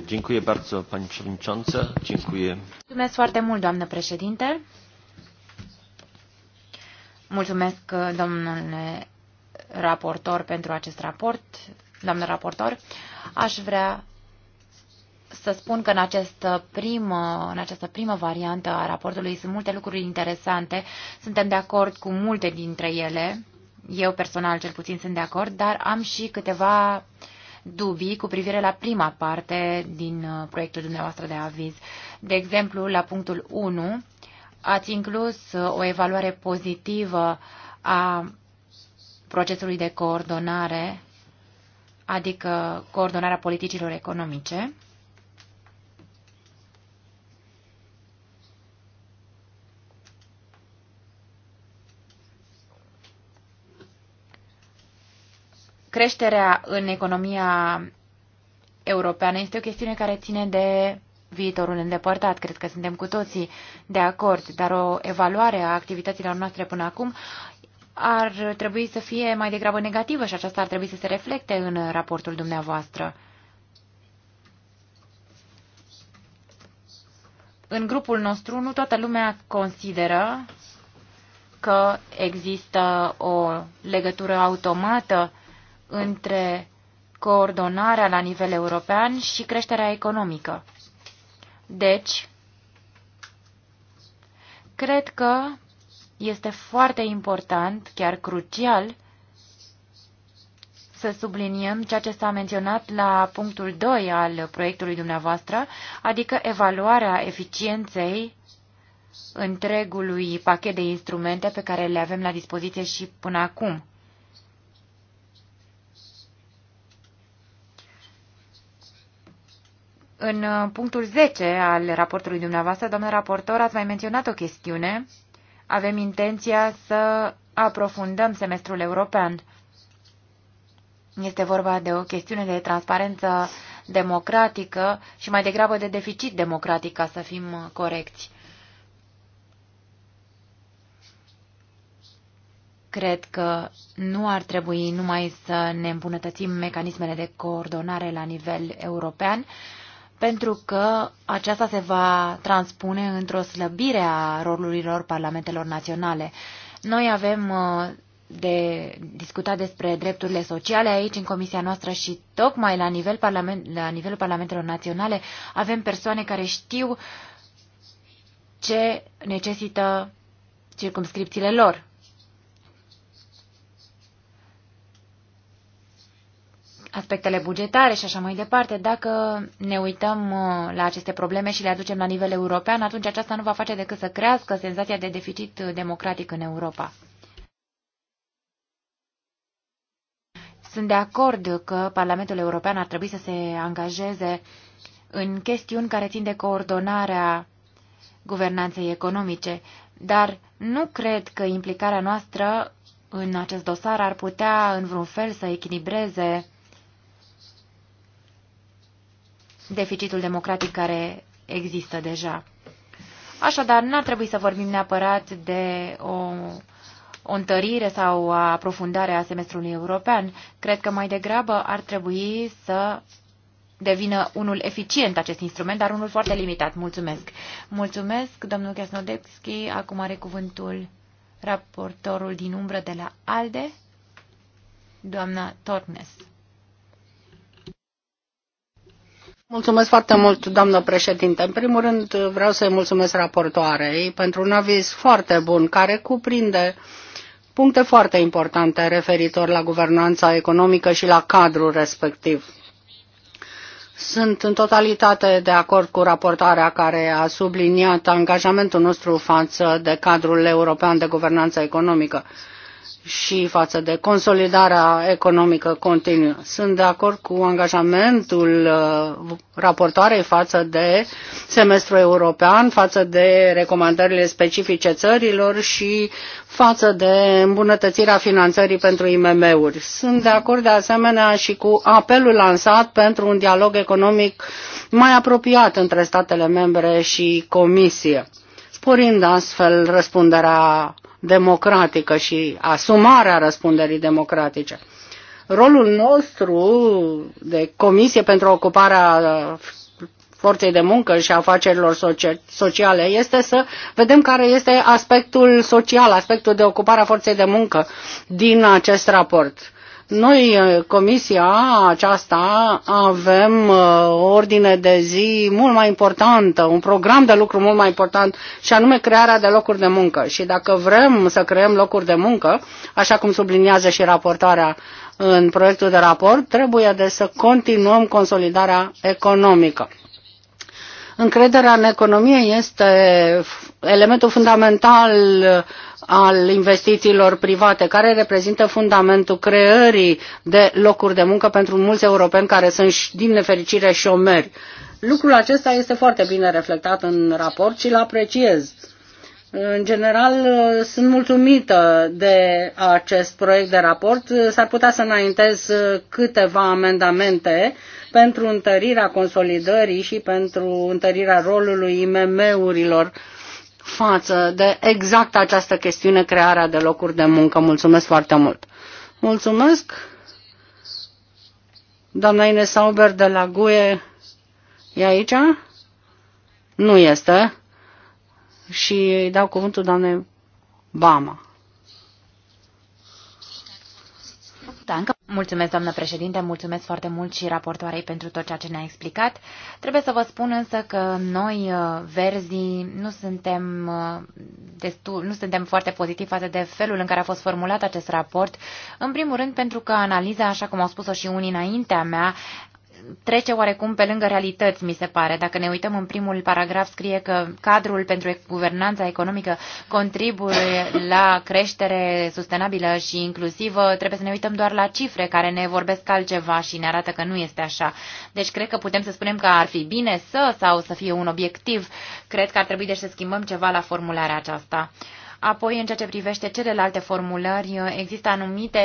Dziękuję bardzo, pani przewodnicząca. Dziękuję. Mulțumesc foarte mult, doamnă președinte. Mulțumesc, domnule raportor, pentru acest raport. Doamnă raportor, aș vrea să spun că în această, prim, în această primă variantă a raportului sunt multe lucruri interesante. Suntem de acord cu multe dintre ele. Eu personal cel puțin sunt de acord, dar am și câteva dubii cu privire la prima parte din uh, proiectul dumneavoastră de aviz. De exemplu, la punctul 1 ați inclus uh, o evaluare pozitivă a procesului de coordonare adică coordonarea politicilor economice. creșterea în economia europeană este o chestiune care ține de viitorul îndepărtat. Cred că suntem cu toții de acord, dar o evaluare a activităților noastre până acum ar trebui să fie mai degrabă negativă și aceasta ar trebui să se reflecte în raportul dumneavoastră. În grupul nostru nu toată lumea consideră că există o legătură automată între coordonarea la nivel european și creșterea economică. Deci, cred că este foarte important, chiar crucial, să subliniem ceea ce s-a menționat la punctul 2 al proiectului dumneavoastră, adică evaluarea eficienței întregului pachet de instrumente pe care le avem la dispoziție și până acum. În uh, punctul 10 al raportului dumneavoastră, domnul raportor, ați mai menționat o chestiune. Avem intenția să aprofundăm semestrul european. Este vorba de o chestiune de transparență democratică și mai degrabă de deficit democratic, ca să fim corecți. Cred că nu ar trebui numai să ne îmbunătățim mecanismele de coordonare la nivel european, pentru că aceasta se va transpune într-o slăbire a rolurilor parlamentelor naționale. Noi avem uh, de discutat despre drepturile sociale aici în comisia noastră și tocmai la, nivel parlament, la nivelul parlamentelor naționale avem persoane care știu ce necesită circumscripțiile lor. aspectele bugetare și așa mai departe, dacă ne uităm uh, la aceste probleme și le aducem la nivel european, atunci aceasta nu va face decât să crească senzația de deficit uh, democratic în Europa. Sunt de acord că Parlamentul European ar trebui să se angajeze în chestiuni care țin de coordonarea guvernanței economice, dar nu cred că implicarea noastră în acest dosar ar putea în vreun fel să echilibreze deficitul democratic care există deja. Așadar, n-ar trebui să vorbim neapărat de o, o întărire sau o aprofundare a semestrului european. Cred că mai degrabă ar trebui să devină unul eficient acest instrument, dar unul foarte limitat. Mulțumesc. Mulțumesc, domnul Kasnodebski. Acum are cuvântul raportorul din umbră de la ALDE, doamna Tornes. Mulțumesc foarte mult, doamnă președinte. În primul rând, vreau să-i mulțumesc raportoarei pentru un aviz foarte bun, care cuprinde puncte foarte importante referitor la guvernanța economică și la cadrul respectiv. Sunt în totalitate de acord cu raportarea care a subliniat angajamentul nostru față de cadrul european de guvernanță economică și față de consolidarea economică continuă. Sunt de acord cu angajamentul uh, raportoarei față de semestrul european, față de recomandările specifice țărilor și față de îmbunătățirea finanțării pentru IMM-uri. Sunt de acord de asemenea și cu apelul lansat pentru un dialog economic mai apropiat între statele membre și Comisie, sporind astfel răspunderea democratică și asumarea răspunderii democratice. Rolul nostru de Comisie pentru Ocuparea forței de muncă și afacerilor sociale este să vedem care este aspectul social, aspectul de ocupare a forței de muncă din acest raport. Noi, uh, comisia aceasta, avem o uh, ordine de zi mult mai importantă, un program de lucru mult mai important și anume crearea de locuri de muncă. Și dacă vrem să creăm locuri de muncă, așa cum subliniază și raportarea în proiectul de raport, trebuie de să continuăm consolidarea economică. Încrederea în economie este elementul fundamental uh, al investițiilor private, care reprezintă fundamentul creării de locuri de muncă pentru mulți europeni care sunt, din nefericire, șomeri. Lucrul acesta este foarte bine reflectat în raport și îl apreciez. În general, uh, sunt mulțumită de acest proiect de raport. S-ar putea să înaintez uh, câteva amendamente pentru întărirea consolidării și pentru întărirea rolului IMM-urilor față de exact această chestiune, crearea de locuri de muncă. Mulțumesc foarte mult! Mulțumesc! Doamna Ines Sauber de la GUE e aici? Nu este. Și îi dau cuvântul doamnei Bama. Mulțumesc, doamnă președinte, mulțumesc foarte mult și raportoarei pentru tot ceea ce ne-a explicat. Trebuie să vă spun însă că noi, uh, verzii, nu suntem, uh, destul, nu suntem foarte pozitivi față de felul în care a fost formulat acest raport. În primul rând pentru că analiza, așa cum au spus-o și unii înaintea mea, trece oarecum pe lângă realități, mi se pare. Dacă ne uităm în primul paragraf, scrie că cadrul pentru guvernanța economică contribuie la creștere sustenabilă și inclusivă. Trebuie să ne uităm doar la cifre care ne vorbesc altceva și ne arată că nu este așa. Deci cred că putem să spunem că ar fi bine să sau să fie un obiectiv. Cred că ar trebui deci să schimbăm ceva la formularea aceasta. Apoi, în ceea ce privește celelalte formulări, există anumite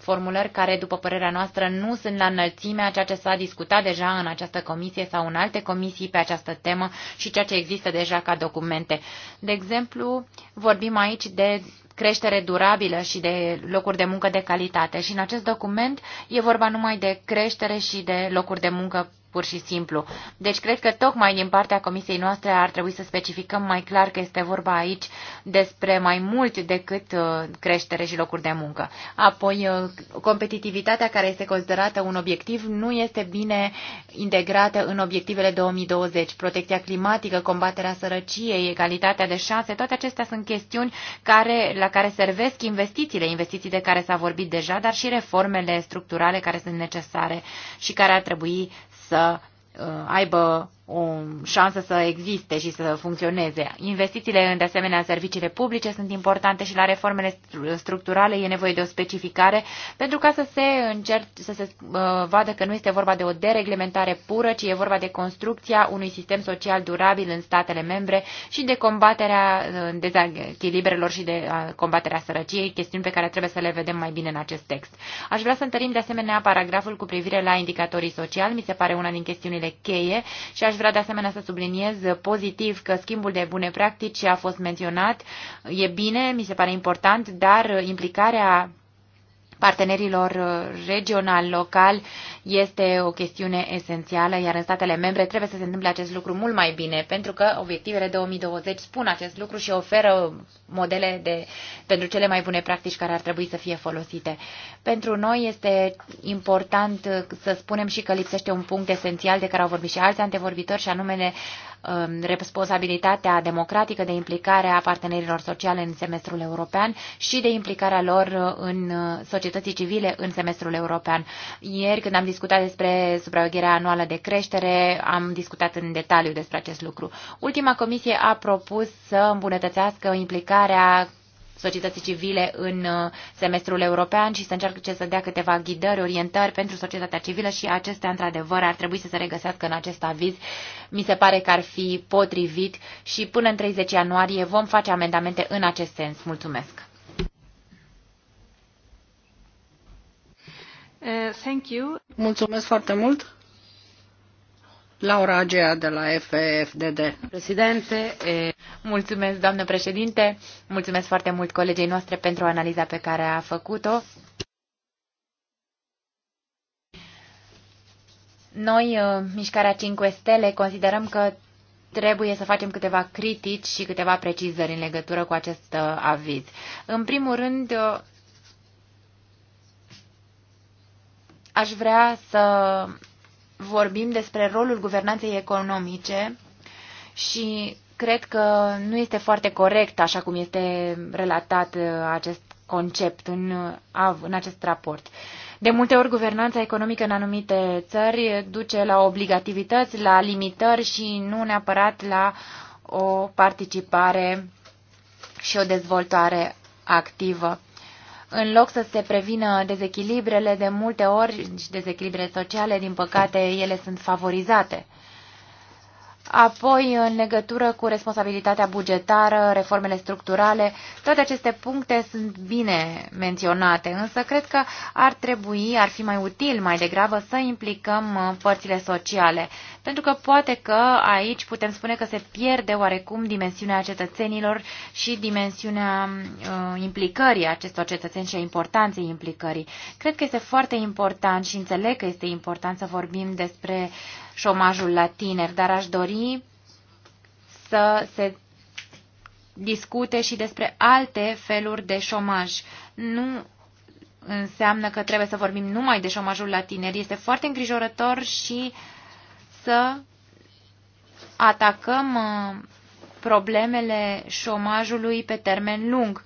formulări care, după părerea noastră, nu sunt la înălțimea ceea ce s-a discutat deja în această comisie sau în alte comisii pe această temă și ceea ce există deja ca documente. De exemplu, vorbim aici de creștere durabilă și de locuri de muncă de calitate. Și în acest document e vorba numai de creștere și de locuri de muncă pur și simplu. Deci cred că tocmai din partea comisiei noastre ar trebui să specificăm mai clar că este vorba aici despre mai mult decât uh, creștere și locuri de muncă. Apoi, uh, competitivitatea care este considerată un obiectiv nu este bine integrată în obiectivele 2020. Protecția climatică, combaterea sărăciei, egalitatea de șanse, toate acestea sunt chestiuni care, la care servesc investițiile, investiții de care s-a vorbit deja, dar și reformele structurale care sunt necesare și care ar trebui să uh, aibă o um, șansă să existe și să funcționeze. Investițiile în de asemenea serviciile publice sunt importante și la reformele structurale e nevoie de o specificare pentru ca să se încerc, să se uh, vadă că nu este vorba de o dereglementare pură, ci e vorba de construcția unui sistem social durabil în statele membre și de combaterea uh, dezechilibrelor și de uh, combaterea sărăciei, chestiuni pe care trebuie să le vedem mai bine în acest text. Aș vrea să întărim de asemenea paragraful cu privire la indicatorii sociali, mi se pare una din chestiunile cheie și aș vrea de asemenea să subliniez pozitiv că schimbul de bune practici a fost menționat. E bine, mi se pare important, dar implicarea partenerilor uh, regional, local, este o chestiune esențială, iar în statele membre trebuie să se întâmple acest lucru mult mai bine, pentru că obiectivele 2020 spun acest lucru și oferă modele de, pentru cele mai bune practici care ar trebui să fie folosite. Pentru noi este important să spunem și că lipsește un punct esențial de care au vorbit și alți antevorbitori, și anume Um, responsabilitatea democratică de implicare a partenerilor sociale în semestrul european și de implicarea lor în uh, societății civile în semestrul european. Ieri, când am discutat despre supravegherea anuală de creștere, am discutat în detaliu despre acest lucru. Ultima comisie a propus să îmbunătățească implicarea societății civile în uh, semestrul european și să încerce să dea câteva ghidări, orientări pentru societatea civilă și acestea, într-adevăr, ar trebui să se regăsească în acest aviz. Mi se pare că ar fi potrivit și până în 30 ianuarie vom face amendamente în acest sens. Mulțumesc! Uh, Mulțumesc foarte mult! Laura Agea de la FFDD. Președinte, mulțumesc, doamnă președinte, mulțumesc foarte mult colegei noastre pentru analiza pe care a făcut-o. Noi, uh, Mișcarea 5 Stele, considerăm că trebuie să facem câteva critici și câteva precizări în legătură cu acest uh, aviz. În primul rând, uh, aș vrea să vorbim despre rolul guvernanței economice și cred că nu este foarte corect așa cum este relatat uh, acest concept în, uh, în acest raport. De multe ori, guvernanța economică în anumite țări duce la obligativități, la limitări și nu neapărat la o participare și o dezvoltare activă. În loc să se prevină dezechilibrele, de multe ori, și dezechilibrele sociale, din păcate, ele sunt favorizate. Apoi, în legătură cu responsabilitatea bugetară, reformele structurale, toate aceste puncte sunt bine menționate, însă cred că ar trebui, ar fi mai util mai degrabă să implicăm uh, părțile sociale, pentru că poate că aici putem spune că se pierde oarecum dimensiunea cetățenilor și dimensiunea uh, implicării acestor cetățeni și a importanței implicării. Cred că este foarte important și înțeleg că este important să vorbim despre uh, șomajul la tineri, dar aș dori să se discute și despre alte feluri de șomaj. Nu înseamnă că trebuie să vorbim numai de șomajul la tineri. Este foarte îngrijorător și să atacăm uh, problemele șomajului pe termen lung,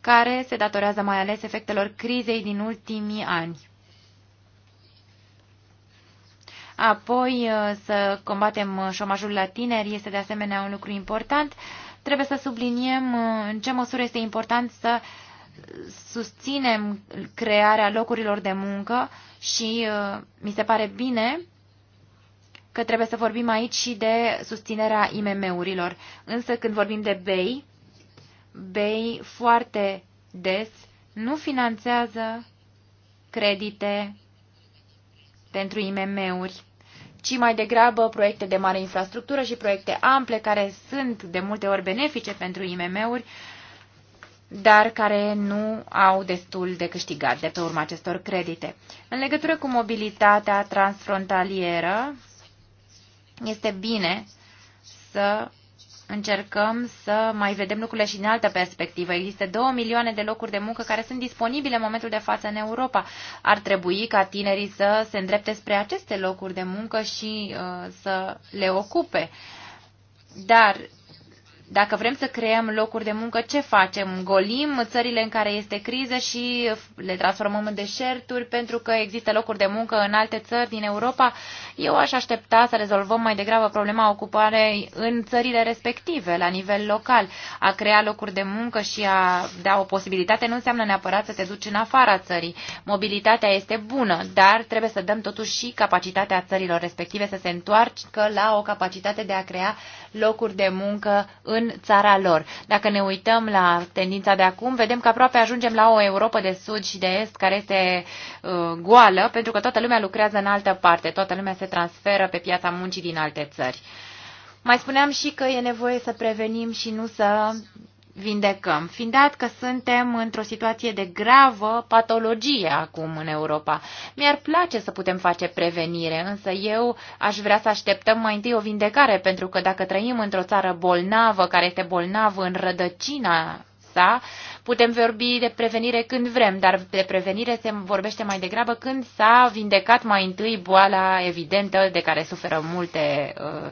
care se datorează mai ales efectelor crizei din ultimii ani. Apoi uh, să combatem șomajul la tineri este de asemenea un lucru important. Trebuie să subliniem uh, în ce măsură este important să susținem crearea locurilor de muncă și uh, mi se pare bine că trebuie să vorbim aici și de susținerea IMM-urilor. Însă când vorbim de BEI, BEI foarte des nu finanțează credite pentru IMM-uri, ci mai degrabă proiecte de mare infrastructură și proiecte ample care sunt de multe ori benefice pentru IMM-uri, dar care nu au destul de câștigat de pe urma acestor credite. În legătură cu mobilitatea transfrontalieră, este bine să încercăm să mai vedem lucrurile și din altă perspectivă. Există două milioane de locuri de muncă care sunt disponibile în momentul de față în Europa. Ar trebui ca tinerii să se îndrepte spre aceste locuri de muncă și uh, să le ocupe. Dar dacă vrem să creăm locuri de muncă, ce facem? Golim țările în care este criză și le transformăm în deșerturi pentru că există locuri de muncă în alte țări din Europa? Eu aș aștepta să rezolvăm mai degrabă problema ocupării în țările respective, la nivel local. A crea locuri de muncă și a da o posibilitate nu înseamnă neapărat să te duci în afara țării. Mobilitatea este bună, dar trebuie să dăm totuși și capacitatea țărilor respective să se întoarcă la o capacitate de a crea locuri de muncă în în țara lor. Dacă ne uităm la tendința de acum, vedem că aproape ajungem la o Europa de sud și de est care este uh, goală, pentru că toată lumea lucrează în altă parte, toată lumea se transferă pe piața muncii din alte țări. Mai spuneam și că e nevoie să prevenim și nu să vindecăm, fiind dat că suntem într-o situație de gravă patologie acum în Europa. Mi-ar place să putem face prevenire, însă eu aș vrea să așteptăm mai întâi o vindecare, pentru că dacă trăim într-o țară bolnavă, care este bolnavă în rădăcina sa, putem vorbi de prevenire când vrem, dar de prevenire se vorbește mai degrabă când s-a vindecat mai întâi boala evidentă de care suferă multe uh,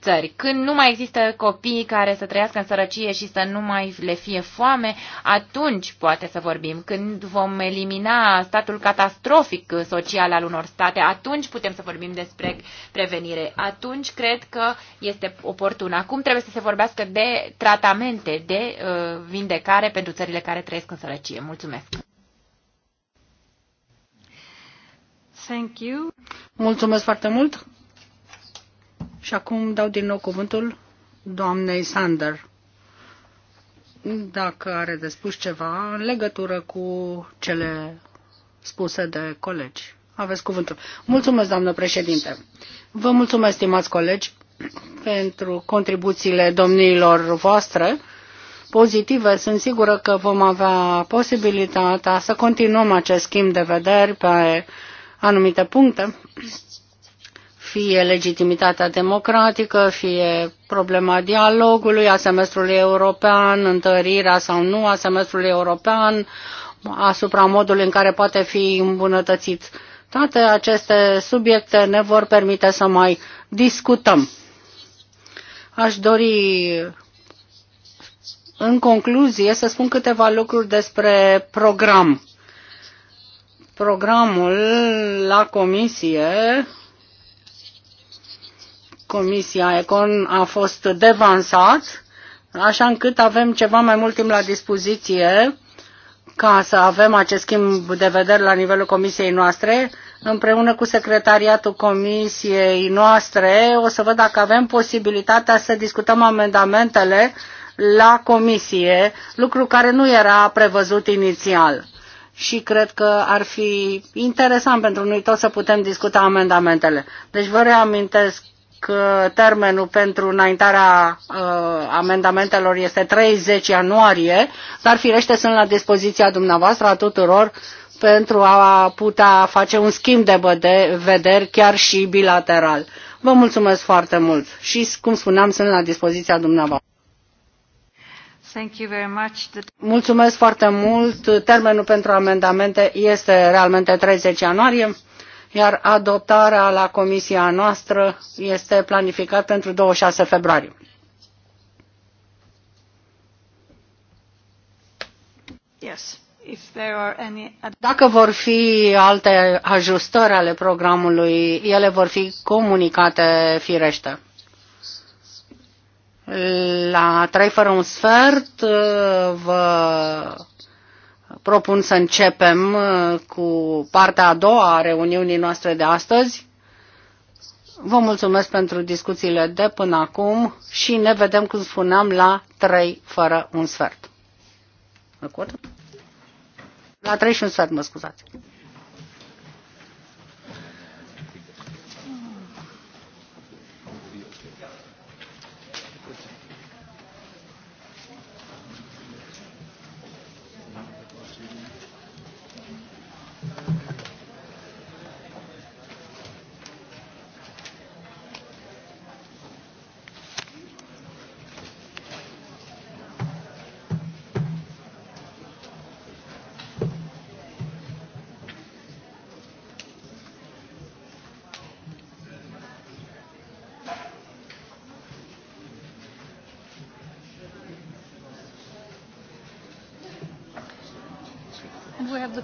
țări. Când nu mai există copii care să trăiască în sărăcie și să nu mai le fie foame, atunci poate să vorbim. Când vom elimina statul catastrofic social al unor state, atunci putem să vorbim despre prevenire. Atunci cred că este oportun. Acum trebuie să se vorbească de tratamente, de uh, vindecare pentru țările care trăiesc în sărăcie. Mulțumesc! Thank you. Mulțumesc foarte mult! Și acum dau din nou cuvântul doamnei Sander, dacă are de spus ceva în legătură cu cele spuse de colegi. Aveți cuvântul. Mulțumesc, doamnă președinte. Vă mulțumesc, stimați colegi, pentru contribuțiile domniilor voastre pozitive. Sunt sigură că vom avea posibilitatea să continuăm acest schimb de vederi pe anumite puncte fie legitimitatea democratică, fie problema dialogului, a semestrului european, întărirea sau nu a semestrului european, asupra modului în care poate fi îmbunătățit. Toate aceste subiecte ne vor permite să mai discutăm. Aș dori în concluzie să spun câteva lucruri despre program. Programul la comisie Comisia Econ a fost devansat, așa încât avem ceva mai mult timp la dispoziție ca să avem acest schimb de vedere la nivelul comisiei noastre, împreună cu secretariatul comisiei noastre, o să văd dacă avem posibilitatea să discutăm amendamentele la comisie, lucru care nu era prevăzut inițial. Și cred că ar fi interesant pentru noi toți să putem discuta amendamentele. Deci vă reamintesc termenul pentru înaintarea uh, amendamentelor este 30 ianuarie, dar firește sunt la dispoziția dumneavoastră a tuturor pentru a putea face un schimb de vederi chiar și bilateral. Vă mulțumesc foarte mult și, cum spuneam, sunt la dispoziția dumneavoastră. Thank you very much. Mulțumesc foarte mult. Termenul pentru amendamente este realmente 30 ianuarie iar adoptarea la comisia noastră este planificată pentru 26 februarie. Yes. Dacă vor fi alte ajustări ale programului, ele vor fi comunicate firește. La trei fără un sfert vă propun să începem uh, cu partea a doua a reuniunii noastre de astăzi. Vă mulțumesc pentru discuțiile de până acum și ne vedem, cum spuneam, la 3 fără un sfert. La 3 și un sfert, mă scuzați.